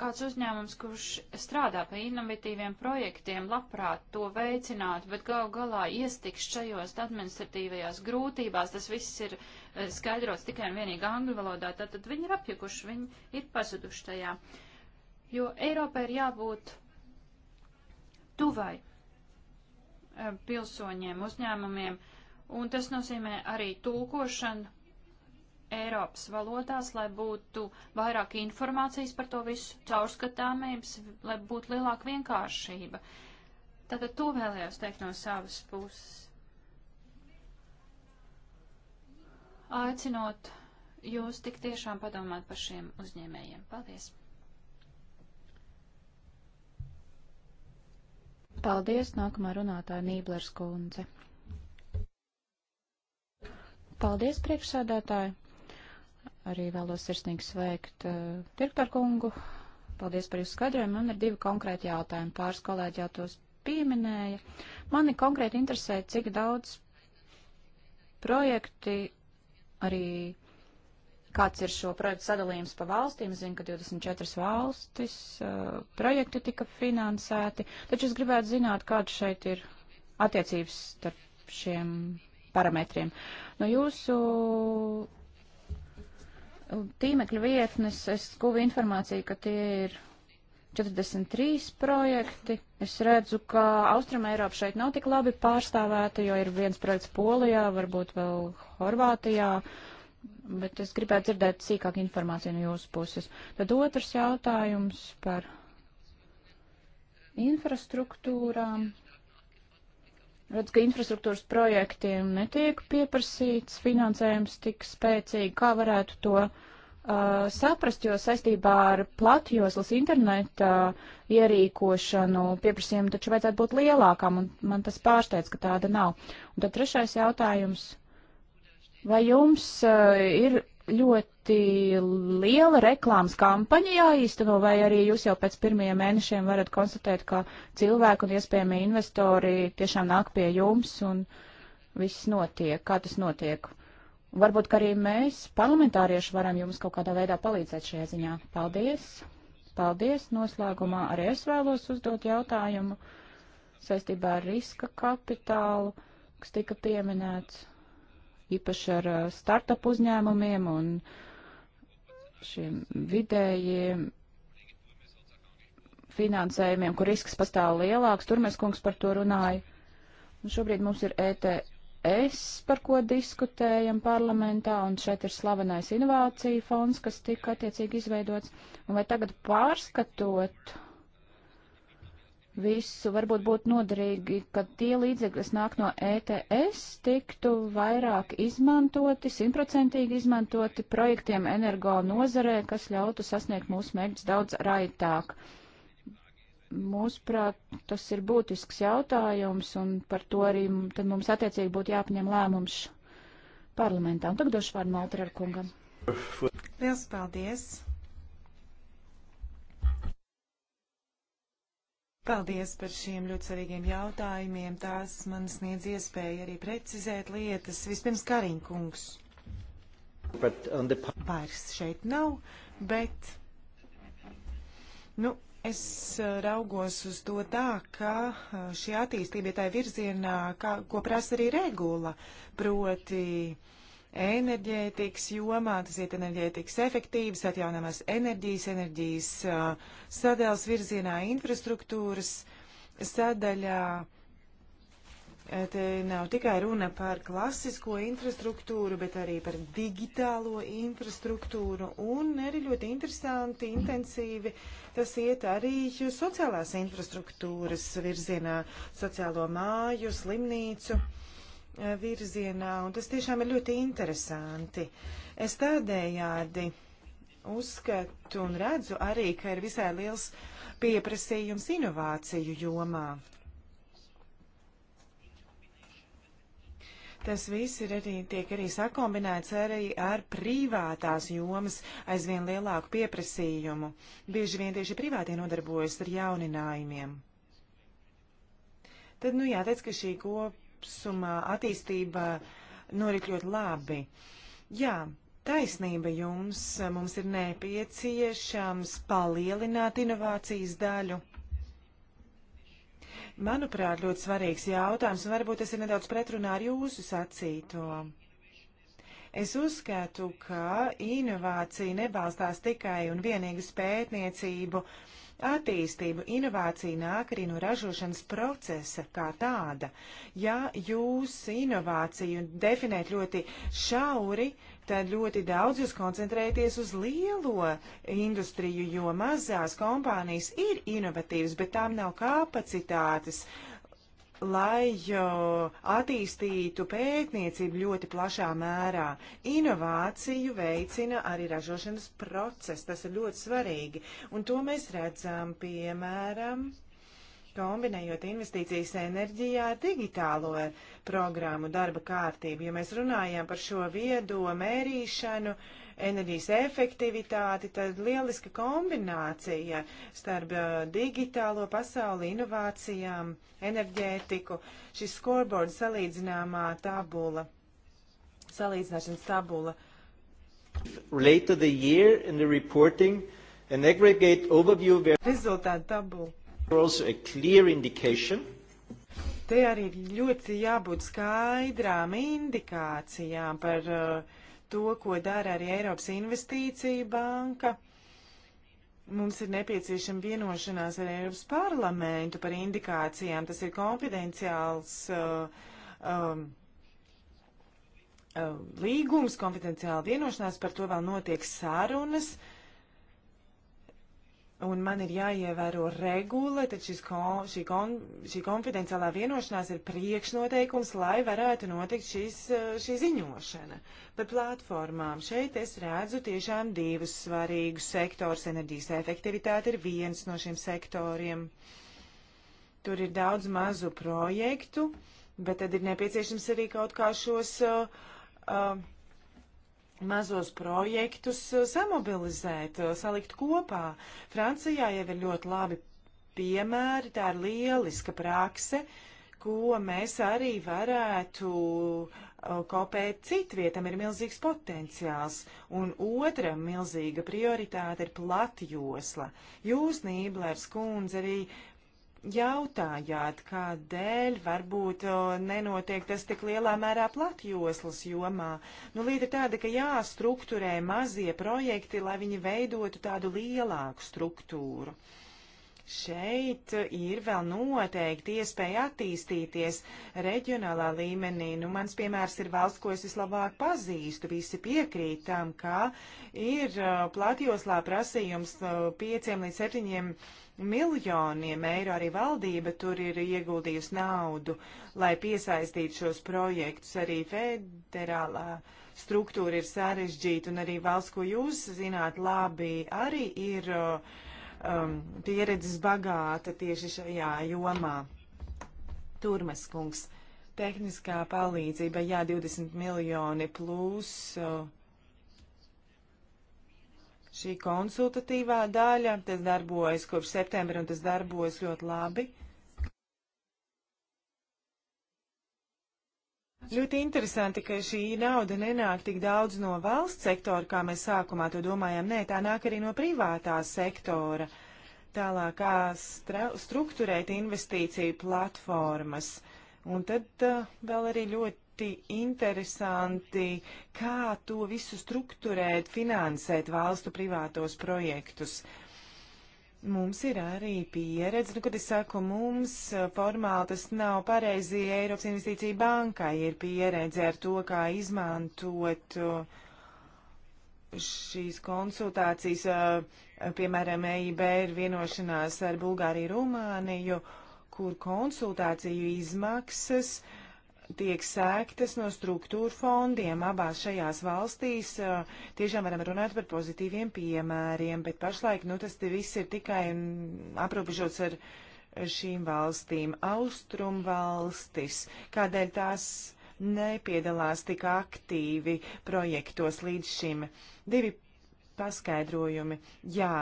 kāds uzņēmums, kurš strādā pie inovatīviem projektiem, labprāt to veicināt, bet gal galā iestiks šajos administratīvajās grūtībās, tas viss ir eh, skaidrots tikai un vienīgi angļu valodā, tad, tad viņi ir apjukuši, viņi ir pazuduši tajā. Uh, jo Eiropai ir jābūt tuvai eh, pilsoņiem, uzņēmumiem, un tas nozīmē arī tulkošanu Eiropas valodās, lai būtu vairāk informācijas par to visu, caurskatāmības, lai būtu lielāka vienkāršība. Tātad to vēlējos teikt no savas puses. Aicinot jūs tik tiešām padomāt par šiem uzņēmējiem. Paldies! Paldies, nākamā runātāja Nīblers kundze. Paldies, priekšsēdētāji. Arī vēlos sirsnīgi sveikt uh, direktoru kungu. Paldies par jūsu skaidrojumu. Man ir divi konkrēti jautājumi. Pāris kolēģi jau tos pieminēja. Mani konkrēti interesē, cik daudz projekti arī kāds ir šo projektu sadalījums pa valstīm. Es zinu, ka 24 valstis uh, projekti tika finansēti, taču es gribētu zināt, kāds šeit ir attiecības starp šiem parametriem. No jūsu uh, tīmekļa vietnes es guvu informāciju, ka tie ir 43 projekti. Es redzu, ka Austruma Eiropa šeit nav tik labi pārstāvēta, jo ir viens projekts Polijā, varbūt vēl Horvātijā. Uh, bet es gribētu dzirdēt sīkāk informāciju no jūsu puses. Tad otrs jautājums par infrastruktūrām. Redz, ka infrastruktūras projektiem netiek pieprasīts finansējums tik spēcīgi, kā varētu to uh, saprast, jo saistībā ar platjoslas interneta uh, ierīkošanu pieprasījumu taču vajadzētu būt lielākam, un man tas pārsteidz, ka tāda nav. Un tad trešais jautājums Vai jums uh, ir ļoti liela reklāmas kampaņa jāīsteno, vai arī jūs jau pēc pirmajiem mēnešiem varat konstatēt, ka cilvēki un iespējami investori tiešām nāk pie jums un viss notiek, kā tas notiek? Varbūt, ka arī mēs, parlamentārieši, varam jums kaut kādā veidā palīdzēt šajā ziņā. Paldies! Paldies! Noslēgumā arī es vēlos uzdot jautājumu saistībā ar riska kapitālu, kas tika pieminēts īpaši ar startup uzņēmumiem un šiem vidējiem finansējumiem, kur risks pastāv lielāks. Tur mēs kungs par to runāja. Un šobrīd mums ir ETS, par ko diskutējam parlamentā, un šeit ir slavenais inovācija fonds, kas tika attiecīgi izveidots. Un vai tagad pārskatot visu. Varbūt būtu noderīgi, ka tie līdzekļi, kas nāk no ETS, tiktu vairāk izmantoti, simtprocentīgi izmantoti projektiem energo nozarē, kas ļautu sasniegt mūsu mērķus daudz raitāk. Mūsuprāt, tas ir būtisks jautājums, un par to arī tad mums attiecīgi būtu jāpņem lēmums parlamentā. Un tagad došu vārdu Maltra ar kungam. Liels paldies! Paldies par šiem ļoti svarīgiem jautājumiem. Tās man sniedz iespēju arī precizēt lietas. Vispirms Kariņkungs. The... Vairs šeit nav, bet nu, es eh, raugos uz to tā, ka eh, šī attīstība ir tā virzienā, kā, ko prasa arī regula. Proti, uh, enerģētikas jomā, tas iet enerģētikas efektīvas, atjaunamās enerģijas, enerģijas sadēles virzienā, infrastruktūras sadaļā. Te nav tikai runa par klasisko infrastruktūru, bet arī par digitālo infrastruktūru un arī ļoti interesanti, intensīvi tas iet arī sociālās infrastruktūras virzienā, sociālo māju, slimnīcu. Uh, Eh, virzienā, un tas tiešām ir ļoti interesanti. Es tādējādi uzskatu un redzu arī, ka ir visai liels pieprasījums inovāciju jomā. Tas viss ir arī, tiek arī sakombinēts arī ar privātās jomas aizvien lielāku pieprasījumu. Bieži vien tieši privātie nodarbojas ar jauninājumiem. Tad, nu jāteic, ka šī kop, kopsumā attīstība norit ļoti labi. Jā, taisnība jums. Mums ir nepieciešams palielināt inovācijas daļu. Manuprāt, ļoti svarīgs jautājums, un varbūt tas ir nedaudz pretrunā ar jūsu sacīto. Es uzskatu, ka inovācija nebalstās tikai un vienīgi uz pētniecību, uh, attīstību. Inovācija nāk arī no ražošanas procesa kā tāda. Ja jūs inovāciju definēt ļoti šauri, tad ļoti daudz jūs koncentrēties uz lielo industriju, jo mazās kompānijas ir inovatīvas, bet tām nav kapacitātes uh, lai attīstītu pētniecību ļoti plašā mērā. Inovāciju veicina arī ražošanas process, tas ir ļoti svarīgi. Un to mēs redzam, piemēram, kombinējot investīcijas enerģijā ar digitālo programmu darba kārtību. Ja mēs runājam par šo viedo mērīšanu, uh, enerģijas efektivitāti, tad lieliska kombinācija starp uh, digitālo pasauli, inovācijām, enerģētiku, šis scoreboard salīdzināmā tabula, salīdzināšanas tabula. Relate to the year and the reporting, an aggregate overview where... Rezultātu tabula. Also a clear indication Te arī ļoti jābūt skaidrām indikācijām par uh, to, ko dara arī Eiropas Investīcija banka. Mums ir nepieciešama vienošanās ar Eiropas parlamentu par indikācijām. Tas ir konfidenciāls uh, um, uh, līgums, konfidenciāla vienošanās, par to vēl notiek sarunas. Uh, un man ir jāievēro regula, tad šis kon, šī, kon, šī konfidenciālā vienošanās ir priekšnoteikums, lai varētu notikt šis, eh, šī ziņošana. Par platformām šeit es redzu tiešām divus svarīgus sektors. Enerģijas efektivitāte ir viens no šiem sektoriem. Tur ir daudz mazu projektu, bet tad ir nepieciešams arī kaut kā šos. Uh, uh, mazos projektus eh, samobilizēt, eh, salikt kopā. Francijā jau ir ļoti labi piemēri, tā ir lieliska prakse, ko mēs arī varētu eh, kopēt citvietam, ir milzīgs potenciāls. Un otra milzīga prioritāte ir platjosla. Jūs, Nīblers kundze, arī jautājāt, kādēļ varbūt nenotiek tas tik lielā mērā platjoslas jomā. Nu, lieta ir tāda, ka jāstrukturē mazie projekti, lai viņi veidotu tādu lielāku struktūru. Šeit ir vēl noteikti iespēja attīstīties reģionālā līmenī. Nu, mans piemērs ir valsts, ko es vislabāk pazīstu. Visi piekrīt tam, ka ir platjoslā prasījums pieciem līdz septiņiem. Uh, miljoniem eiro. Arī valdība tur ir ieguldījusi naudu, lai piesaistītu šos projektus. Arī federālā struktūra ir sarežģīta, un arī valsts, ko jūs zināt labi, arī ir um, pieredzes bagāta tieši šajā jomā. Turmas kungs, tehniskā palīdzība, jā, 20 miljoni plus. Uh, Šī konsultatīvā daļa, tas darbojas kopš septembra un tas darbojas ļoti labi. Ļoti interesanti, ka šī nauda nenāk tik daudz no valsts sektora, kā mēs sākumā to domājām. Nē, tā nāk arī no privātā sektora. Tālāk, kā struktūrēt investīciju platformas. Un tad uh, vēl arī ļoti ļoti interesanti, kā to visu strukturēt, finansēt valstu privātos projektus. Mums ir arī pieredze, nu, kad es saku mums, formāli tas nav pareizi, Eiropas investīcija bankai ir pieredze ar to, kā izmantot uh, šīs konsultācijas, uh, piemēram, EIB ir vienošanās ar Bulgāriju, Rumāniju, kur konsultāciju izmaksas uh, tiek sēktas no struktūra fondiem. Abās šajās valstīs uh, tiešām varam runāt par pozitīviem piemēriem, bet pašlaik nu, tas viss ir tikai aprobežots ar šīm valstīm. Austrum valstis, kādēļ tās nepiedalās tik aktīvi projektos līdz šim? Divi paskaidrojumi. Jā,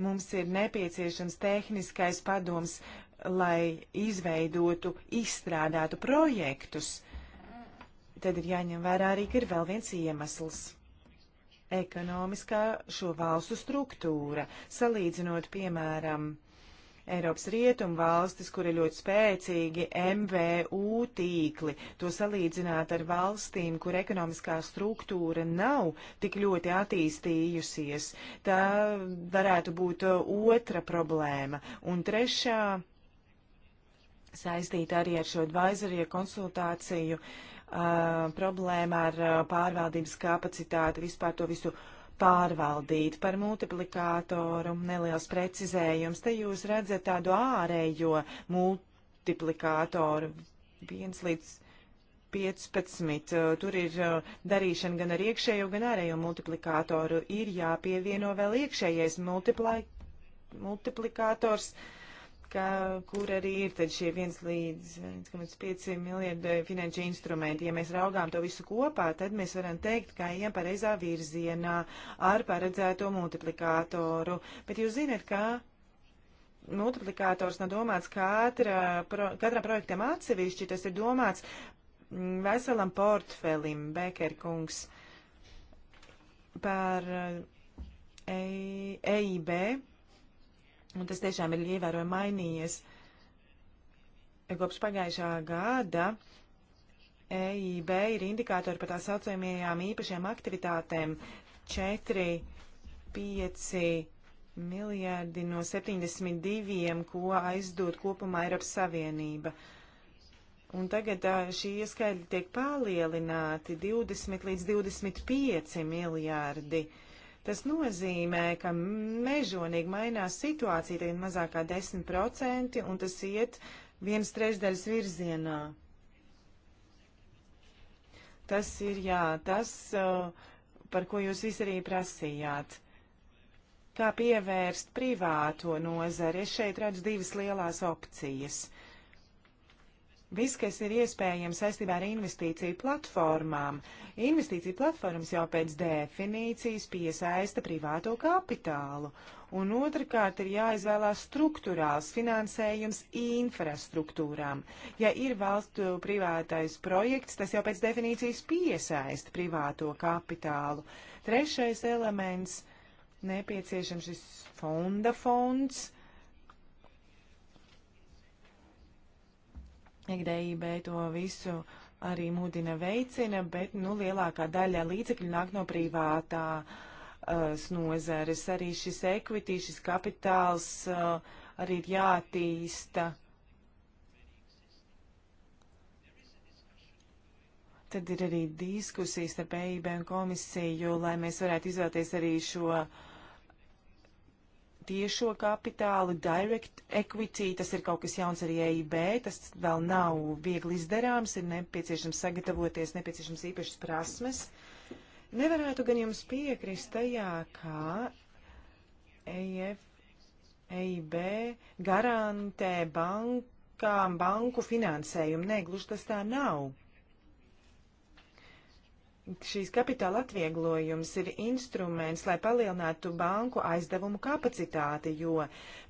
mums ir nepieciešams tehniskais padoms lai izveidotu, izstrādātu projektus, tad ir jāņem vērā arī, ka ir vēl viens iemesls - ekonomiskā šo valstu struktūra. Salīdzinot, piemēram, Eiropas rietumu valstis, kur ir ļoti spēcīgi MVU tīkli, to salīdzināt ar valstīm, kur ekonomiskā struktūra nav tik ļoti attīstījusies, tā varētu būt otra problēma. Un trešā saistīta arī ar šo advisorie konsultāciju uh, problēmu ar uh, pārvaldības kapacitāti, vispār to visu pārvaldīt par multiplikātoru. Neliels precizējums. Te jūs redzat tādu ārējo multiplikātoru 1 līdz 15. Uh, tur ir uh, darīšana gan ar iekšējo, gan ārējo multiplikātoru. Ir jāpievieno vēl iekšējais multiplikātors. Uh, ka, kur arī ir tad šie 1 līdz 1,5 miljardu finanšu instrumenti. Ja mēs raugām to visu kopā, tad mēs varam teikt, ka ejam pareizā virzienā ar paredzēto multiplikātoru. Bet jūs zinat, ka multiplikātors nav domāts katra, pro, katram projektam atsevišķi, tas ir domāts mm, veselam portfelim, Bekerkungs, par EIB. Eh, e Un tas tiešām ir ievērojami mainījies. Kopš pagājušā gada EIB ir indikātori par tā saucamajām īpašajām aktivitātēm 4, 5 miljārdi no 72, ko aizdod kopumā Eiropas Savienība. Un tagad šī ieskaļa tiek palielināti 20 līdz 25 miljārdi. Uh, Tas nozīmē, ka mežonīgi mainās situācija, tagad mazāk kā 10%, un tas iet viens trešdaļas virzienā. Tas ir, jā, tas, uh, par ko jūs visi arī prasījāt. Kā pievērst privāto nozari? Es šeit redzu divas lielās opcijas viss, kas ir iespējams saistībā ar investīciju platformām. Investīciju platformas jau pēc definīcijas piesaista privāto kapitālu. Un otrkārt ir jāizvēlās struktūrāls finansējums infrastruktūrām. Ja ir valstu privātais projekts, tas jau pēc definīcijas piesaista privāto kapitālu. Trešais elements - nepieciešams šis fonda fonds EIB to visu arī mudina veicina, bet nu, lielākā daļa līdzekļu nāk no privātā uh, nozares. Arī šis equity, šis kapitāls uh, arī ir jātīsta. Tad ir arī diskusijas ar PIB e un komisiju, lai mēs varētu izvēlēties arī šo uh, tiešo kapitālu, direct equity, tas ir kaut kas jauns arī EIB, tas vēl nav viegli izdarāms, ir nepieciešams sagatavoties, nepieciešams īpašas prasmes. Nevarētu gan jums piekrist tajā, ka EIF, EIB garantē bankām banku finansējumu. Nē, gluži tas tā nav šīs kapitāla atvieglojums ir instruments, lai palielinātu banku aizdevumu kapacitāti, jo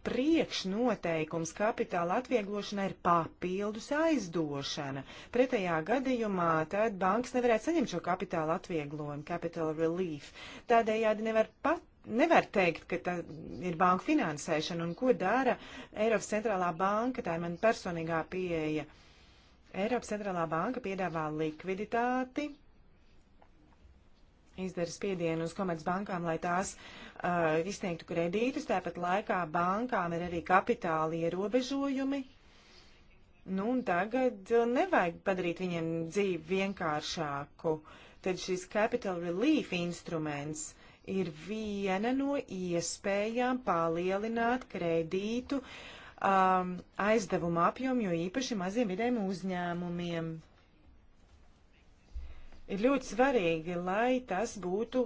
priekšnoteikums kapitāla atvieglošanai ir papildus aizdošana. Pretējā gadījumā tad banks nevarētu saņemt šo kapitāla atvieglojumu, capital relief. Tādējādi nevar pat nevar teikt, ka tā ir banka finansēšana, un ko dara Eiropas centrālā banka, tā ir man personīgā pieeja. Eiropas centrālā banka piedāvā likviditāti izdara spiedienu uz komercbankām, lai tās uh, izsniegtu kredītus. Tāpat laikā bankām ir arī kapitāli ierobežojumi. Nu, un tagad uh, nevajag padarīt viņiem dzīvi vienkāršāku. Tad šis capital relief instruments ir viena no iespējām palielināt kredītu um, aizdevumu apjomu, jo īpaši maziem vidējiem uzņēmumiem. Ir ļoti svarīgi, lai tas būtu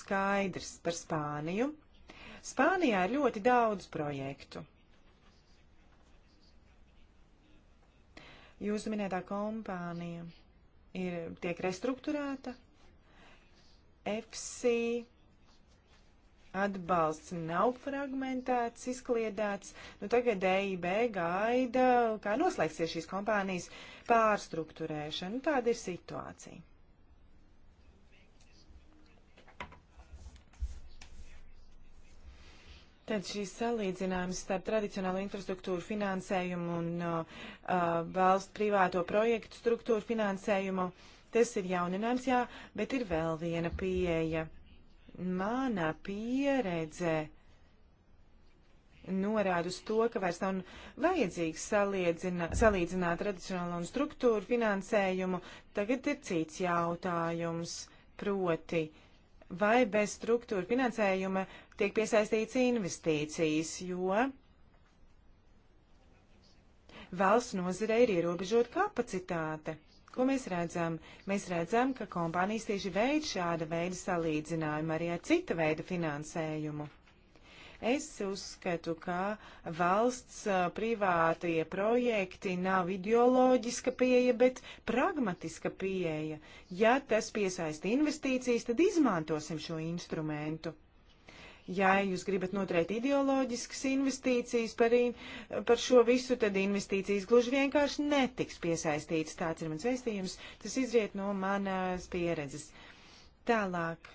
skaidrs par Spāniju. Spānijā ir ļoti daudz projektu. Jūsu minētā kompānija ir, tiek restruktūrēta. FC atbalsts nav fragmentēts, izkliedēts. Nu, tagad EIB gaida, kā noslēgsies šīs kompānijas pārstruktūrēšana. Nu, tāda ir situācija. Tad šīs salīdzinājums starp tradicionālo infrastruktūru finansējumu un uh, uh, valsts privāto projektu struktūru finansējumu, tas ir jauninājums, jā, bet ir vēl viena pieeja. Mana pieredze norāda uz to, ka vairs nav vajadzīgs salīdzināt tradicionālo un struktūru finansējumu. Tagad ir cits jautājums, proti. Uh, vai bez struktūra finansējuma tiek piesaistīts investīcijas, jo valsts nozirei ir ierobežota kapacitāte. Ko mēs redzam? Mēs redzam, ka kompānijas tieši veid šāda veida salīdzinājumu arī ar cita veida finansējumu. Es uzskatu, ka valsts privātie projekti nav ideoloģiska pieeja, bet pragmatiska pieeja. Ja tas piesaista investīcijas, tad izmantosim šo instrumentu. Ja jūs gribat noturēt ideoloģiskas investīcijas par, in, par šo visu, tad investīcijas gluži vienkārši netiks piesaistītas. Tāds ir mans vēstījums. Tas izriet no manas pieredzes. Tālāk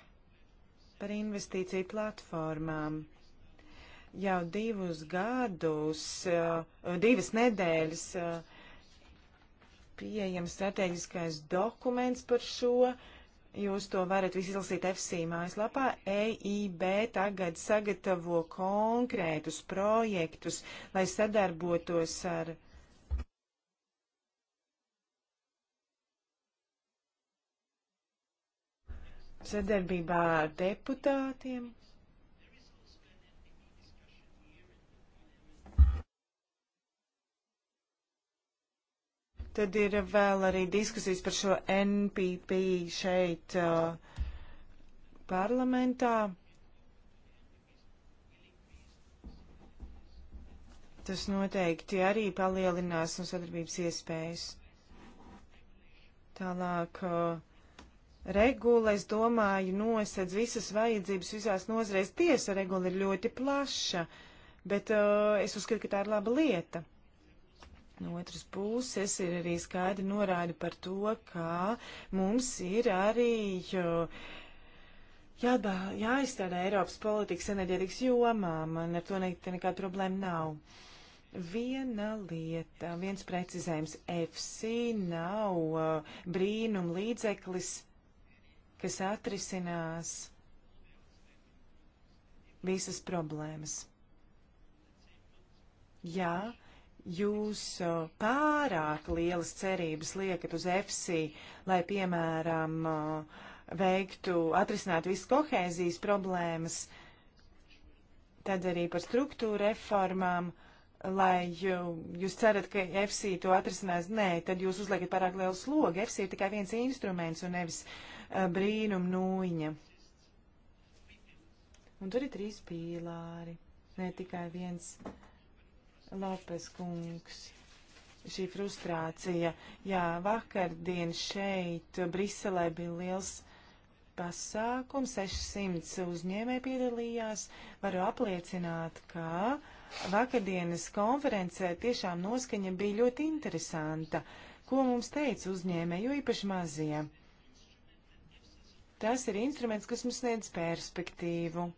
par investīciju platformām jau divus gadus, eh, divas nedēļas eh, pieejams strateģiskais dokuments par šo. Jūs to varat visu izlasīt FSI mājaslapā. EIB tagad sagatavo konkrētus projektus, lai sadarbotos ar. Sadarbībā ar deputātiem. Tad ir vēl arī diskusijas par šo NPP šeit uh, parlamentā. Tas noteikti arī palielinās un sadarbības iespējas. Tālāk uh, regula, es domāju, nosedz visas vajadzības visās nozarēs. Tiesa regula ir ļoti plaša, bet uh, es uzskatu, ka tā ir laba lieta. No otras puses ir arī skaidri norādi par to, ka mums ir arī jādā, jāizstrādā Eiropas politikas enerģētikas jomā. Man ar to ne, nekāda problēma nav. Viena lieta, viens precizējums. FC nav uh, brīnum līdzeklis, kas atrisinās visas problēmas. Jā, jūs pārāk lielas cerības liekat uz EFSI, lai, piemēram, veiktu, atrisināt visu kohēzijas problēmas, tad arī par struktūra reformām, lai jūs cerat, ka EFSI to atrisinās, nē, tad jūs uzliekat pārāk lielu slogu. EFSI ir tikai viens instruments un nevis brīnum nūjiņa. Un tur ir trīs pīlāri, ne tikai viens. Uh, Lopes kungs. Šī frustrācija. Jā, vakardien šeit Briselē bija liels pasākums, 600 uzņēmēji piedalījās. Varu apliecināt, ka vakardienas konferencē tiešām noskaņa bija ļoti interesanta. Ko mums teica uzņēmēji, jo īpaši mazie? Tas ir instruments, kas mums sniedz perspektīvu.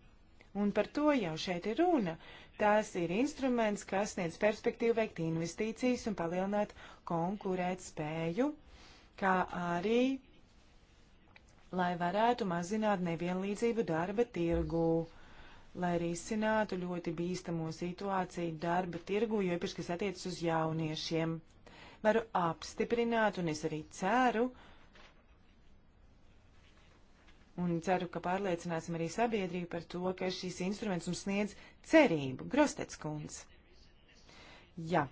Un par to jau šeit ir runa. Uh, Tas ir instruments, kas sniedz perspektīvu veikt investīcijas un palielināt konkurēt spēju, kā arī, lai varētu mazināt nevienlīdzību darba tirgū, lai risinātu ļoti bīstamo situāciju darba tirgū, jo īpaši, kas attiecas uz jauniešiem. Varu apstiprināt, un es arī ceru, ka Un ceru, ka pārliecināsim arī sabiedrību par to, ka šīs instruments mums sniedz cerību. Grostets kundz. Jā,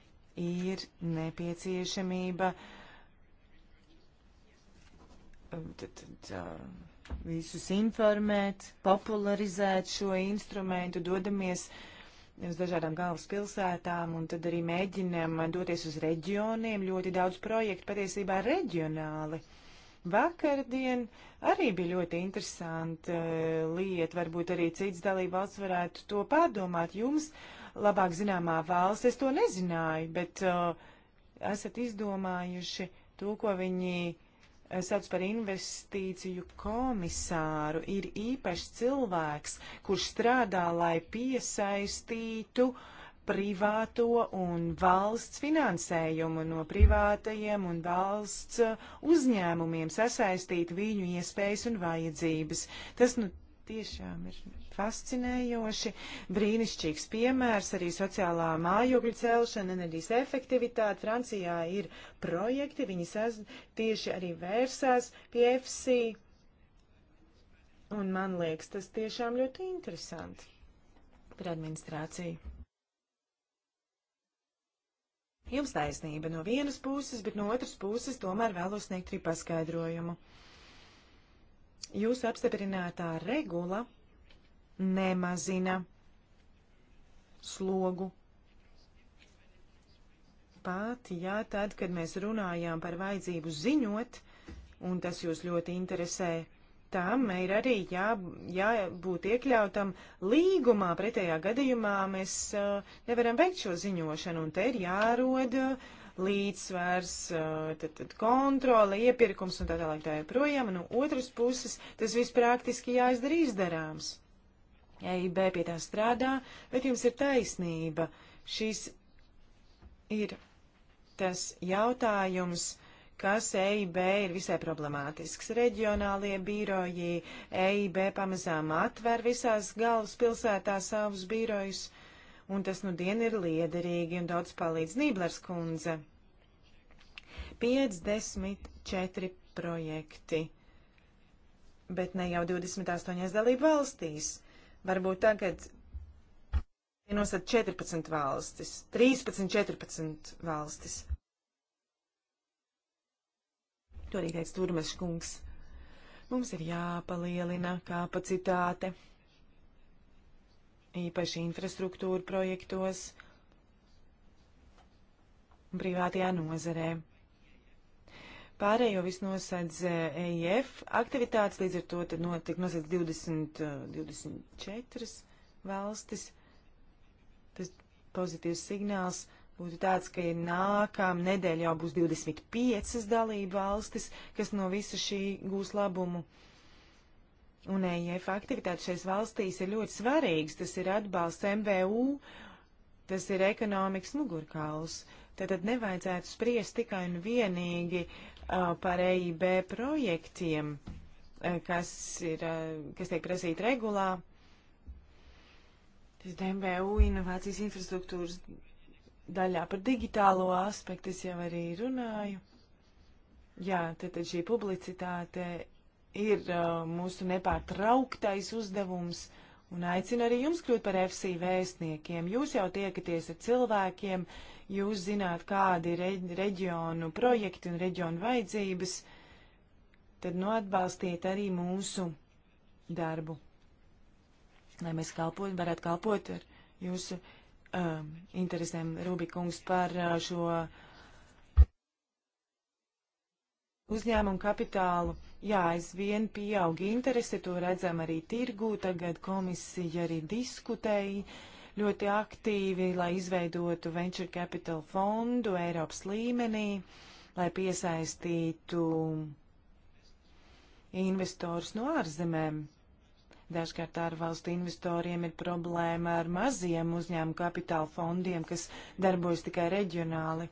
ir nepieciešamība. Tad, um, tad, uh, visus informēt, popularizēt šo instrumentu, dodamies uz dažādām galvaspilsētām un tad arī mēģinam doties uz reģioniem. Ļoti daudz projektu patiesībā reģionāli. Uh, Vakardien arī bija ļoti interesanti uh, eh, lieta, varbūt arī cits dalībvalsts varētu to pārdomāt. Jums labāk zināmā valsts, es to nezināju, bet uh, esat izdomājuši to, ko viņi eh, sauc par investīciju komisāru, ir īpašs cilvēks, kurš strādā, lai piesaistītu uh, privāto un valsts finansējumu no privātajiem un valsts uzņēmumiem, sasaistīt viņu iespējas un vajadzības. Tas nu tiešām ir fascinējoši, brīnišķīgs piemērs arī sociālā mājokļu celšana, enerģijas efektivitāte. Francijā ir projekti, viņi saz, tieši arī vērsās pie FC. Un man liekas, tas tiešām ļoti interesanti par administrāciju. Jums taisnība no vienas puses, bet no otras puses tomēr vēlos sniegt arī paskaidrojumu. Jūsu apstiprinātā regula nemazina slogu. Pat, jā, tad, kad mēs runājām par vajadzību ziņot, un tas jūs ļoti interesē, uh, tam ir arī jā, jābūt iekļautam līgumā. Pretējā gadījumā mēs uh, nevaram veikt šo ziņošanu, un te ir jārod eh, līdzsvars, uh, tad, tad kontrole, iepirkums un tā tālāk tā joprojām. No nu, otras puses, tas viss praktiski jāizdara izdarāms. EIB pie tā strādā, bet jums ir taisnība. Šis ir tas jautājums, kas EIB ir visai problemātisks. Reģionālie biroji EIB pamazām atver visās galvaspilsētās savus birojus, un tas nu dien ir liederīgi un daudz palīdz Nīblers kundze. 54 projekti, bet ne jau 28 dalību valstīs. Varbūt tagad ienosat 14 valstis, 13, 14 valstis. To arī teica Turmes kungs. Mums ir jāpalielina kapacitāte, īpaši infrastruktūra projektos un privātajā nozarē. Pārējo viss nosedz EIF eh, e aktivitātes, līdz ar to tad notiek nosedz 20, 24 eh, valstis. Tas pozitīvs signāls. Uh, būtu tāds, ka nākamā nedēļa jau būs 25 dalību valstis, kas no visa šī gūs labumu. Un EIF aktivitāte šais valstīs ir ļoti svarīgs, tas ir atbalsts MVU, tas ir ekonomikas mugurkauls. Tātad nevajadzētu spriest tikai un vienīgi uh, par EIB projektiem, uh, kas, ir, uh, kas tiek prasīti regulā. Tas MVU inovācijas infrastruktūras daļā par digitālo aspektu es jau arī runāju. Jā, tad šī publicitāte ir uh, mūsu nepārtrauktais uzdevums. Un aicinu arī jums kļūt par FC vēstniekiem. Jūs jau tiekaties ar cilvēkiem, jūs zināt, kādi ir reģionu projekti un reģionu vajadzības. Tad nu atbalstiet arī mūsu darbu, lai mēs kalpot, varētu kalpot ar jūsu um, interesēm, Rubikungs, par uh, šo uzņēmumu kapitālu. Jā, aizvien pieaug interese, to redzam arī tirgū, tagad komisija arī diskutēja ļoti aktīvi, lai izveidotu venture capital fondu Eiropas līmenī, lai piesaistītu investors no ārzemēm. Dažkārt ārvalstu investoriem ir problēma ar maziem uzņēmumu kapitāla fondiem, kas darbojas tikai reģionāli.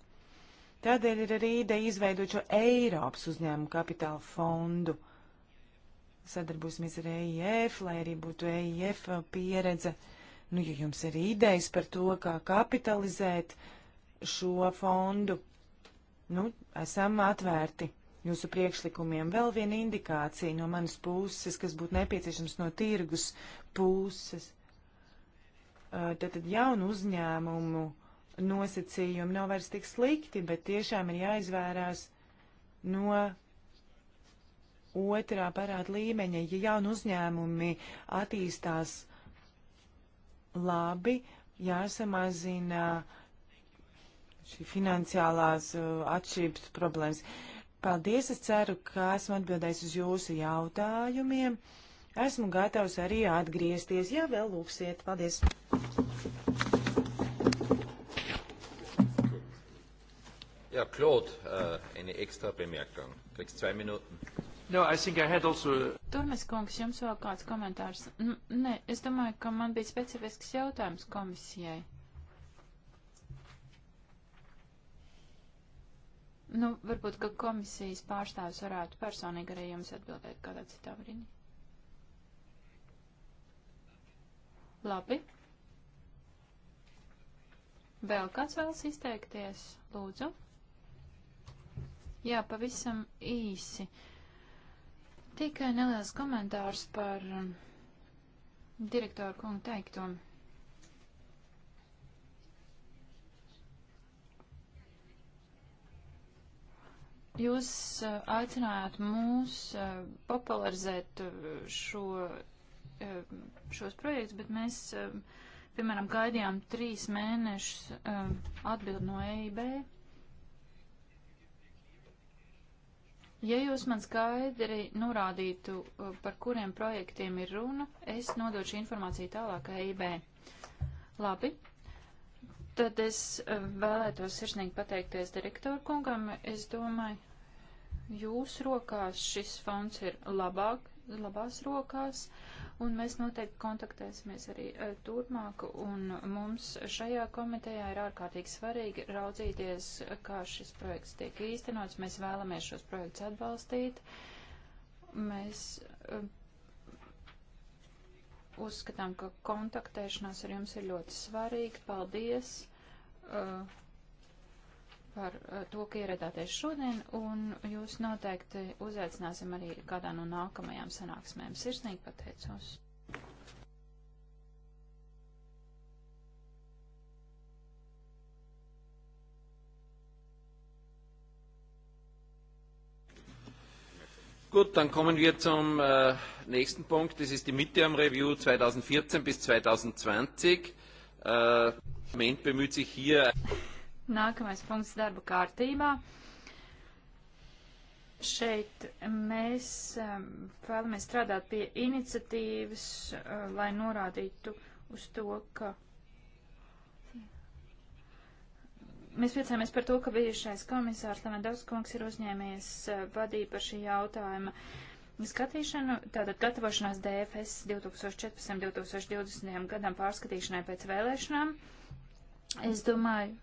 Tādēļ ir arī ideja izveidot šo Eiropas uzņēmumu kapitāla fondu. Sadarbosimies ar EIF, lai arī būtu EIF pieredze. Nu, ja jums ir idejas par to, kā kapitalizēt šo fondu, nu, esam atvērti jūsu priekšlikumiem. Vēl viena indikācija no manas puses, kas būtu nepieciešams no tirgus puses. Tātad jaunu uzņēmumu nosacījumi nav vairs tik slikti, bet tiešām ir jāizvērās no otrā parāda līmeņa. Ja jaunu uzņēmumi attīstās labi, jāsamazina šī finansiālās atšķirības problēmas. Uh, Paldies, es ceru, ka esmu atbildējis uz jūsu jautājumiem. Esmu gatavs arī atgriezties, ja vēl lūksiet. Paldies! Ja, Claude, uh, eine extra Bemerkung. Kriegst zwei Minuten. No, I think I had also... Turmes kungs, jums vēl kāds komentārs? N nē, es domāju, ka man bija specifisks jautājums komisijai. Nu, varbūt, ka komisijas pārstāvis varētu personīgi arī jums atbildēt kādā citā brīdī. Labi. Vēl kāds vēlas izteikties? Lūdzu. Jā, pavisam īsi. Tikai neliels komentārs par um, direktoru kungu teiktumu. Jūs eh, aicinājāt mūs eh, popularizēt eh, šo, šos projektus, bet mēs, piemēram, gaidījām trīs mēnešus atbildi no EIB. Ja jūs man skaidri norādītu, par kuriem projektiem ir runa, es nodošu informāciju tālāk EIB. Labi. Tad es vēlētos sirsnīgi pateikties direktoru kungam. Es domāju, jūsu rokās, šis fonds ir labāk, labās rokās, un mēs noteikti kontaktēsimies arī e, turpmāk, un mums šajā komitejā ir ārkārtīgi svarīgi raudzīties, kā šis projekts tiek īstenots. Mēs vēlamies šos projektus atbalstīt. Mēs e, uzskatām, ka kontaktēšanās ar jums ir ļoti svarīga. Paldies! Uh, par eh, to, ka ieradāties šodien, un jūs noteikti uzaicināsim arī kādā no nākamajām sanāksmēm. Sirsnīgi pateicos! Gut, dann kommen wir zum äh, nächsten Punkt. Das ist die Midterm Review 2014 bis 2020. Äh, Moment bemüht sich hier. Nākamais punkts darba kārtībā. Šeit mēs um, vēlamies strādāt pie iniciatīvas, uh, lai norādītu uz to, ka mēs priecājamies par to, ka bijušais komisārs Lamendovs kungs ir uzņēmies uh, vadību par šī jautājuma skatīšanu, tātad gatavošanās DFS 2014-2020 gadam pārskatīšanai pēc vēlēšanām. Es domāju,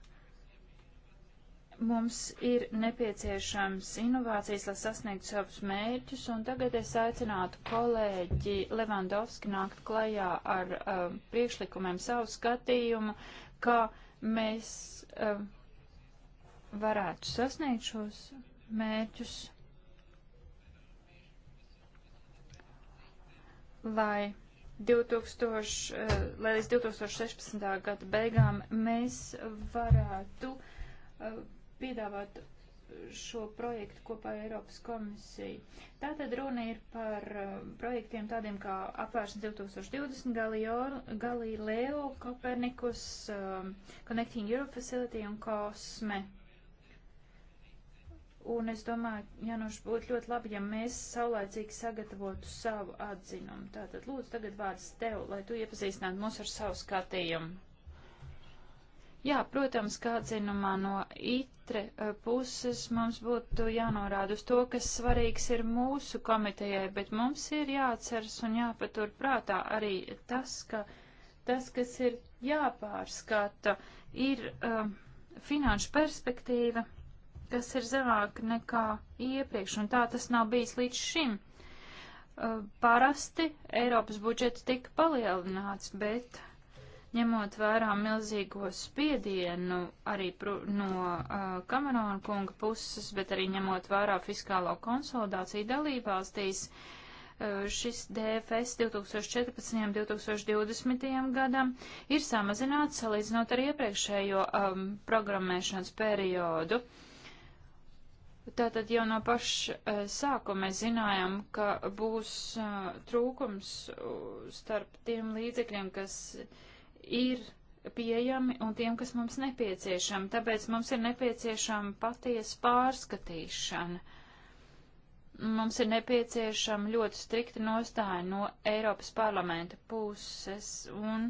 Mums ir nepieciešams inovācijas, lai sasniegtu savus mērķus, un tagad es aicinātu kolēģi Levandovski nākt klajā ar uh, priekšlikumiem savu skatījumu, kā mēs uh, varētu sasniegt šos mērķus, lai 2000, uh, lai līdz 2016. gada beigām mēs varētu uh, piedāvāt šo projektu kopā ar Eiropas komisiju. Tātad runa ir par um, projektiem tādiem kā apvēršana 2020, Galileo, Copernicus, um, Connecting Europe Facility un Cosme. Un es domāju, Januš, būtu ļoti labi, ja mēs saulēcīgi sagatavotu savu atzinumu. Tātad lūdzu tagad vārds tev, lai tu iepazīstinātu mūs ar savu skatījumu. Jā, protams, kā atzinumā no itre eh, puses mums būtu jānorāda uz to, kas svarīgs ir mūsu komitejai, bet mums ir jāatceras un jāpatur prātā arī tas, ka tas, kas ir jāpārskata, ir uh, finanšu perspektīva, kas ir zemāk nekā iepriekš, un tā tas nav bijis līdz šim. Uh, parasti Eiropas budžets tika palielināts, bet ņemot vērā milzīgo spiedienu arī no uh, Kamerona kunga puses, bet arī ņemot vērā fiskālo konsolidāciju dalībvalstīs, uh, šis DFS 2014. un 2020. gadam ir samazināts salīdzinot ar iepriekšējo um, programmēšanas periodu. Tātad jau no paša uh, sākuma mēs zinājām, ka būs uh, trūkums uh, starp tiem līdzekļiem, kas uh, ir pieejami un tiem, kas mums nepieciešami. Tāpēc mums ir nepieciešama patiesa pārskatīšana. Mums ir nepieciešama ļoti strikta nostāja no Eiropas parlamenta puses un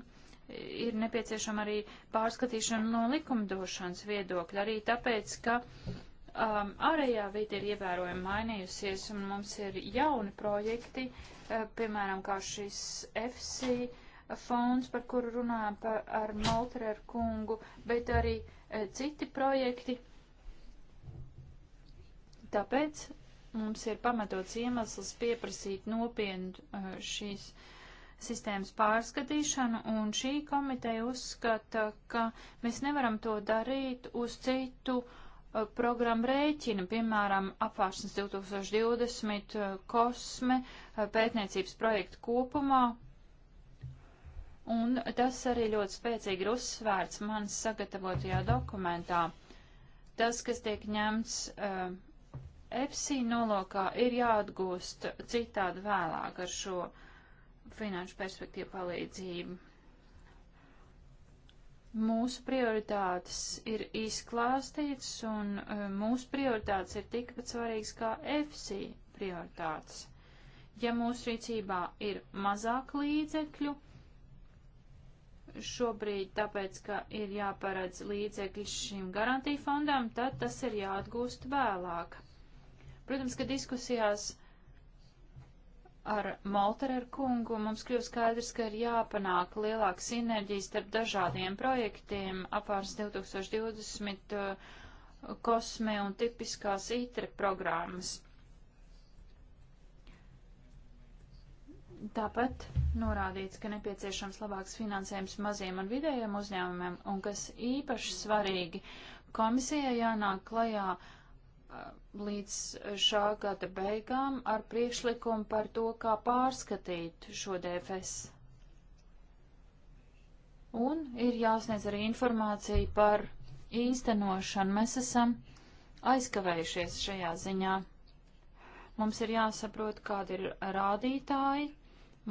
ir nepieciešama arī pārskatīšana no likumdošanas viedokļa, arī tāpēc, ka um, ārējā vide ir ievērojami mainījusies un mums ir jauni projekti, uh, piemēram, kā šis FC, uh, fonds, par kuru runājam par, ar Moltreru kungu, bet arī e, citi projekti. Tāpēc mums ir pamatots iemesls pieprasīt nopietnu e, šīs sistēmas pārskatīšanu, un šī komiteja uzskata, ka mēs nevaram to darīt uz citu e, programmu rēķina, piemēram, apvārsnes 2020, e, kosme, e, pētniecības projektu kopumā, Un tas arī ļoti spēcīgi ir uzsvērts manas sagatavotajā dokumentā. Tas, kas tiek ņemts uh, eh, EPSI nolokā, ir jāatgūst citādi vēlāk ar šo finanšu perspektīvu palīdzību. Mūsu prioritātes ir izklāstītas, un uh, mūsu prioritātes ir tikpat svarīgas kā EFSI prioritātes. Ja mūsu rīcībā ir mazāk līdzekļu, šobrīd, tāpēc, ka ir jāparedz līdzekļi šim garantiju fondam, tad tas ir jāatgūst vēlāk. Protams, ka diskusijās ar Molterer kungu mums kļūst skaidrs, ka ir jāpanāk lielāka sinerģija starp dažādiem projektiem apārs 2020 uh, kosme un tipiskās ITRE programmas. Tāpat norādīts, ka nepieciešams labāks finansējums maziem un vidējiem uzņēmumiem, un kas īpaši svarīgi, komisijai jānāk klajā līdz šā gada beigām ar priekšlikumu par to, kā pārskatīt šo DFS. Un ir jāsniedz arī informācija par īstenošanu. Mēs esam aizkavējušies šajā ziņā. Mums ir jāsaprot, kādi ir rādītāji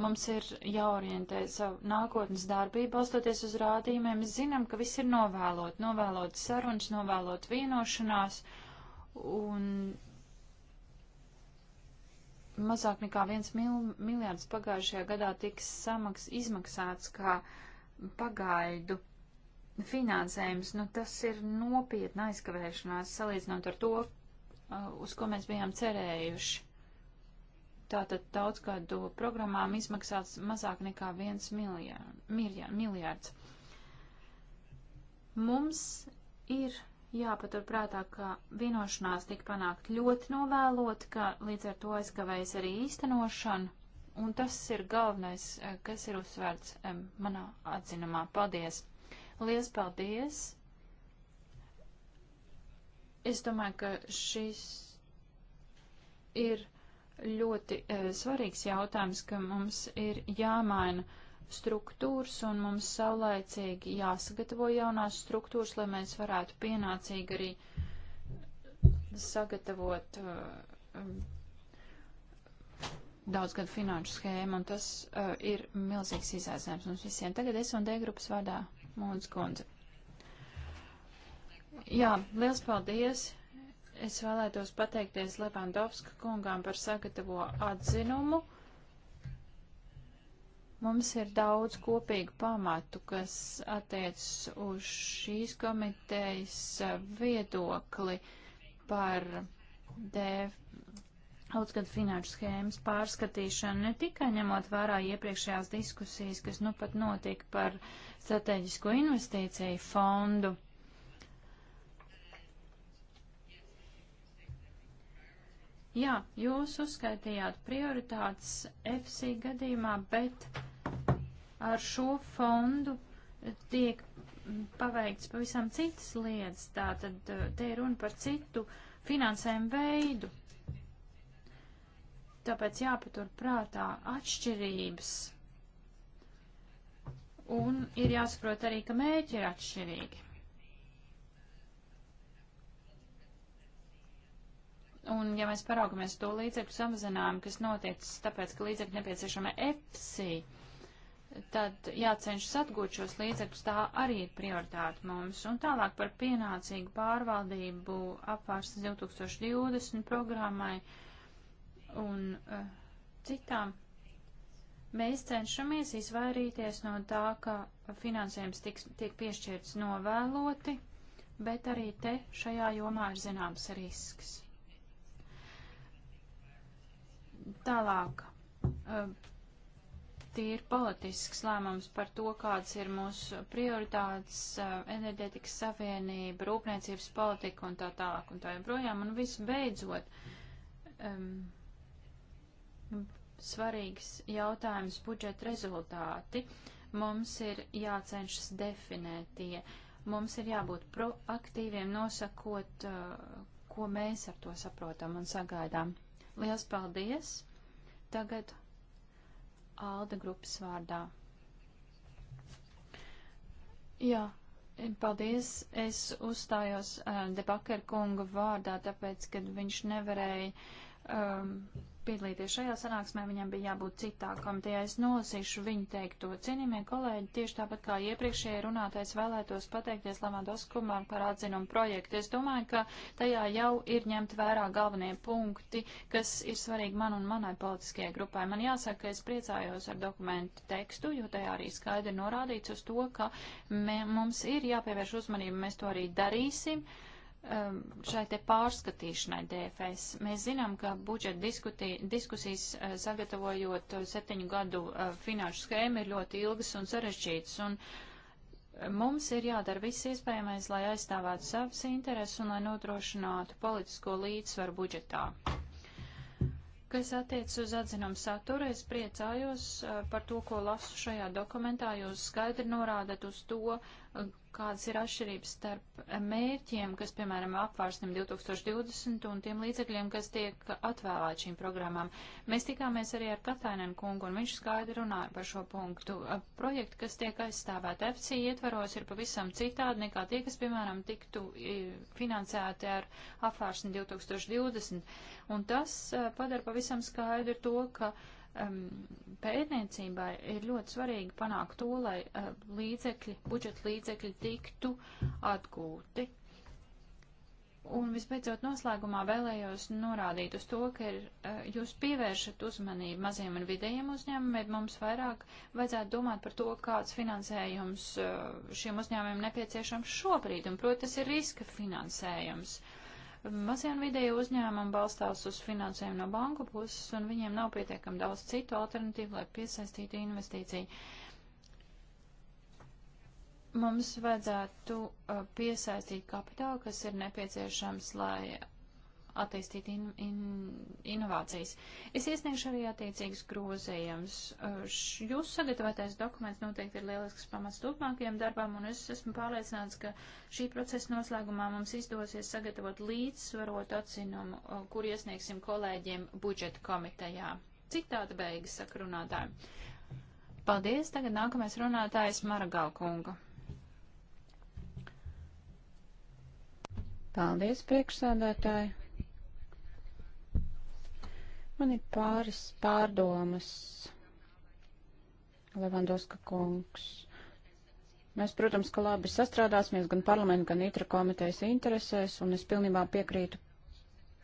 Mums ir jāorientē savu nākotnes darbību, balstoties uz rādījumiem. Mēs zinām, ka viss ir novēlot, novēlot sarunas, novēlot vienošanās, un mazāk nekā viens mil, miljards pagājušajā gadā tiks samaks, izmaksāts kā pagaidu finansējums. Nu, tas ir nopietna aizkavēšanās, salīdzinot ar to, uh, uz ko mēs bijām cerējuši tātad daudzgadu programmām izmaksāts mazāk nekā 1 miljārds. Mums ir jāpaturprātā, ka vienošanās tika panākt ļoti novēlot, ka līdz ar to aizkavējas arī īstenošana, un tas ir galvenais, eh, kas ir uzsvērts manā atzinumā. Paldies! Lielas paldies! Es domāju, ka šis ir ļoti uh, svarīgs jautājums, ka mums ir jāmaina struktūras un mums saulēcīgi jāsagatavo jaunās struktūras, lai mēs varētu pienācīgi arī sagatavot uh, e, e, daudzgadu finanšu schēmu, un tas uh, ir milzīgs izaicinājums mums visiem. Tagad es un D grupas vadā Mūnas kundze. Jā, liels paldies! Es vēlētos pateikties Levandovska kungām par sagatavo atzinumu. Mums ir daudz kopīgu pamatu, kas attiecas uz šīs komitejas viedokli par DF daudzgad finanšu schēmas pārskatīšanu, ne tikai ņemot vērā iepriekšējās diskusijas, kas nu pat notika par strateģisko investīciju fondu. Jā, jūs uzskaitījāt prioritātes FC gadījumā, bet ar šo fondu tiek paveikts pavisam citas lietas. Tātad eh, te ir runa par citu finansējumu veidu. Tāpēc jāpatur prātā atšķirības. Un ir jāsaprot arī, ka mēķi ir atšķirīgi. Un, ja mēs paraugamies to līdzekļu samazinājumu, kas noticis tāpēc, ka līdzekļi nepieciešama EPSI, tad jācenšas atgūt šos līdzekļus, tā arī ir prioritāte mums. Un tālāk par pienācīgu pārvaldību apvārstas 2020 programmai un uh, citām. Mēs cenšamies izvairīties no tā, ka finansējums tiks, tiek piešķirts novēloti, bet arī te šajā jomā ir zināms risks. Tālāk. Eh, Tīri politisks lēmums par to, kādas ir mūsu prioritātes, eh, enerģētikas savienība, rūpniecības politika un tā tālāk un tā joprojām. Un visu beidzot, um, svarīgs jautājums budžeta rezultāti. Mums ir jācenšas definēt tie. Mums ir jābūt proaktīviem, nosakot, uh, ko mēs ar to saprotam un sagaidām. Liels paldies! Tagad Alda grupas vārdā. Jā, paldies. Es uzstājos uh, eh, debakar kunga vārdā, tāpēc, kad viņš nevarēja um, piedalīties šajā sanāksmē, viņam bija jābūt citā komitejā. Es nolasīšu viņu teikto. Cienījamie kolēģi, tieši tāpat kā iepriekšējai runātais vēlētos pateikties Lamados Kumam par atzinumu projektu. Es domāju, ka tajā jau ir ņemt vērā galvenie punkti, kas ir svarīgi man un manai politiskajai grupai. Man jāsaka, ka es priecājos ar dokumentu tekstu, jo tajā arī skaidri norādīts uz to, ka mē, mums ir jāpievērš uzmanība, mēs to arī darīsim. Uh, Um, šai te pārskatīšanai DFS. Mēs zinām, ka budžeta diskutī, diskusijas uh, sagatavojot uh, septiņu gadu uh, finanšu schēmu ir ļoti ilgas un sarežģītas. Un mums ir jādara viss iespējamais, lai aizstāvētu savas intereses un lai nodrošinātu politisko līdzsvaru budžetā. Kas attiecas uz atzinumu saturu, es priecājos par to, ko lasu šajā dokumentā. Jūs skaidri norādat uz to, kādas ir atšķirības starp mērķiem, kas, piemēram, apvārsnim 2020 un tiem līdzekļiem, kas tiek atvēlēti šīm programmām. Mēs tikāmies arī ar Katainen kungu, un viņš skaidri runāja par šo punktu. Projekti, kas tiek aizstāvēti FC ietvaros, ir pavisam citādi nekā tie, kas, piemēram, tiktu finansēti ar apvārsni 2020. Un tas padara pavisam skaidri to, ka um, pētniecībai ir ļoti svarīgi panākt to, lai uh, līdzekļi, budžeta līdzekļi tiktu atgūti. Un visbeidzot noslēgumā vēlējos norādīt uz to, ka ir, eh, jūs pievēršat uzmanību maziem un vidējiem uzņēmumiem, mums vairāk vajadzētu domāt par to, kāds finansējums eh, šiem uzņēmumiem nepieciešams šobrīd, un proti tas ir riska finansējums. Uh, Mazie un vidēji uzņēmumi balstās uz finansējumu no banku puses, un viņiem nav pietiekami daudz citu alternatīvu, lai piesaistītu investīciju. Mums vajadzētu uh, piesaistīt kapitālu, kas ir nepieciešams, lai attīstīt in, in, inovācijas. Es iesniegšu arī attiecīgus grozījumus. Jūsu sagatavotais dokuments noteikti ir lielisks pamats turpmākajam darbam, un es esmu pārliecināts, ka šī procesa noslēgumā mums izdosies sagatavot līdzsvarotu atzinumu, kur iesniegsim kolēģiem budžeta komitejā. Citāta beigas saka runātājiem. Paldies, tagad nākamais runātājs Maragalkunga. Paldies, priekšsādātāji. Man ir pāris pārdomas, Levandoska kungs. Mēs, protams, ka labi sastrādāsimies gan parlamentu, gan itra komitejas interesēs, un es pilnībā piekrītu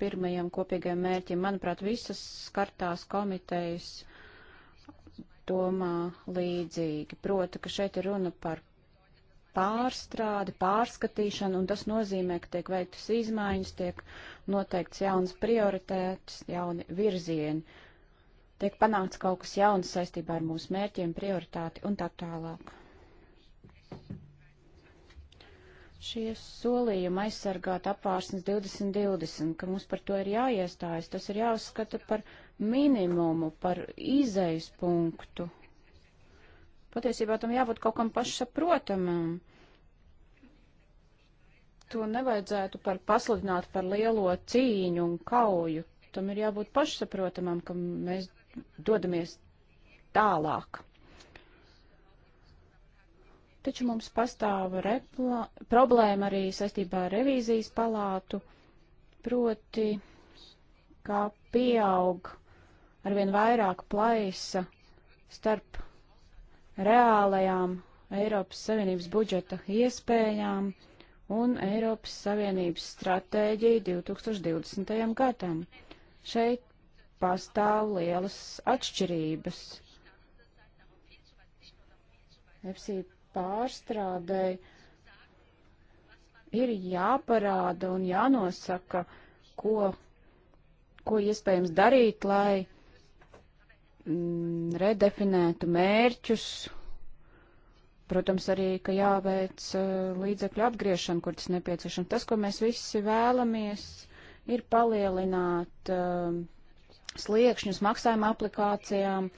pirmajam kopīgajam mērķim. Manuprāt, visas skartās komitejas domā līdzīgi. Proti, ka šeit ir runa par pārstrādi, pārskatīšanu, un tas nozīmē, ka tiek veiktas izmaiņas, tiek noteikts jaunas prioritētas, jauni virzieni, tiek panākts kaut kas jauns saistībā ar mūsu mērķiem, prioritāti un tā tālāk. Šie solījumi aizsargāt apvārsnes 2020, ka mums par to ir jāiestājas, tas ir jāuzskata par minimumu, par izejas punktu Patiesībā tam jābūt kaut kam pašsaprotamam. To nevajadzētu par pasludināt par lielo cīņu un kauju. Tam ir jābūt pašsaprotamam, ka mēs dodamies tālāk. Taču mums pastāv repla, problēma arī saistībā ar revīzijas palātu, proti, kā pieaug arvien vairāk plaisa starp reālajām Eiropas Savienības budžeta iespējām un Eiropas Savienības stratēģiju 2020. gadam. Šeit pastāv lielas atšķirības. EPSI pārstrādēji ir jāparāda un jānosaka, ko, ko iespējams darīt, lai Mm, redefinētu mērķus. Protams, arī, ka jāveic eh, līdzekļu atgriešana, kur tas nepieciešams. Tas, ko mēs visi vēlamies, ir palielināt eh, sliekšņus maksājuma aplikācijām,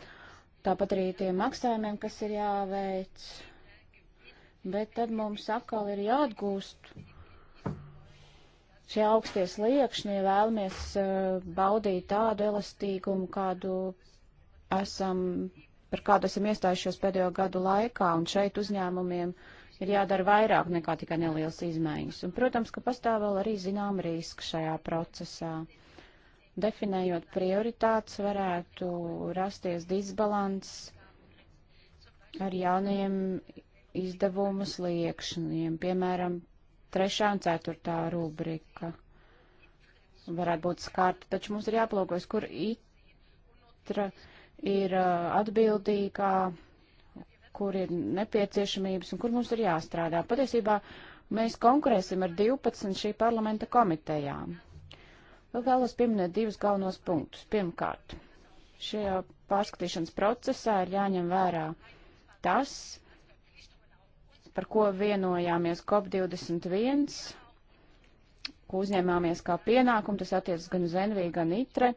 tāpat arī tiem maksājumiem, kas ir jāveic. Bet tad mums atkal ir jāatgūst šie augstie sliekšņi, ja vēlamies eh, baudīt tādu elastīgumu, kādu esam, par kādu esam iestājušies pēdējo gadu laikā, un šeit uzņēmumiem ir jādara vairāk nekā tikai nelielas izmaiņas. Un, protams, ka pastāv vēl arī zinām riski šajā procesā. Definējot prioritātes, varētu rasties disbalans ar jauniem izdevumu sliekšņiem, piemēram, trešā un ceturtā rubrika varētu būt skarta, taču mums ir jāplūkojas, kur itra ir uh, atbildīgā, kur ir nepieciešamības un kur mums ir jāstrādā. Patiesībā mēs konkurēsim ar 12 šī parlamenta komitejām. Vēl vēlos pieminēt divus galvenos punktus. Pirmkārt, šajā pārskatīšanas procesā ir jāņem vērā tas, par ko vienojāmies COP21, ko uzņēmāmies kā pienākumu, tas attiecas gan uz NV, gan ITRE,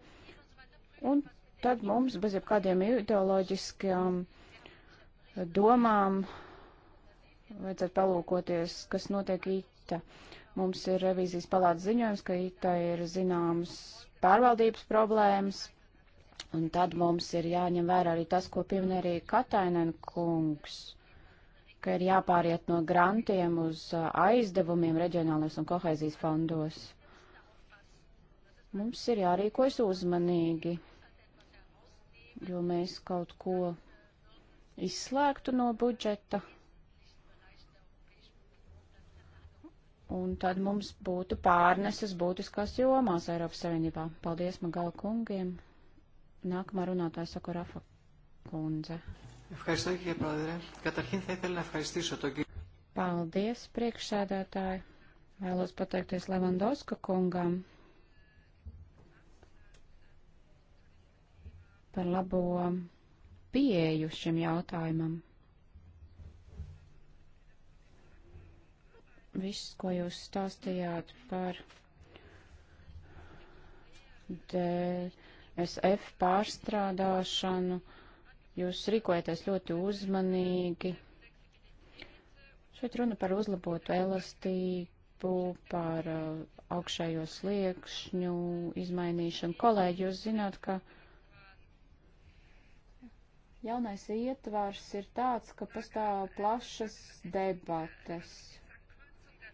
un tad mums bez jebkādiem ideoloģiskiem domām vajadzētu palūkoties, kas notiek ITA. Mums ir revīzijas palātas ziņojums, ka ITA ir zināmas pārvaldības problēmas, un tad mums ir jāņem vērā arī tas, ko piemin arī Katainen kungs, ka ir jāpāriet no grantiem uz uh, aizdevumiem reģionālajos un kohēzijas fondos. Mums ir jārīkojas uzmanīgi jo mēs kaut ko izslēgtu no budžeta, un tad mums būtu pārneses būtiskās jomās Eiropas Savienībā. Paldies Magala kungiem. Nākamā runātāja saka Rafa kundze. Paldies, priekšsēdētāji. Vēlos pateikties Levandovska kungam par labo pieeju šim jautājumam. Viss, ko jūs stāstījāt par DSF pārstrādāšanu, jūs rīkojaties ļoti uzmanīgi. Šeit runa par uzlabotu elastību, par uh, augšējo sliekšņu izmainīšanu. Kolēģi, jūs zināt, ka Jaunais ietvars ir tāds, ka pastāv plašas debates.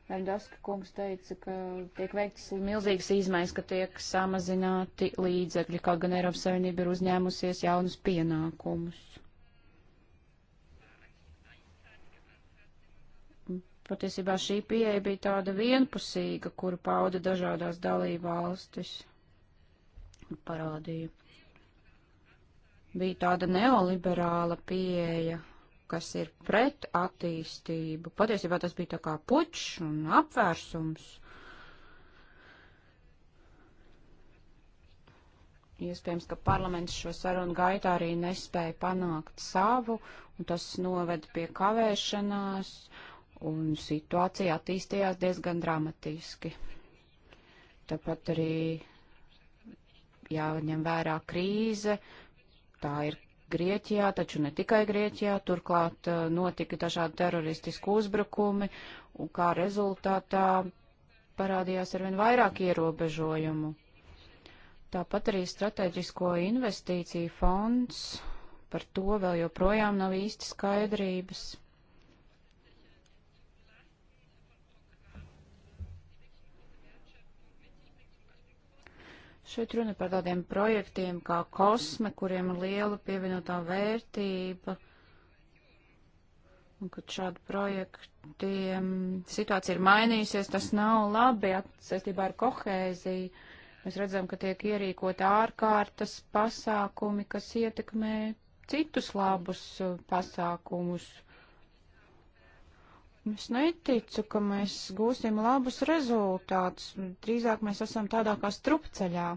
Lemdovska kungs teica, ka tiek veiktas milzīgas izmaiņas, ka tiek samazināti līdzekļi, kaut gan Eiropas Savienība ir uzņēmusies jaunus pienākumus. Patiesībā šī pieeja bija tāda vienpusīga, kuru pauda dažādās dalība valstis parādīja bija tāda neoliberāla pieeja, kas ir pret attīstību. Patiesībā tas bija tā kā pučs un apvērsums. Iespējams, ka parlaments šo sarunu gaitā arī nespēja panākt savu, un tas noved pie kavēšanās, un situācija attīstījās diezgan dramatiski. Tāpat arī jāņem vērā krīze, uh, Tā ir Grieķijā, taču ne tikai Grieķijā, turklāt eh, notika dažādi teroristisku uzbrukumi, un kā rezultātā parādījās arvien vairāk ierobežojumu. Tāpat arī strateģisko investīciju fonds, par to vēl joprojām nav īsti skaidrības. Šeit runa par tādiem projektiem kā kosme, kuriem ir liela pievienotā vērtība, un kad šādu projektiem situācija ir mainījusies, tas nav labi saistībā ar kohēziju. Mēs redzam, ka tiek ierīkota ārkārtas pasākumi, kas ietekmē citus labus pasākumus. Uh, Es neticu, ka mēs gūsim labus rezultātus. Drīzāk mēs esam tādā kā strupceļā.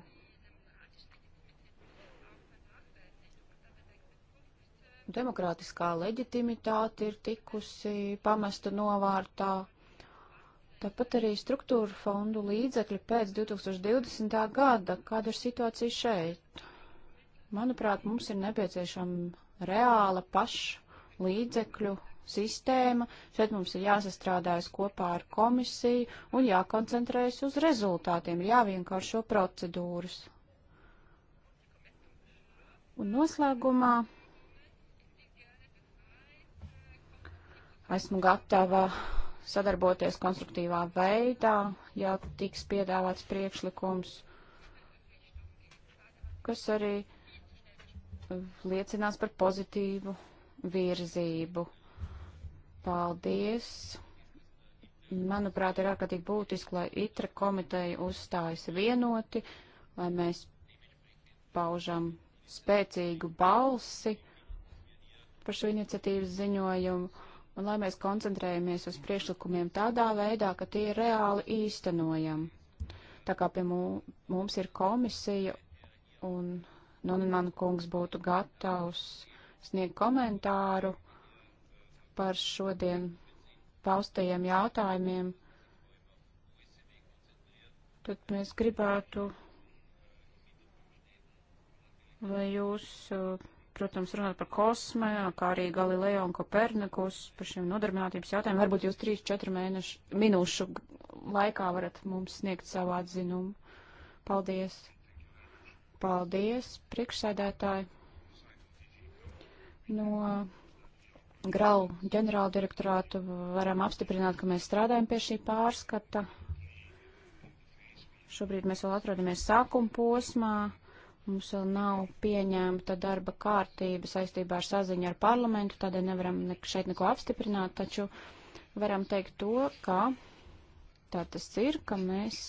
Demokrātiskā leģitimitāte ir tikusi pamesta novārtā. Tāpat arī struktūra fondu līdzekļi pēc 2020. gada. Kāda ir situācija šeit? Manuprāt, mums ir nepieciešama reāla paša līdzekļu sistēma. Šeit mums ir jāsastrādājas kopā ar komisiju un jākoncentrējas uz rezultātiem, jāvienkāršo procedūras. Un noslēgumā esmu gatava sadarboties konstruktīvā veidā, ja tiks piedāvāts priekšlikums, kas arī liecinās par pozitīvu virzību Paldies! Manuprāt, ir ārkārtīgi būtiski, lai itra komiteja uzstājas vienoti, lai mēs paužam spēcīgu balsi par šo iniciatīvas ziņojumu un lai mēs koncentrējamies uz priekšlikumiem tādā veidā, ka tie ir reāli īstenojami. Tā kā pie mums ir komisija un Nunimana kungs būtu gatavs sniegt komentāru par šodien paustajiem jautājumiem, tad mēs gribētu, lai jūs, protams, runāt par kosmē, kā arī Galileo un Kopernikus, par šiem nodarbinātības jautājumiem. Varbūt jūs 3-4 mēnešu minūšu laikā varat mums sniegt savu atzinumu. Paldies! Paldies, priekšsēdētāji! No Grau ģenerāldirektorātu varam apstiprināt, ka mēs strādājam pie šī pārskata. Šobrīd mēs vēl atrodamies sākuma posmā. Mums vēl nav pieņemta darba kārtība saistībā ar saziņu ar parlamentu, tādēļ nevaram ne, šeit neko apstiprināt, taču varam teikt to, ka tā tas ir, ka mēs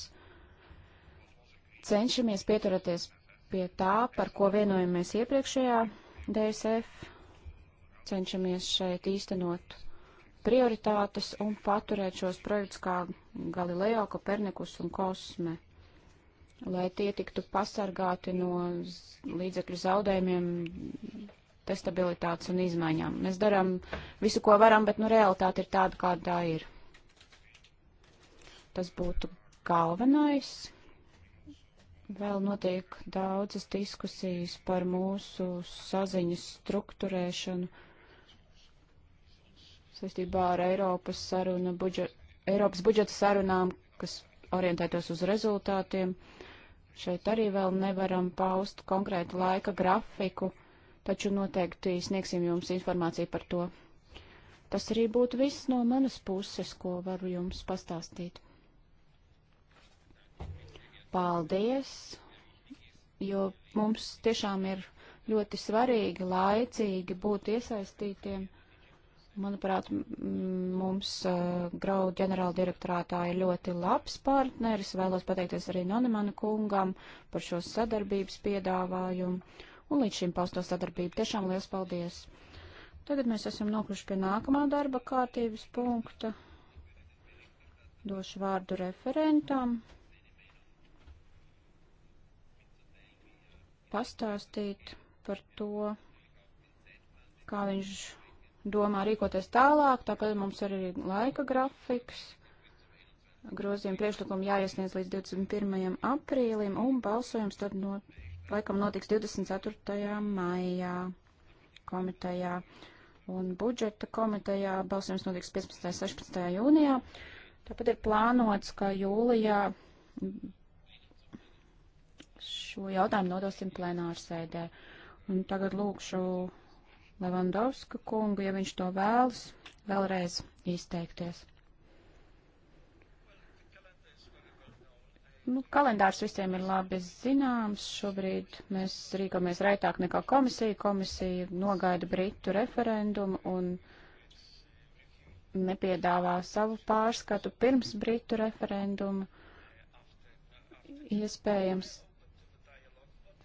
cenšamies pieturēties pie tā, par ko vienojamies iepriekšējā DSF cenšamies šeit īstenot prioritātes un paturēt šos projektus kā Galileo, Kopernikus un Kosme, lai tie tiktu pasargāti no līdzekļu zaudējumiem, testabilitātes un izmaiņām. Mēs darām visu, ko varam, bet nu realitāte ir tāda, kāda tā ir. Tas būtu galvenais. Vēl notiek daudzas diskusijas par mūsu saziņas struktūrēšanu saistībā ar Eiropas, saruna, budžet, Eiropas budžeta sarunām, kas orientētos uz rezultātiem. Šeit arī vēl nevaram paust konkrētu laika grafiku, taču noteikti sniegsim jums informāciju par to. Tas arī būtu viss no manas puses, ko varu jums pastāstīt. Paldies, jo mums tiešām ir ļoti svarīgi laicīgi būt iesaistītiem Manuprāt, mums uh, Grau ģenerāla direktorātā ir ļoti labs partneris. Vēlos pateikties arī Nonemana kungam par šo sadarbības piedāvājumu un līdz šim pausto sadarbību. Tiešām liels paldies! Tagad mēs esam nokuši pie nākamā darba kārtības punkta. Došu vārdu referentam. Pastāstīt par to, kā viņš domā rīkoties tālāk, tāpēc mums ir arī laika grafiks. Grozījuma priekšlikumi jāiesniedz līdz 21. aprīlim, un balsojums tad no, laikam notiks 24. maijā komitejā. Un budžeta komitejā balsojums notiks 15. un 16. jūnijā. Tāpat ir plānots, ka jūlijā šo jautājumu nodosim plenārsēdē. Un tagad lūkšu Levandovska kungu, ja viņš to vēlas, vēlreiz izteikties. Nu, kalendārs visiem ir labi zināms. Šobrīd mēs rīkojamies raitāk nekā komisija. Komisija nogaida Britu referendumu un nepiedāvā savu pārskatu pirms Britu referendumu. Iespējams,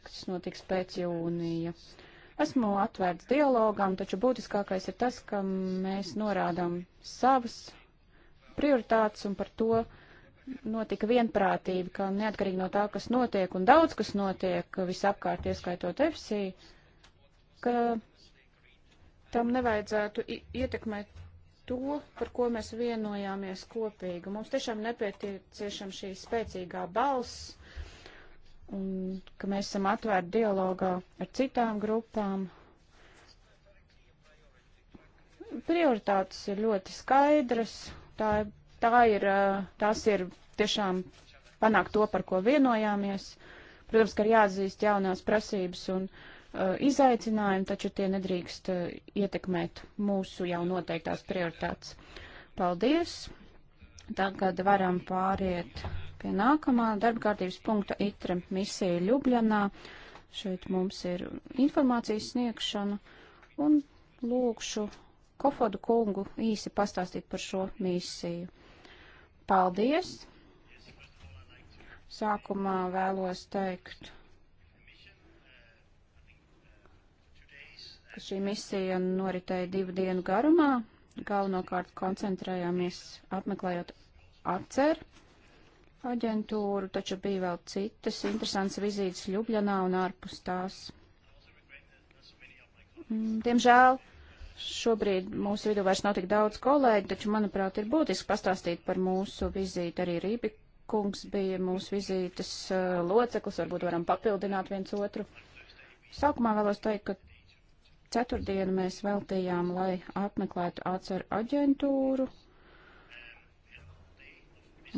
tas notiks pēc jūnija. Uh, Esmu atvērts dialogam, taču būtiskākais ir tas, ka mēs norādām savas prioritātes un par to notika vienprātība, ka neatkarīgi no tā, kas notiek un daudz, kas notiek visapkārt, ieskaitot EFSI, ka tam nevajadzētu ietekmēt to, par ko mēs vienojāmies kopīgi. Mums tiešām nepieciešama šī spēcīgā balss, un ka mēs esam atvērti dialogā ar citām grupām. Prioritātes ir ļoti skaidras, tā, tā ir, eh, tās ir tiešām panākt to, par ko vienojāmies. Protams, ka ir jāatzīst jaunās prasības un uh, izaicinājumi, taču tie nedrīkst uh, ietekmēt mūsu jau noteiktās prioritātes. Paldies! Tagad varam pāriet pie nākamā darba kārtības punkta ITRE misija Ljubljanā. Šeit mums ir informācijas sniegšana un lūkšu Kofodu kungu īsi pastāstīt par šo misiju. Paldies! Sākumā vēlos teikt, ka šī misija noritēja divu dienu garumā. Galvenokārt koncentrējāmies apmeklējot atceru aģentūru, taču bija vēl citas interesantas vizītes Ljubljanā un ārpus tās. Mm, diemžēl šobrīd mūsu vidū vairs nav tik daudz kolēģi, taču, manuprāt, ir būtiski pastāstīt par mūsu vizīti. Arī Rībi kungs bija mūsu vizītes uh, loceklis, varbūt varam papildināt viens otru. Sākumā vēlos teikt, ka ceturtdienu mēs veltījām, lai apmeklētu ACER aģentūru,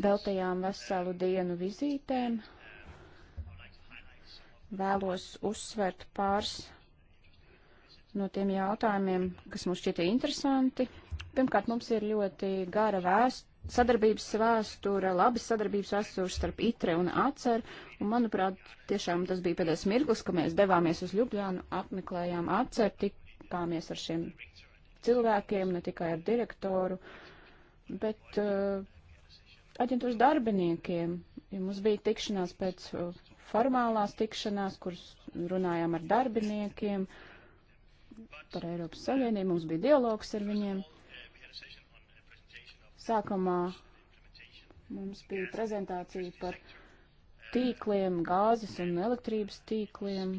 veltījām veselu dienu vizītēm. Vēlos uzsvērt pāris no tiem jautājumiem, kas mums šķita interesanti. Pirmkārt, mums ir ļoti gara vēst, sadarbības vēsture, labi sadarbības vēsture starp ITRE un ACER, un manuprāt, tiešām tas bija pēdējais mirklis, ka mēs devāmies uz Ljubļānu, apmeklējām ACER, tikāmies ar šiem cilvēkiem, ne tikai ar direktoru, bet uh, aģentūras darbiniekiem. Ja mums bija tikšanās pēc uh, formālās tikšanās, kuras runājām ar darbiniekiem par Eiropas Savienību, mums bija dialogs ar viņiem. Sākumā mums bija prezentācija par tīkliem, gāzes un elektrības tīkliem.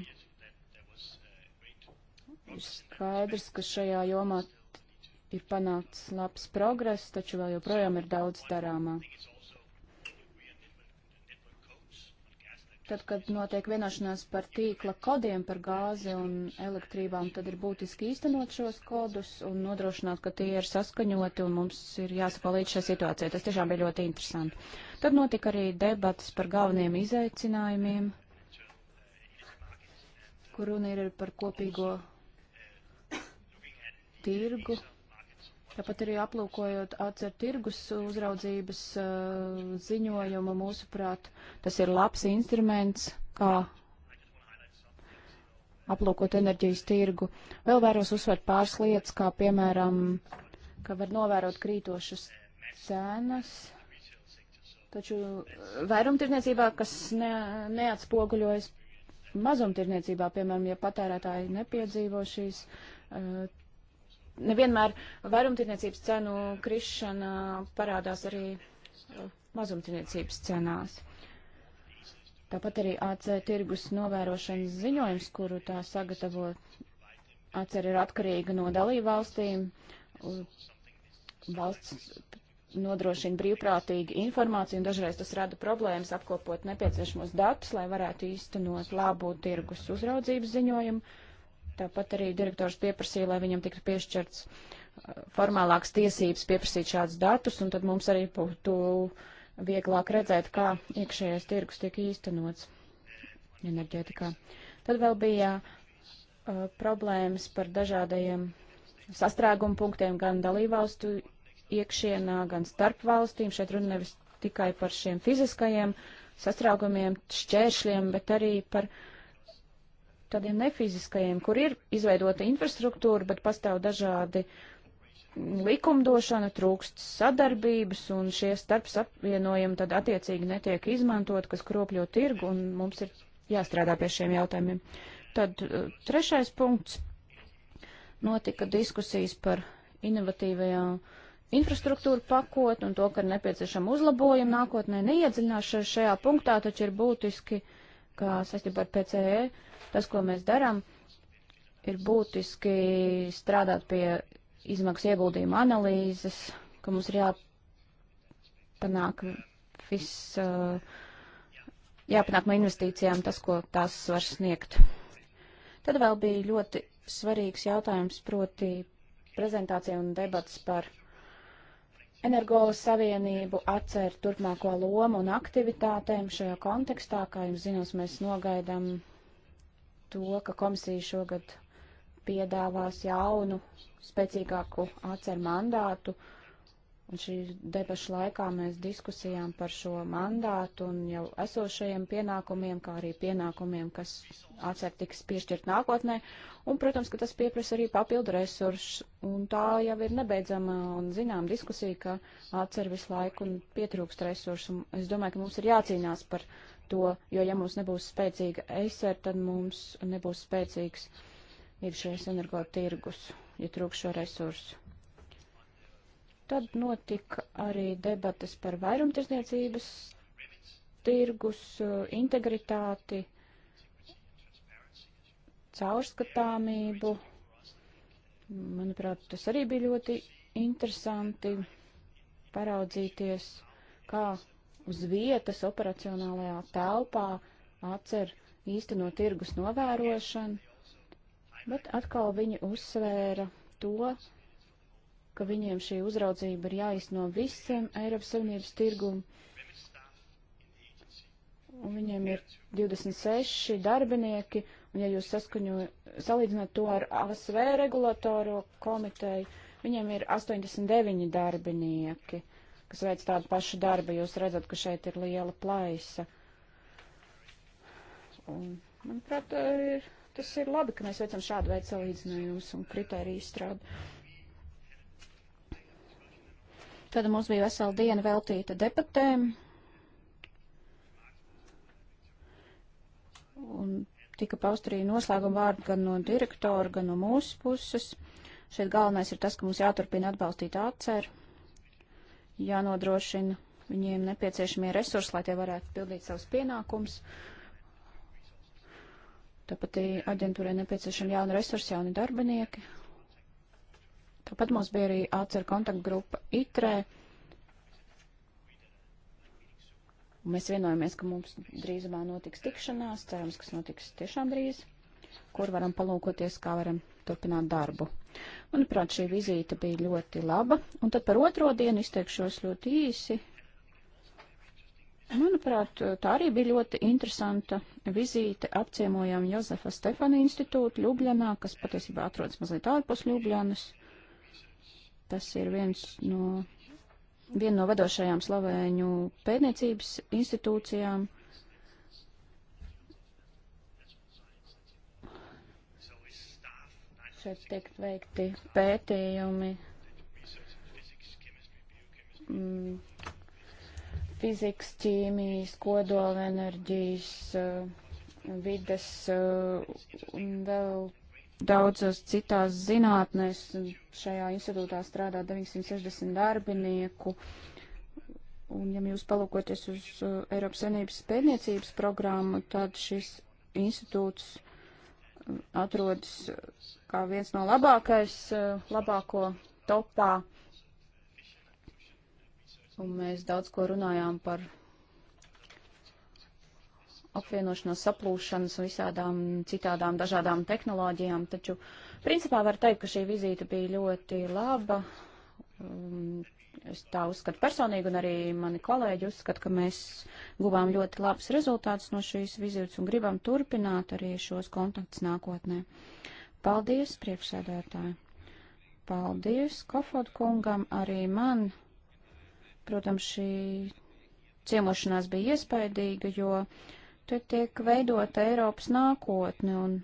Ir skaidrs, ka šajā jomā ir panākts labs progress, taču vēl joprojām ir daudz darāmā. Tad, kad notiek vienošanās par tīkla kodiem, par gāzi un elektrībām, tad ir būtiski īstenot šos kodus un nodrošināt, ka tie ir saskaņoti un mums ir jāsako līdz šai situācijai. Tas tiešām bija ļoti interesanti. Tad notika arī debatas par galveniem izaicinājumiem, kur runa ir par kopīgo tirgu Tāpat arī aplūkojot atcer tirgus uzraudzības uh, ziņojumu, mūsuprāt, tas ir labs instruments, kā aplūkot enerģijas tirgu. Vēl vēros uzsvērt pāris lietas, kā piemēram, ka var novērot krītošas cenas. Taču vairumtirniecībā, kas ne, neatspoguļojas mazumtirniecībā, piemēram, ja patērētāji nepiedzīvo šīs uh, nevienmēr vairumtirniecības cenu krišana parādās arī uh, mazumtirniecības cenās. Tāpat arī AC tirgus novērošanas ziņojums, kuru tā sagatavo atcer ir atkarīga no dalībvalstīm. Valsts nodrošina brīvprātīgi informāciju, un dažreiz tas rada problēmas apkopot nepieciešamos datus, lai varētu īstenot labu tirgus uzraudzības ziņojumu. Tāpat arī direktors pieprasīja, lai viņam tiktu piešķirts uh, formālāks tiesības pieprasīt šādus datus, un tad mums arī būtu vieglāk redzēt, kā iekšējais tirgus tiek īstenots enerģētikā. Tad vēl bija uh, problēmas par dažādajiem sastrēgumu punktiem gan dalībvalstu iekšienā, gan starp valstīm. Šeit runa nevis tikai par šiem fiziskajiem sastrēgumiem, šķēršļiem, bet arī par uh, tādiem nefiziskajiem, kur ir izveidota infrastruktūra, bet pastāv dažādi likumdošana, trūkst sadarbības, un šie starpsavienojumi tad attiecīgi netiek izmantot, kas kropļo tirgu, un mums ir jāstrādā pie šiem jautājumiem. Tad uh, trešais punkts notika diskusijas par inovatīvajām infrastruktūru pakotni un to, ka ir nepieciešama uzlabojuma nākotnē. Neiedziļināšu šajā punktā, taču ir būtiski, kā saistībā ar PCE Tas, ko mēs darām, ir būtiski strādāt pie izmaksu ieguldījuma analīzes, ka mums ir jāpanāk viss, jāpanāk no investīcijām tas, ko tās var sniegt. Tad vēl bija ļoti svarīgs jautājums, proti prezentācija un debats par Energolas savienību atcer turpmāko lomu un aktivitātēm šajā kontekstā, kā jums zināms, mēs nogaidām to, ka komisija šogad piedāvās jaunu, spēcīgāku atceru mandātu. Un šī debaša laikā mēs diskusijām par šo mandātu un jau esošajiem pienākumiem, kā arī pienākumiem, kas atcer tiks piešķirt nākotnē. Un, protams, ka tas pieprasa arī papildu resursus. Un tā jau ir nebeidzama un zinām diskusija, ka atcer visu laiku un pietrūkst resursu. Un es domāju, ka mums ir jācīnās par resursu to, jo ja mums nebūs spēcīga ESR, tad mums nebūs spēcīgs iekšējais energotirgus, ja trūks šo resursu. Tad notika arī debatas par vairumtirdzniecības tirgus uh, integritāti, caurskatāmību. Manuprāt, tas arī bija ļoti interesanti paraudzīties, kā uz vietas operacionālajā telpā atcer īsteno tirgus novērošanu, bet atkal viņi uzsvēra to, ka viņiem šī uzraudzība ir jāizno visiem Eiropas Savienības tirgumu. Un viņiem ir 26 darbinieki, un ja jūs saskaņo, salīdzināt to ar ASV regulatoro komiteju, viņiem ir 89 darbinieki. Uh, kas veic tādu pašu darbu. Jūs redzat, ka šeit ir liela plaisa. Un, manuprāt, ir, tas ir labi, ka mēs veicam šādu veidu salīdzinājumus un kritēriju izstrādi. Tad mums bija vesela diena veltīta debatēm. Un tika paust arī noslēguma vārdi gan no direktora, gan no mūsu puses. Šeit galvenais ir tas, ka mums jāturpina atbalstīt atceru jānodrošina viņiem nepieciešamie resursi, lai tie varētu pildīt savus pienākumus. Tāpat aģentūrai nepieciešami jauni resursi, jauni darbinieki. Tāpat mums bija arī ACER kontaktgrupa ITRE. Mēs vienojamies, ka mums drīzumā notiks tikšanās, cerams, kas notiks tiešām drīz kur varam palūkoties, kā varam turpināt darbu. Manuprāt, šī vizīte bija ļoti laba, un tad par otro dienu izteikšos ļoti īsi. Manuprāt, tā arī bija ļoti interesanta vizīte. Apciemojām Jozefa Stefani institūtu Ljubljanā, kas patiesībā atrodas mazliet ārpus Ljubljanas. Tas ir viens no, viena no vedošajām Slovēņu pētniecības institūcijām. šeit tiek veikti pētījumi mm, fizikas, ķīmijas, kodolenerģijas, eh, vides eh, un vēl daudzas citās zinātnēs. Šajā institūtā strādā 960 darbinieku. Un, ja jūs palūkoties uz eh, Eiropas Savienības pētniecības programmu, tad šis institūts uh, atrodas kā viens no labākais, eh, labāko topā. Un mēs daudz ko runājām par apvienošanos, saplūšanas un visādām citādām dažādām tehnoloģijām, taču principā var teikt, ka šī vizīte bija ļoti laba. Um, Es tā uzskatu personīgi, un arī mani kolēģi uzskata, ka mēs guvām ļoti labus rezultātus no šīs vizītes un gribam turpināt arī šos kontaktus nākotnē. Paldies, priekšsēdētāji! Paldies Kofod kungam, arī man. Protams, šī ciemošanās bija iespaidīga, jo te tiek veidota Eiropas nākotne, un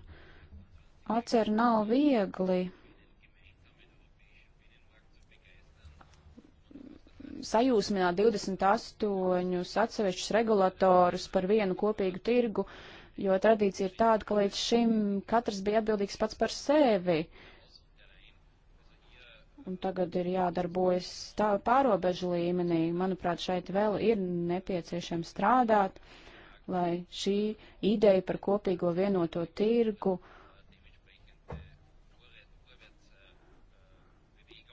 atcer nav viegli sajūsmināt 28 atsevišķus regulatorus par vienu kopīgu tirgu, jo tradīcija ir tāda, ka līdz šim katrs bija atbildīgs pats par sevi. Un tagad ir jādarbojas tā pārobežu līmenī. Manuprāt, šeit vēl ir nepieciešams strādāt, lai šī ideja par kopīgo vienoto tirgu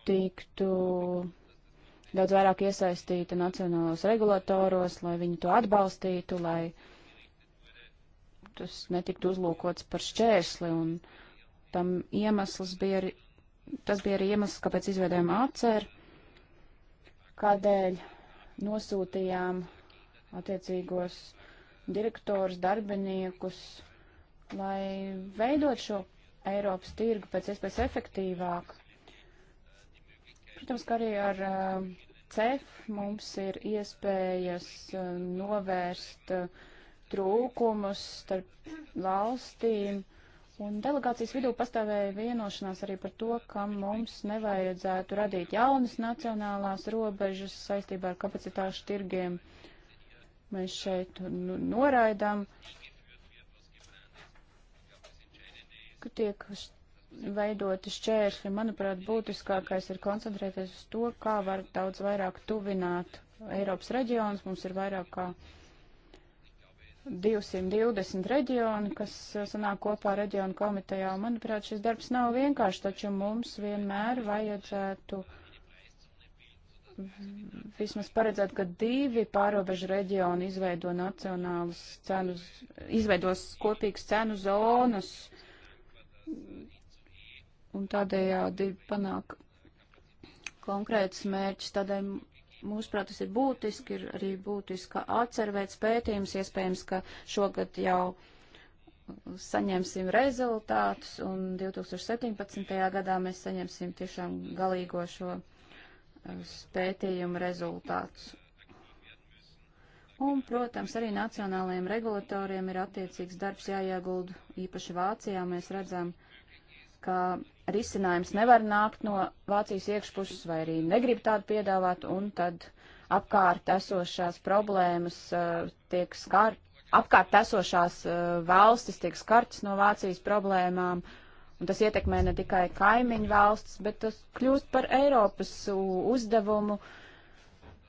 tiktu daudz vairāk iesaistīta nacionālos regulatoros, lai viņi to atbalstītu, lai tas netiktu uzlūkots par šķērsli. Un tam iemesls bija arī, tas bija arī iemesls, kāpēc izveidējām atcer, kādēļ nosūtījām attiecīgos direktors, darbiniekus, lai veidot šo Eiropas tirgu pēc iespējas efektīvāk Protams, ka arī ar eh, CEF mums ir iespējas eh, novērst eh, trūkumus starp valstīm. Un delegācijas vidū pastāvēja vienošanās arī par to, ka mums nevajadzētu radīt jaunas nacionālās robežas saistībā ar kapacitāšu tirgiem. Mēs šeit nu, noraidām, ka tiek veidoti šķēršļi, manuprāt, būtiskākais ir koncentrēties uz to, kā var daudz vairāk tuvināt Eiropas reģionus. Mums ir vairāk kā 220 reģioni, kas sanāk kopā reģionu komitejā. Manuprāt, šis darbs nav vienkārši, taču mums vienmēr vajadzētu vismaz paredzēt, ka divi pārobežu reģioni izveido nacionālus cenu, izveidos kopīgas cenu zonas un tādējādi panāk konkrētus mērķus. Tādēļ, mūsuprāt, tas ir būtiski, ir arī būtiska atcervēts pētījums, iespējams, ka šogad jau saņemsim rezultātus, un 2017. gadā mēs saņemsim tiešām galīgo šo eh, pētījumu rezultātus. Un, protams, arī nacionālajiem regulatoriem ir attiecīgs darbs jāiegulda, īpaši Vācijā mēs redzam, ka risinājums nevar nākt no Vācijas iekšpuses vai arī negrib tādu piedāvāt, un tad apkārt esošās problēmas uh, tiek skart, apkārt esošās uh, valstis tiek skartas no Vācijas problēmām, un tas ietekmē ne tikai kaimiņu valstis, bet tas kļūst par Eiropas uzdevumu,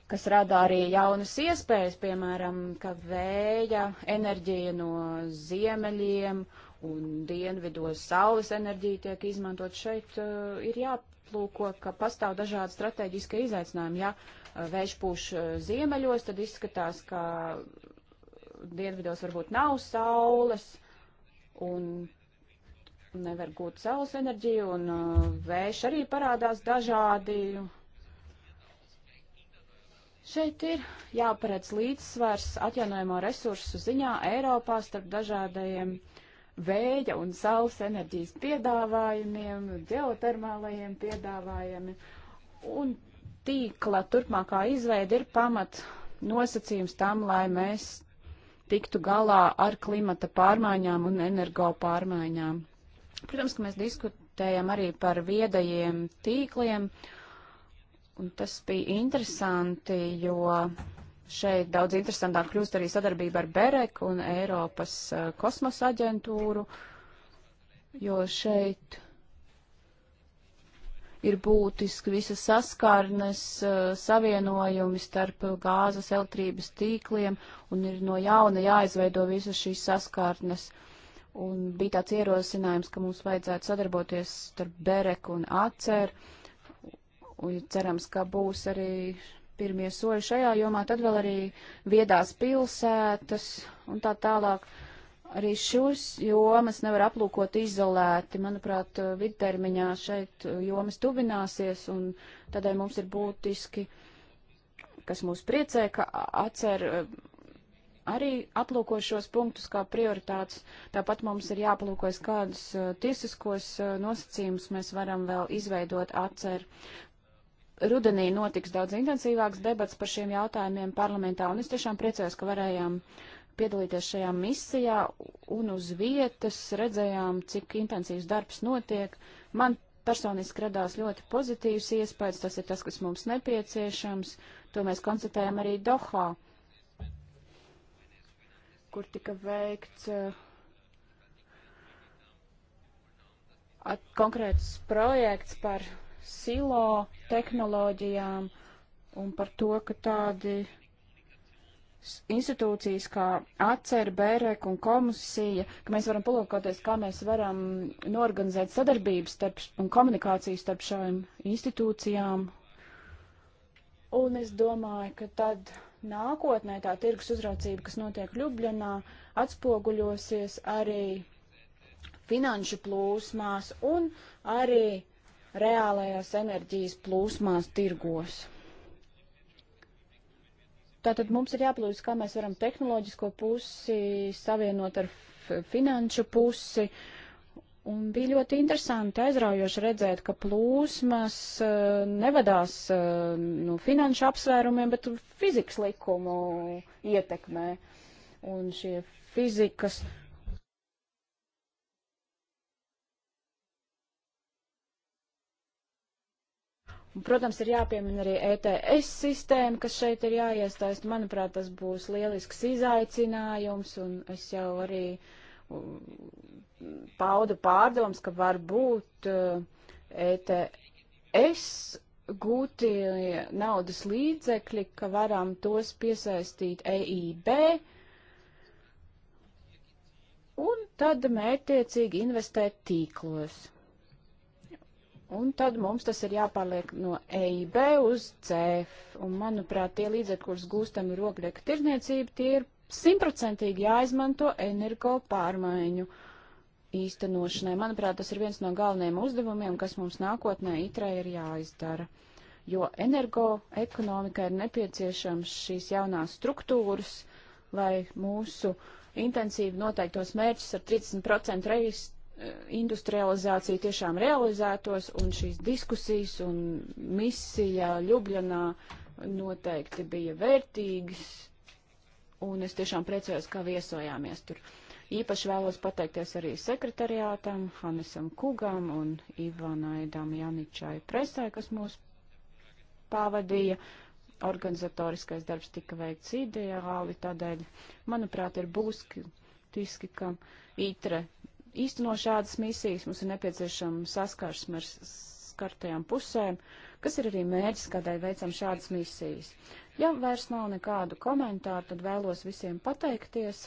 kas rada arī jaunas iespējas, piemēram, ka vēja enerģija no ziemeļiem, uh, un dienvidos saules enerģija tiek izmantot. Šeit uh, ir jāplūko, ka pastāv dažādi strateģiskie izaicinājumi. Ja uh, vējš pūš uh, ziemeļos, tad izskatās, ka dienvidos varbūt nav saules un nevar gūt saules enerģiju, un uh, vējš arī parādās dažādi. Šeit ir jāparedz līdzsvars atjaunojamo resursu ziņā Eiropā starp dažādajiem uh, vēja un saules enerģijas piedāvājumiem, geotermālajiem piedāvājumiem. Un tīkla turpmākā izveida ir pamat nosacījums tam, lai mēs tiktu galā ar klimata pārmaiņām un energo pārmaiņām. Protams, ka mēs diskutējam arī par viedajiem tīkliem, un tas bija interesanti, jo Šeit daudz interesantāk kļūst arī sadarbība ar BEREK un Eiropas uh, kosmosa aģentūru, jo šeit ir būtiski visas saskarnes, eh, savienojumi starp gāzes, elektrības tīkliem un ir no jauna jāizveido visas šīs saskarnes. Un bija tāds ierosinājums, ka mums vajadzētu sadarboties starp Bereku un Aceru. Un cerams, ka būs arī pirmie soļi šajā jomā, tad vēl arī viedās pilsētas un tā tālāk. Arī šos jomas nevar aplūkot izolēti. Manuprāt, vidtermiņā šeit jomas tuvināsies, un tādēļ mums ir būtiski, kas mūs priecē, ka atcer eh, arī aplūko šos punktus kā prioritātes. Tāpat mums ir jāaplūkojas, kādus eh, tiesiskos eh, nosacījumus mēs varam vēl izveidot atcer rudenī notiks daudz intensīvāks debats par šiem jautājumiem parlamentā, un es tiešām priecājos, ka varējām piedalīties šajā misijā un uz vietas redzējām, cik intensīvs darbs notiek. Man personiski radās ļoti pozitīvs iespējas, tas ir tas, kas mums nepieciešams. To mēs konstatējam arī Dohā, kur tika veikts eh, konkrēts projekts par silo tehnoloģijām un par to, ka tādi institūcijas kā ACER, BEREK un komisija, ka mēs varam palūkoties, kā mēs varam norganizēt sadarbības starp, un komunikāciju starp šajām institūcijām. Un es domāju, ka tad nākotnē tā tirgus uzraucība, kas notiek Ljubljanā, atspoguļosies arī finanšu plūsmās un arī reālajās enerģijas plūsmās tirgos. Tātad mums ir jāplūst, kā mēs varam tehnoloģisko pusi savienot ar finanšu pusi. Un bija ļoti interesanti, aizraujoši redzēt, ka plūsmas uh, nevadās uh, no finanšu apsvērumiem, bet fizikas likumu ietekmē. Un šie fizikas Protams, ir jāpiemina arī ETS sistēma, kas šeit ir jāiestāst. Manuprāt, tas būs lielisks izaicinājums, un es jau arī mm, paudu pārdoms, ka varbūt ETS eh, e gūti naudas līdzekļi, ka varam tos piesaistīt EIB, un tad mērtiecīgi investēt tīklos. Un tad mums tas ir jāpārliek no EIB uz CEF. Un, manuprāt, tie līdzekļi, kurus gūstam rokļieku tirzniecību, tie ir simtprocentīgi jāizmanto energo pārmaiņu īstenošanai. Manuprāt, tas ir viens no galvenajiem uzdevumiem, kas mums nākotnē itrai ir jāizdara. Jo energo ekonomikai ir nepieciešams šīs jaunās struktūras, lai mūsu intensīvi noteiktos mērķus ar 30% reiz industrializācija tiešām realizētos un šīs diskusijas un misija Ljubljanā noteikti bija vērtīgas un es tiešām priecājos, kā viesojāmies tur. Īpaši vēlos pateikties arī sekretariātam, Hanesam Kugam un Ivanai Damjaničai presē, kas mūs pavadīja. Organizatoriskais darbs tika veikts ideāli, tādēļ, manuprāt, ir būski, tiski, ka ITRE īsteno šādas misijas, mums ir nepieciešama saskarsme ar skartajām pusēm, kas ir arī mērķis, kādēļ veicam šādas misijas. Ja vairs nav nekādu komentāru, tad vēlos visiem pateikties.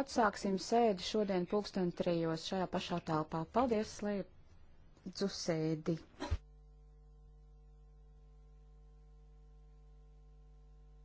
Atsāksim sēdi šodien pulksten trijos šajā pašā telpā. Paldies, slēdzu sēdi!